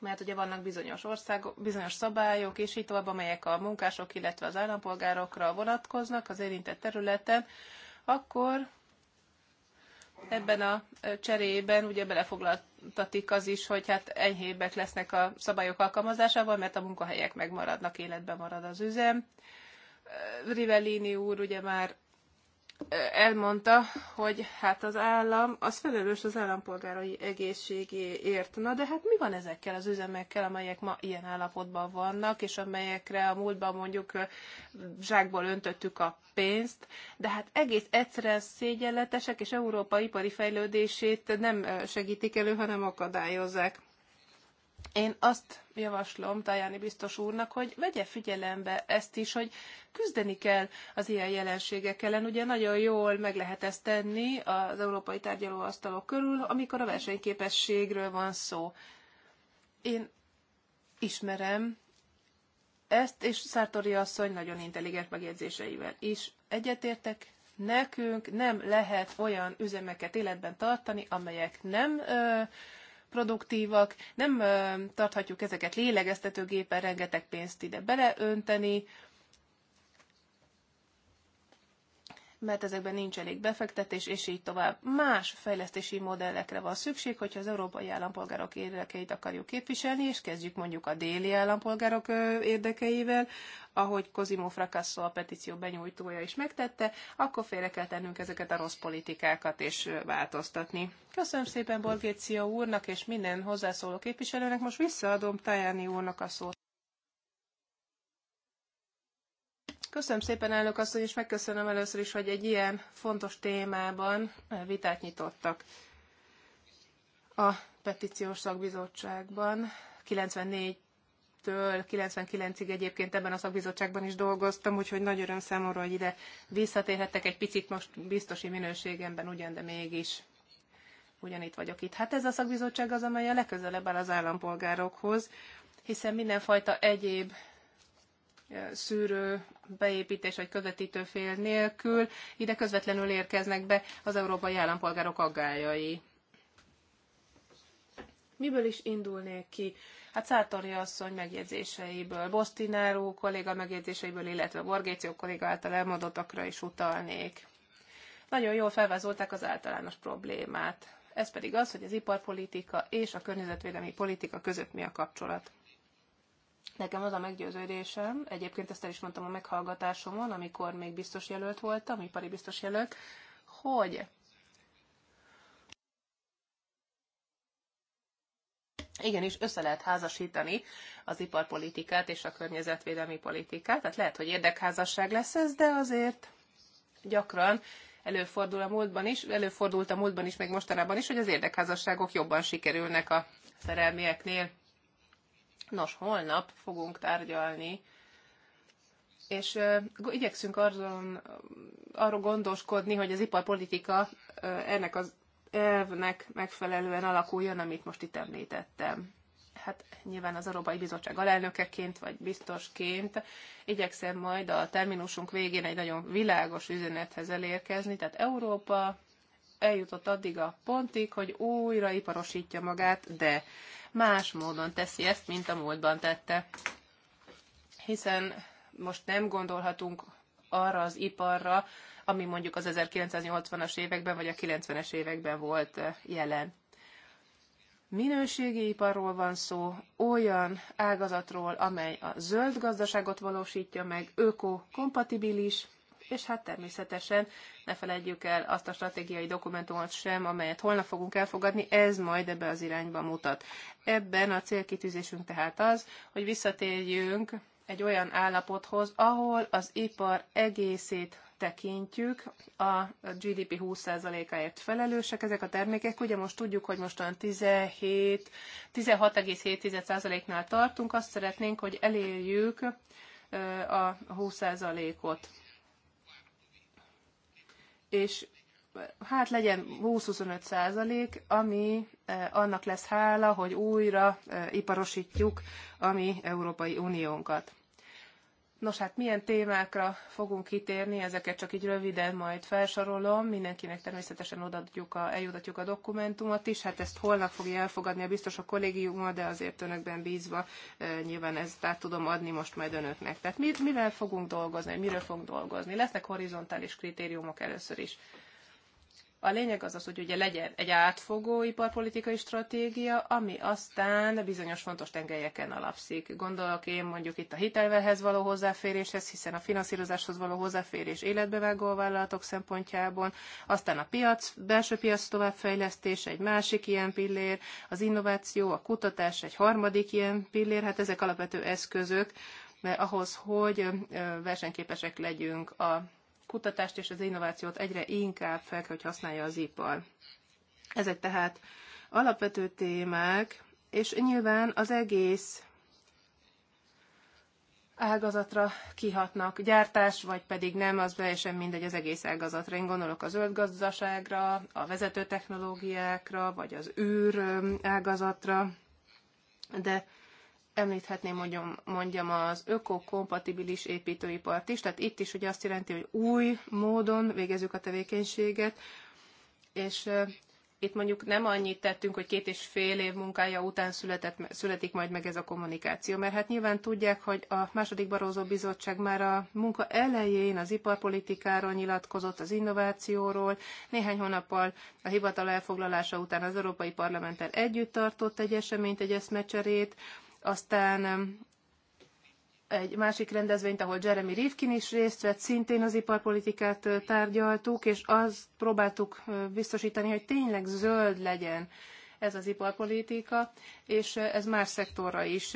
mert ugye vannak bizonyos országok, bizonyos szabályok, és így tovább, amelyek a munkások, illetve az állampolgárokra vonatkoznak az érintett területen, akkor ebben a cserében ugye belefoglaltatik az is, hogy hát enyhébbek lesznek a szabályok alkalmazásával, mert a munkahelyek megmaradnak, életben marad az üzem. Rivellini úr ugye már elmondta, hogy hát az állam, az felelős az állampolgárai egészségéért. Na de hát mi van ezekkel az üzemekkel, amelyek ma ilyen állapotban vannak, és amelyekre a múltban mondjuk zsákból öntöttük a pénzt, de hát egész egyszerűen szégyenletesek, és Európa ipari fejlődését nem segítik elő, hanem akadályozzák. Én azt javaslom Tajáni biztos úrnak, hogy vegye figyelembe ezt is, hogy küzdeni kell az ilyen jelenségek ellen. Ugye nagyon jól meg lehet ezt tenni az európai tárgyalóasztalok körül, amikor a versenyképességről van szó. Én ismerem ezt, és Szártori asszony nagyon intelligens megjegyzéseivel is egyetértek. Nekünk nem lehet olyan üzemeket életben tartani, amelyek nem ö, Produktívak nem tarthatjuk ezeket lélegeztetőgépen rengeteg pénzt ide beleönteni, mert ezekben nincs elég befektetés, és így tovább. Más fejlesztési modellekre van szükség, hogyha az európai állampolgárok érdekeit akarjuk képviselni, és kezdjük mondjuk a déli állampolgárok érdekeivel, ahogy Cosimo Fracasso a petíció benyújtója is megtette, akkor félre kell tennünk ezeket a rossz politikákat és változtatni. Köszönöm szépen Borgécia úrnak és minden hozzászóló képviselőnek. Most visszaadom Tajani úrnak a szót. Köszönöm szépen, elnök asszony, és megköszönöm először is, hogy egy ilyen fontos témában eh, vitát nyitottak a petíciós szakbizottságban. 94 től 99-ig egyébként ebben a szakbizottságban is dolgoztam, úgyhogy nagy öröm számomra, hogy ide visszatérhettek egy picit most biztosi minőségemben ugyan, de mégis ugyanitt vagyok itt. Hát ez a szakbizottság az, amely a legközelebb áll az állampolgárokhoz, hiszen mindenfajta egyéb szűrő beépítés vagy közvetítő fél nélkül ide közvetlenül érkeznek be az európai állampolgárok aggályai. Miből is indulnék ki? Hát Szátori asszony megjegyzéseiből, Bostináró kolléga megjegyzéseiből, illetve Borgéció kolléga által elmondottakra is utalnék. Nagyon jól felvázolták az általános problémát. Ez pedig az, hogy az iparpolitika és a környezetvédelmi politika között mi a kapcsolat. Nekem az a meggyőződésem, egyébként ezt el is mondtam a meghallgatásomon, amikor még biztos jelölt voltam, ipari biztos jelölt, hogy Igenis, össze lehet házasítani az iparpolitikát és a környezetvédelmi politikát, tehát lehet, hogy érdekházasság lesz ez, de azért gyakran előfordul a múltban is, előfordult a múltban is, meg mostanában is, hogy az érdekházasságok jobban sikerülnek a szerelmieknél. Nos, holnap fogunk tárgyalni, és uh, igyekszünk azon, arról gondoskodni, hogy az iparpolitika uh, ennek az elvnek megfelelően alakuljon, amit most itt említettem. Hát nyilván az Európai Bizottság alelnökeként vagy biztosként igyekszem majd a terminusunk végén egy nagyon világos üzenethez elérkezni, tehát Európa eljutott addig a pontig, hogy újra iparosítja magát, de más módon teszi ezt, mint a múltban tette. Hiszen most nem gondolhatunk arra az iparra, ami mondjuk az 1980-as években vagy a 90-es években volt eh, jelen. Minőségi iparról van szó, olyan ágazatról, amely a zöld gazdaságot valósítja meg, öko-kompatibilis, és hát természetesen ne felejtjük el azt a stratégiai dokumentumot sem, amelyet holnap fogunk elfogadni, ez majd ebbe az irányba mutat. Ebben a célkitűzésünk tehát az, hogy visszatérjünk egy olyan állapothoz, ahol az ipar egészét tekintjük, a GDP 20%-áért felelősek ezek a termékek. Ugye most tudjuk, hogy mostan 17, 16,7%-nál tartunk, azt szeretnénk, hogy elérjük a 20%-ot és eh, hát legyen 20-25 százalék, ami eh, annak lesz hála, hogy újra eh, iparosítjuk a mi Európai Uniónkat. Nos hát milyen témákra fogunk kitérni, ezeket csak így röviden majd felsorolom, mindenkinek természetesen odaadjuk a, eljutatjuk a dokumentumot is, hát ezt holnap fogja elfogadni a biztos a kollégiuma, de azért önökben bízva e, nyilván ezt át tudom adni most majd önöknek. Tehát mi, mivel fogunk dolgozni, miről fogunk dolgozni? Lesznek horizontális kritériumok először is. A lényeg az az, hogy ugye legyen egy átfogó iparpolitikai stratégia, ami aztán bizonyos fontos tengelyeken alapszik. Gondolok én mondjuk itt a hitelvehez való hozzáféréshez, hiszen a finanszírozáshoz való hozzáférés életbevágó vállalatok szempontjából, aztán a piac, belső piac továbbfejlesztése egy másik ilyen pillér, az innováció, a kutatás egy harmadik ilyen pillér, hát ezek alapvető eszközök, mert eh, ahhoz, hogy eh, versenyképesek legyünk a kutatást és az innovációt egyre inkább fel kell, hogy használja az ipar. Ezek tehát alapvető témák, és nyilván az egész ágazatra kihatnak, gyártás, vagy pedig nem, az teljesen mindegy az egész ágazatra. Én gondolok a zöld gazdaságra, a vezető technológiákra, vagy az űr ágazatra, de említhetném mondjam, mondjam az ökokompatibilis építőipart is, tehát itt is ugye azt jelenti, hogy új módon végezzük a tevékenységet, és itt mondjuk nem annyit tettünk, hogy két és fél év munkája után született, születik majd meg ez a kommunikáció, mert hát nyilván tudják, hogy a második Barózó Bizottság már a munka elején az iparpolitikáról nyilatkozott, az innovációról, néhány hónappal a hivatal elfoglalása után az Európai Parlamenttel együtt tartott egy eseményt, egy eszmecserét, aztán um, egy másik rendezvényt, ahol Jeremy Rifkin is részt vett, szintén az iparpolitikát tárgyaltuk, és azt próbáltuk biztosítani, hogy tényleg zöld legyen ez az iparpolitika, és ez más szektorra is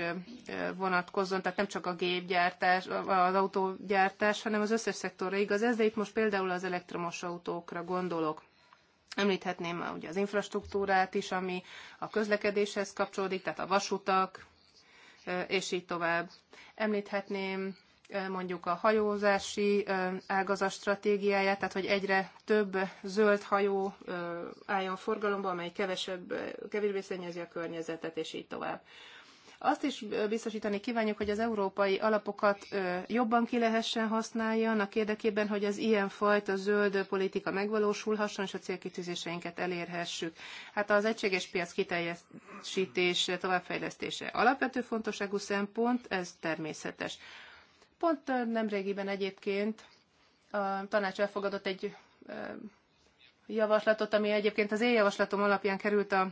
vonatkozzon, tehát nem csak a gépgyártás, az autógyártás, hanem az összes szektorra igaz ez, de itt most például az elektromos autókra gondolok. Említhetném ugye az infrastruktúrát is, ami a közlekedéshez kapcsolódik, tehát a vasutak, és így tovább. Említhetném mondjuk a hajózási ágazat stratégiáját, tehát hogy egyre több zöld hajó álljon forgalomba, amely kevesebb, kevésbé szennyezi a környezetet, és így tovább. Azt is biztosítani kívánjuk, hogy az európai alapokat jobban ki lehessen használni, annak érdekében, hogy az ilyenfajta zöld politika megvalósulhasson, és a célkitűzéseinket elérhessük. Hát az egységes piac kiteljesítés, továbbfejlesztése alapvető fontosságú szempont, ez természetes. Pont nemrégiben egyébként a tanács elfogadott egy javaslatot, ami egyébként az én javaslatom alapján került a,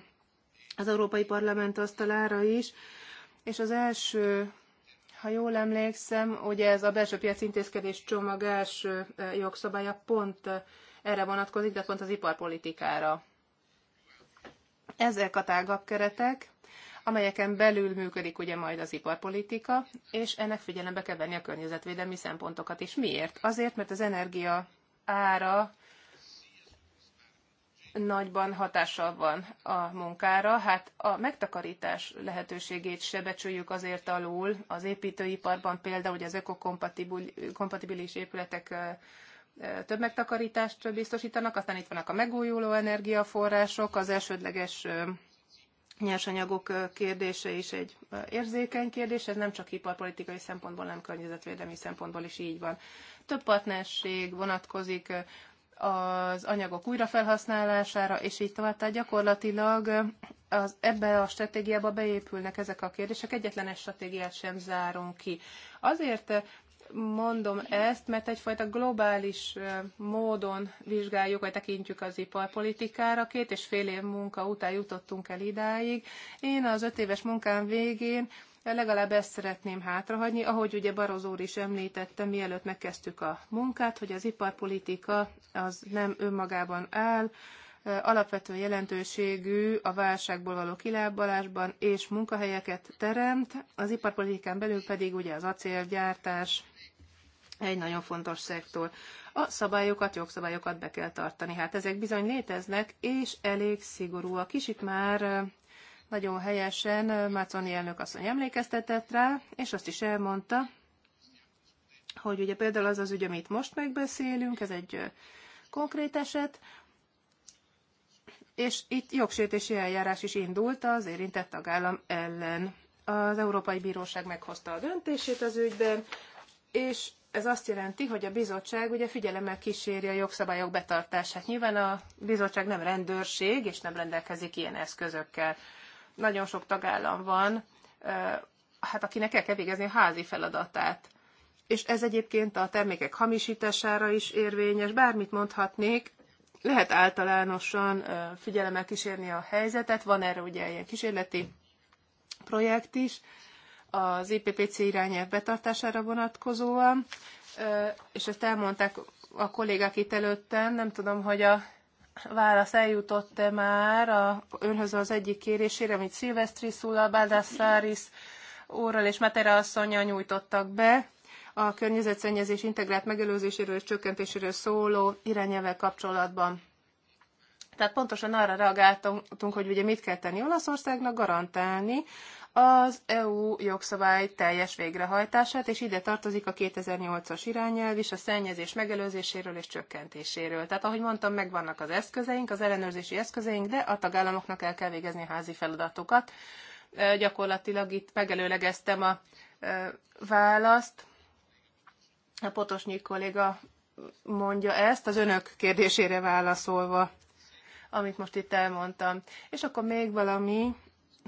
az Európai Parlament asztalára is, és az első, ha jól emlékszem, ugye ez a belső piac intézkedés csomag első jogszabálya pont erre vonatkozik, de pont az iparpolitikára. Ezek a tágabb keretek, amelyeken belül működik ugye majd az iparpolitika, és ennek figyelembe kell venni a környezetvédelmi szempontokat is. Miért? Azért, mert az energia ára nagyban hatással van a munkára. Hát a megtakarítás lehetőségét se becsüljük azért alul. Az építőiparban például hogy az ökokompatibilis épületek több megtakarítást biztosítanak, aztán itt vannak a megújuló energiaforrások, az elsődleges nyersanyagok kérdése is egy érzékeny kérdés, ez nem csak iparpolitikai szempontból, hanem környezetvédelmi szempontból is így van. Több partnerség vonatkozik az anyagok újrafelhasználására, és így tovább. Tehát gyakorlatilag az, ebbe a stratégiába beépülnek ezek a kérdések, egyetlen egy stratégiát sem zárunk ki. Azért mondom ezt, mert egyfajta globális módon vizsgáljuk, vagy tekintjük az iparpolitikára. Két és fél év munka után jutottunk el idáig. Én az öt éves munkám végén Legalább ezt szeretném hátrahagyni, ahogy ugye Barozó is említette, mielőtt megkezdtük a munkát, hogy az iparpolitika az nem önmagában áll, alapvető jelentőségű a válságból való kilábalásban, és munkahelyeket teremt, az iparpolitikán belül pedig ugye az acélgyártás egy nagyon fontos szektor. A szabályokat, jogszabályokat be kell tartani. Hát ezek bizony léteznek, és elég szigorúak is. Itt már nagyon helyesen Máconi elnök asszony emlékeztetett rá, és azt is elmondta, hogy ugye például az az ügy, amit most megbeszélünk, ez egy konkrét eset, és itt jogsértési eljárás is indult az érintett tagállam ellen. Az Európai Bíróság meghozta a döntését az ügyben, és ez azt jelenti, hogy a bizottság ugye figyelemmel kíséri a jogszabályok betartását. Nyilván a bizottság nem rendőrség, és nem rendelkezik ilyen eszközökkel nagyon sok tagállam van, hát akinek el kell végezni a házi feladatát. És ez egyébként a termékek hamisítására is érvényes, bármit mondhatnék, lehet általánosan figyelemmel kísérni a helyzetet, van erre ugye ilyen kísérleti projekt is, az IPPC irányelv betartására vonatkozóan, és ezt elmondták a kollégák itt előttem, nem tudom, hogy a válasz eljutott-e már a, önhöz az egyik kérésére, amit Szilvesztri Szula, Bádászáris úrral és Matera asszonya nyújtottak be a környezetszennyezés integrált megelőzéséről és csökkentéséről szóló irányelvvel kapcsolatban. Tehát pontosan arra reagáltunk, hogy ugye mit kell tenni Olaszországnak, garantálni az EU jogszabály teljes végrehajtását, és ide tartozik a 2008-as irányelv is a szennyezés megelőzéséről és csökkentéséről. Tehát ahogy mondtam, megvannak az eszközeink, az ellenőrzési eszközeink, de a tagállamoknak el kell végezni a házi feladatokat. Gyakorlatilag itt megelőlegeztem a választ. A Potosnyi kolléga mondja ezt, az önök kérdésére válaszolva amit most itt elmondtam. És akkor még valami,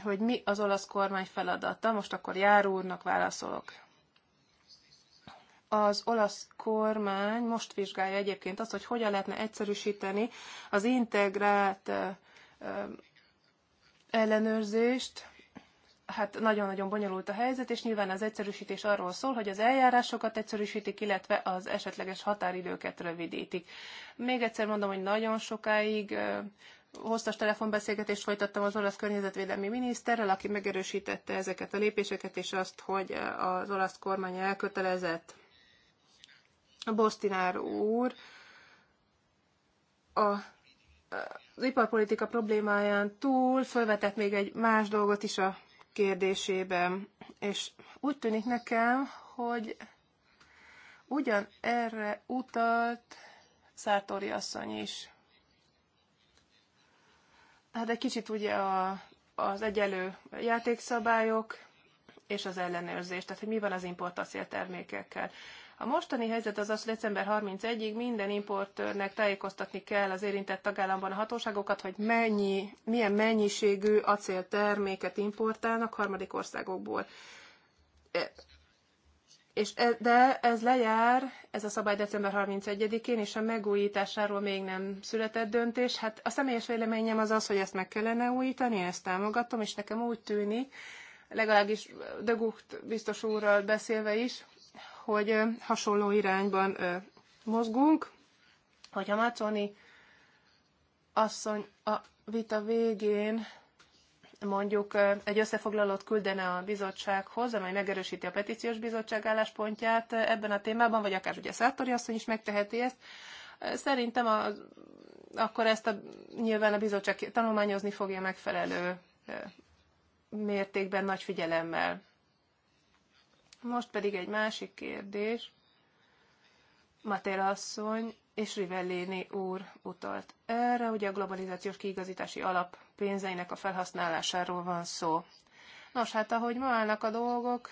hogy mi az olasz kormány feladata, most akkor Jár úrnak válaszolok. Az olasz kormány most vizsgálja egyébként azt, hogy hogyan lehetne egyszerűsíteni az integrált ellenőrzést, hát nagyon-nagyon bonyolult a helyzet, és nyilván az egyszerűsítés arról szól, hogy az eljárásokat egyszerűsítik, illetve az esetleges határidőket rövidítik. Még egyszer mondom, hogy nagyon sokáig hosszas telefonbeszélgetést folytattam az olasz környezetvédelmi miniszterrel, aki megerősítette ezeket a lépéseket, és azt, hogy az olasz kormány elkötelezett. A Bostinár úr a az iparpolitika problémáján túl fölvetett még egy más dolgot is a kérdésében, és úgy tűnik nekem, hogy ugyan erre utalt Szártóri asszony is. Hát egy kicsit ugye a, az egyelő játékszabályok és az ellenőrzés, tehát hogy mi van az import termékekkel. A mostani helyzet az az, hogy december 31-ig minden importőrnek tájékoztatni kell az érintett tagállamban a hatóságokat, hogy mennyi, milyen mennyiségű acélterméket importálnak harmadik országokból. E, és e, de ez lejár, ez a szabály december 31-én, és a megújításáról még nem született döntés. Hát a személyes véleményem az az, hogy ezt meg kellene újítani, ezt támogatom, és nekem úgy tűnik, legalábbis Dögucht biztos úrral beszélve is, hogy hasonló irányban mozgunk, hogy a Maconi asszony a vita végén mondjuk egy összefoglalót küldene a bizottsághoz, amely megerősíti a petíciós bizottság álláspontját ebben a témában, vagy akár ugye Szátori asszony is megteheti ezt. Szerintem a, akkor ezt a, nyilván a bizottság tanulmányozni fogja megfelelő mértékben, nagy figyelemmel. Most pedig egy másik kérdés. Matéla asszony és Rivelléni úr utalt erre, ugye a globalizációs kiigazítási alap pénzeinek a felhasználásáról van szó. Nos, hát ahogy ma állnak a dolgok,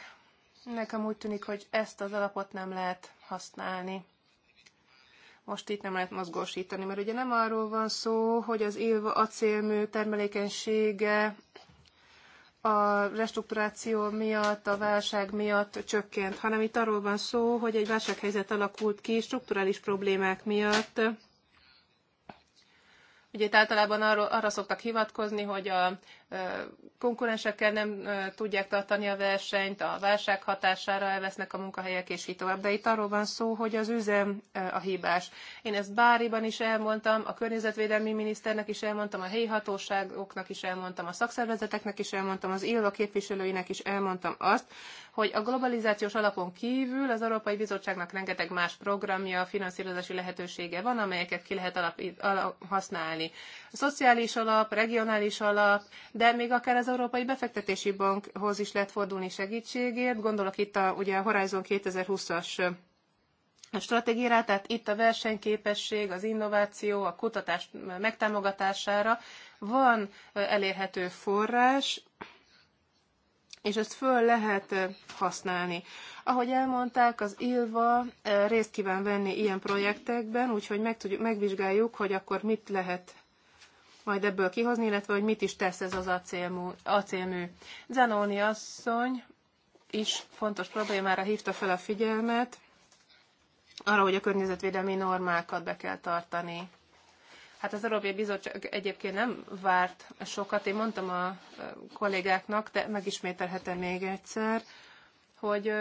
nekem úgy tűnik, hogy ezt az alapot nem lehet használni. Most itt nem lehet mozgósítani, mert ugye nem arról van szó, hogy az élva acélmű termelékenysége a restrukturáció miatt, a válság miatt csökkent, hanem itt arról van szó, hogy egy válsághelyzet alakult ki strukturális problémák miatt. Ugye itt általában arra, arra szoktak hivatkozni, hogy a konkurensekkel nem tudják tartani a versenyt, a válság hatására elvesznek a munkahelyek, és így tovább. De itt arról van szó, hogy az üzem a hibás. Én ezt Báriban is elmondtam, a környezetvédelmi miniszternek is elmondtam, a helyi hatóságoknak is elmondtam, a szakszervezeteknek is elmondtam, az ILO képviselőinek is elmondtam azt, hogy a globalizációs alapon kívül az Európai Bizottságnak rengeteg más programja, finanszírozási lehetősége van, amelyeket ki lehet alap, alap, használni. A szociális alap, regionális alap, de még akár az Európai Befektetési Bankhoz is lehet fordulni segítségért. Gondolok itt a, ugye a Horizon 2020-as a stratégiára, tehát itt a versenyképesség, az innováció, a kutatás megtámogatására van elérhető forrás, és ezt föl lehet használni. Ahogy elmondták, az ILVA részt kíván venni ilyen projektekben, úgyhogy meg tudjuk, megvizsgáljuk, hogy akkor mit lehet majd ebből kihozni, illetve hogy mit is tesz ez az acélmű. acélmű. Zanoni asszony is fontos problémára hívta fel a figyelmet, arra, hogy a környezetvédelmi normákat be kell tartani. Hát az Európai Bizottság egyébként nem várt sokat, én mondtam a kollégáknak, de megismételhetem még egyszer, hogy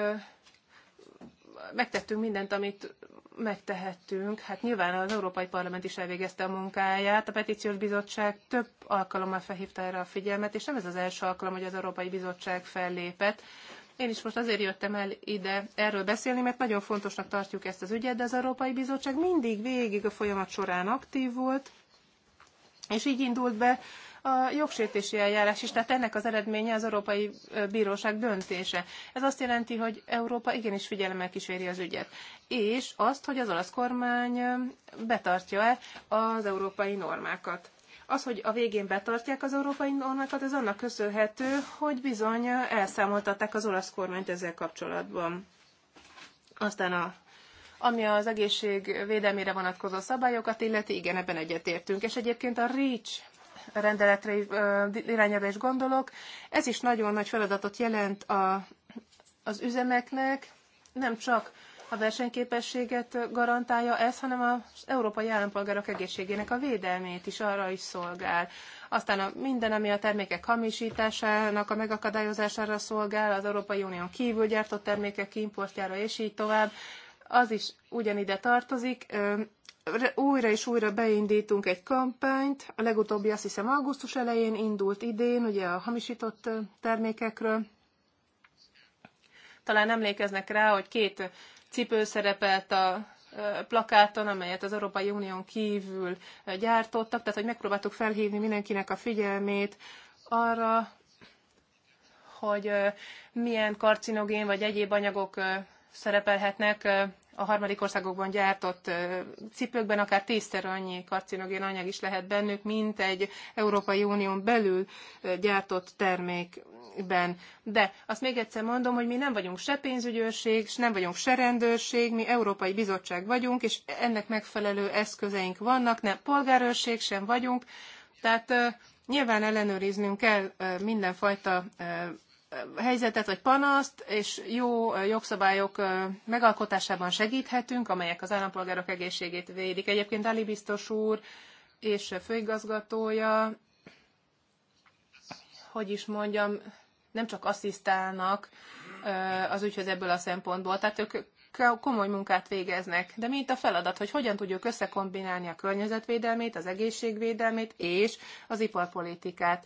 megtettünk mindent, amit megtehettünk. Hát nyilván az Európai Parlament is elvégezte a munkáját, a Petíciós Bizottság több alkalommal felhívta erre a figyelmet, és nem ez az első alkalom, hogy az Európai Bizottság fellépett. Én is most azért jöttem el ide erről beszélni, mert nagyon fontosnak tartjuk ezt az ügyet, de az Európai Bizottság mindig végig a folyamat során aktív volt, és így indult be a jogsértési eljárás is, tehát ennek az eredménye az Európai Bíróság döntése. Ez azt jelenti, hogy Európa igenis figyelemmel kíséri az ügyet, és azt, hogy az olasz kormány betartja-e az európai normákat. Az, hogy a végén betartják az európai normákat, ez annak köszönhető, hogy bizony elszámoltatták az olasz kormányt ezzel kapcsolatban. Aztán a ami az egészség védelmére vonatkozó szabályokat illeti, igen, ebben egyetértünk. És egyébként a REACH rendeletre, irányelvre is gondolok. Ez is nagyon nagy feladatot jelent a, az üzemeknek, nem csak a versenyképességet garantálja ez, hanem az európai állampolgárok egészségének a védelmét is arra is szolgál. Aztán a, minden, ami a termékek hamisításának a megakadályozására szolgál, az Európai Unión kívül gyártott termékek importjára és így tovább, az is ugyanide tartozik újra és újra beindítunk egy kampányt, a legutóbbi azt hiszem augusztus elején indult idén, ugye a hamisított termékekről. Talán emlékeznek rá, hogy két cipő szerepelt a plakáton, amelyet az Európai Unión kívül gyártottak, tehát hogy megpróbáltuk felhívni mindenkinek a figyelmét arra, hogy milyen karcinogén vagy egyéb anyagok szerepelhetnek a harmadik országokban gyártott cipőkben akár tízszer annyi karcinogén anyag is lehet bennük, mint egy Európai Unión belül gyártott termékben. De azt még egyszer mondom, hogy mi nem vagyunk se pénzügyőrség, és nem vagyunk se rendőrség, mi Európai Bizottság vagyunk, és ennek megfelelő eszközeink vannak, nem polgárőrség sem vagyunk, tehát Nyilván ellenőriznünk kell mindenfajta helyzetet vagy panaszt, és jó jogszabályok megalkotásában segíthetünk, amelyek az állampolgárok egészségét védik. Egyébként Ali biztos úr és főigazgatója, hogy is mondjam, nem csak asszisztálnak az ügyhöz ebből a szempontból, tehát ők komoly munkát végeznek. De mi itt a feladat, hogy hogyan tudjuk összekombinálni a környezetvédelmét, az egészségvédelmét és az iparpolitikát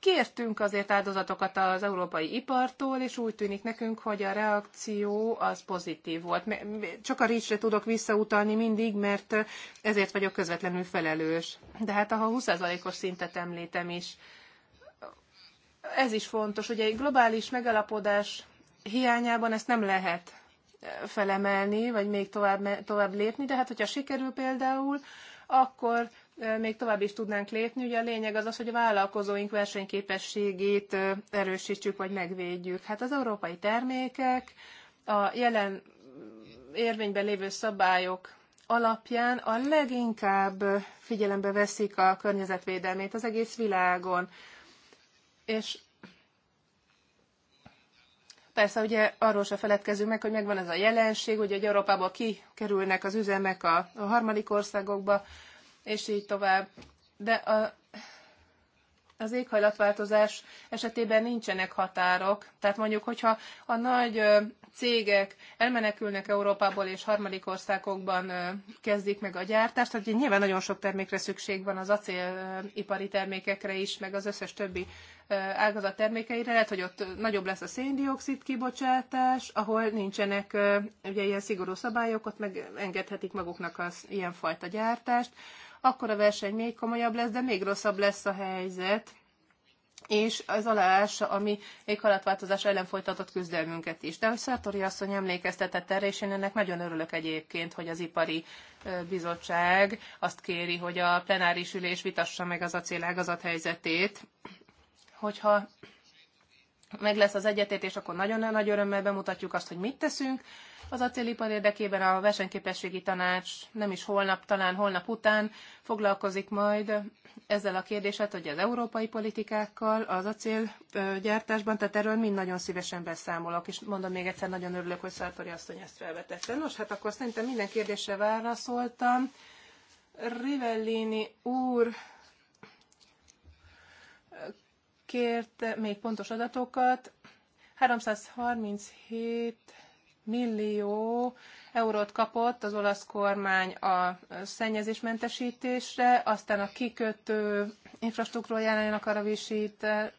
kértünk azért áldozatokat az európai ipartól, és úgy tűnik nekünk, hogy a reakció az pozitív volt. Csak a ricsre tudok visszautalni mindig, mert ezért vagyok közvetlenül felelős. De hát ha 20%-os szintet említem is, ez is fontos. Ugye egy globális megalapodás hiányában ezt nem lehet felemelni, vagy még tovább, tovább lépni, de hát hogyha sikerül például, akkor még tovább is tudnánk lépni. Ugye a lényeg az az, hogy a vállalkozóink versenyképességét erősítsük vagy megvédjük. Hát az európai termékek a jelen érvényben lévő szabályok alapján a leginkább figyelembe veszik a környezetvédelmét az egész világon. És persze ugye arról se feledkezünk meg, hogy megvan ez a jelenség, ugye hogy Európából kikerülnek az üzemek a, a harmadik országokba, és így tovább. De a, az éghajlatváltozás esetében nincsenek határok. Tehát mondjuk, hogyha a nagy cégek elmenekülnek Európából és harmadik országokban kezdik meg a gyártást, tehát nyilván nagyon sok termékre szükség van az acélipari termékekre is, meg az összes többi ágazat termékeire. Lehet, hogy ott nagyobb lesz a széndiokszid kibocsátás, ahol nincsenek ugye ilyen szigorú szabályok, ott meg engedhetik maguknak az ilyenfajta gyártást akkor a verseny még komolyabb lesz, de még rosszabb lesz a helyzet, és az aláássa ami mi éghajlatváltozás ellen folytatott küzdelmünket is. De hogy Szartori asszony emlékeztetett erre, és én ennek nagyon örülök egyébként, hogy az ipari bizottság azt kéri, hogy a plenáris ülés vitassa meg az acélágazat helyzetét, hogyha meg lesz az egyetértés, akkor nagyon nagy örömmel bemutatjuk azt, hogy mit teszünk. Az acélipar érdekében a versenyképességi tanács nem is holnap, talán holnap után foglalkozik majd ezzel a kérdéssel, hogy az európai politikákkal az acélgyártásban, tehát erről mind nagyon szívesen beszámolok, és mondom még egyszer, nagyon örülök, hogy Szartori asszony ezt felvetette. Nos, hát akkor szerintem minden kérdésre válaszoltam. Rivellini úr kért még pontos adatokat. 337 millió eurót kapott az olasz kormány a szennyezésmentesítésre, aztán a kikötő infrastruktúrájának a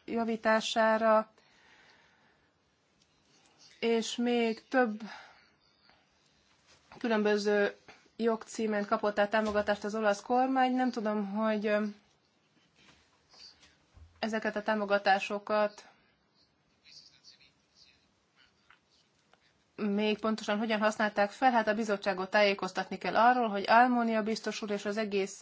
javítására, és még több különböző jogcímen kapott el támogatást az olasz kormány. Nem tudom, hogy ezeket a támogatásokat még pontosan hogyan használták fel, hát a bizottságot tájékoztatni kell arról, hogy Almónia biztos úr és az egész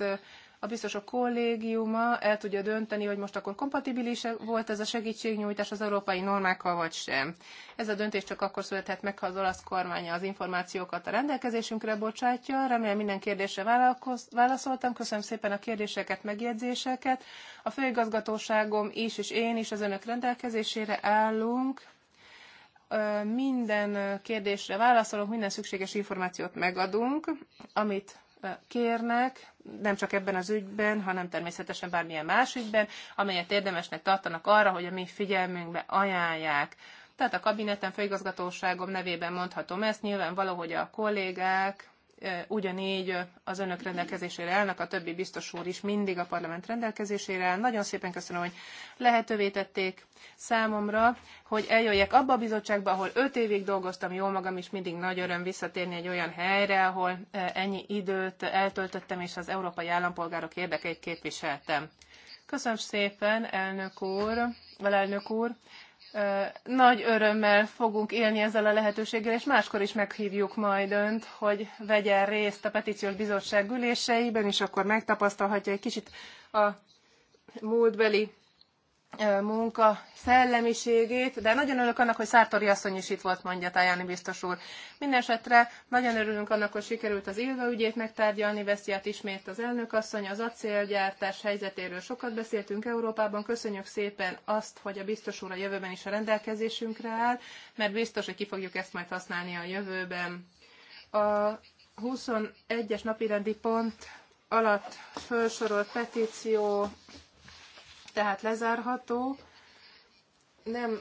a biztosok kollégiuma el tudja dönteni, hogy most akkor kompatibilis volt ez a segítségnyújtás az európai normákkal, vagy sem. Ez a döntés csak akkor születhet meg, ha az olasz kormánya az információkat a rendelkezésünkre bocsátja. Remélem minden kérdésre válaszoltam. Köszönöm szépen a kérdéseket, megjegyzéseket. A főigazgatóságom is, és én is az önök rendelkezésére állunk minden kérdésre válaszolunk, minden szükséges információt megadunk, amit kérnek, nem csak ebben az ügyben, hanem természetesen bármilyen más ügyben, amelyet érdemesnek tartanak arra, hogy a mi figyelmünkbe ajánlják. Tehát a kabinetem, főigazgatóságom nevében mondhatom ezt, nyilván valahogy a kollégák ugyanígy az önök rendelkezésére állnak, a többi biztos úr is mindig a parlament rendelkezésére áll. Nagyon szépen köszönöm, hogy lehetővé tették számomra, hogy eljöjjek abba a bizottságba, ahol öt évig dolgoztam, jó magam is mindig nagy öröm visszatérni egy olyan helyre, ahol ennyi időt eltöltöttem, és az európai állampolgárok érdekeit képviseltem. Köszönöm szépen, elnök úr, valelnök úr nagy örömmel fogunk élni ezzel a lehetőséggel, és máskor is meghívjuk majd Önt, hogy vegyen részt a petíciós bizottság üléseiben, és akkor megtapasztalhatja egy kicsit a múltbeli munka szellemiségét, de nagyon örülök annak, hogy Szártori asszony is itt volt, mondja Tajani biztos úr. Mindenesetre nagyon örülünk annak, hogy sikerült az Ilva ügyét megtárgyalni, veszi át ismét az elnök asszony, az acélgyártás helyzetéről sokat beszéltünk Európában. Köszönjük szépen azt, hogy a biztos úr a jövőben is a rendelkezésünkre áll, mert biztos, hogy ki fogjuk ezt majd használni a jövőben. A 21-es napirendi pont alatt felsorolt petíció tehát lezárható. Nem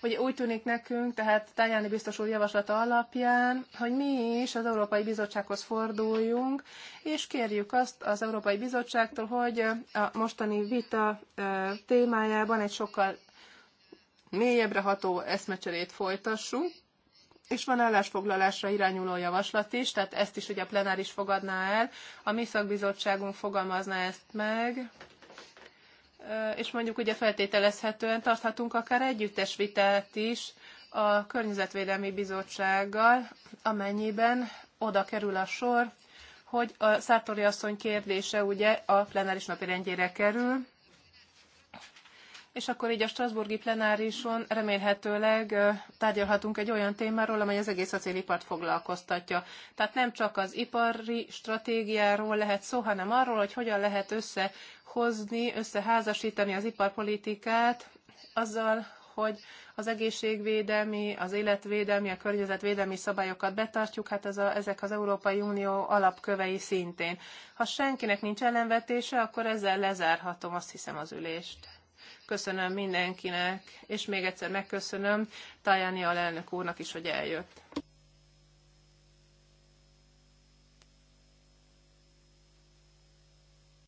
hogy úgy tűnik nekünk, tehát Tájáni biztos úr javaslata alapján, hogy mi is az Európai Bizottsághoz forduljunk, és kérjük azt az Európai Bizottságtól, hogy a mostani vita témájában egy sokkal mélyebbre ható eszmecserét folytassunk, és van állásfoglalásra irányuló javaslat is, tehát ezt is ugye a plenáris fogadná el. A mi szakbizottságunk fogalmazná ezt meg, és mondjuk ugye feltételezhetően tarthatunk akár együttes vitát is a Környezetvédelmi Bizottsággal, amennyiben oda kerül a sor, hogy a Szátori asszony kérdése ugye a plenáris napi rendjére kerül, és akkor így a Strasburgi plenárison remélhetőleg tárgyalhatunk egy olyan témáról, amely az egész acélipart foglalkoztatja. Tehát nem csak az ipari stratégiáról lehet szó, hanem arról, hogy hogyan lehet összehozni, összeházasítani az iparpolitikát azzal, hogy az egészségvédelmi, az életvédelmi, a környezetvédelmi szabályokat betartjuk, hát ez a, ezek az Európai Unió alapkövei szintén. Ha senkinek nincs ellenvetése, akkor ezzel lezárhatom azt hiszem az ülést. Köszönöm mindenkinek, és még egyszer megköszönöm Tajani alelnök úrnak is, hogy eljött.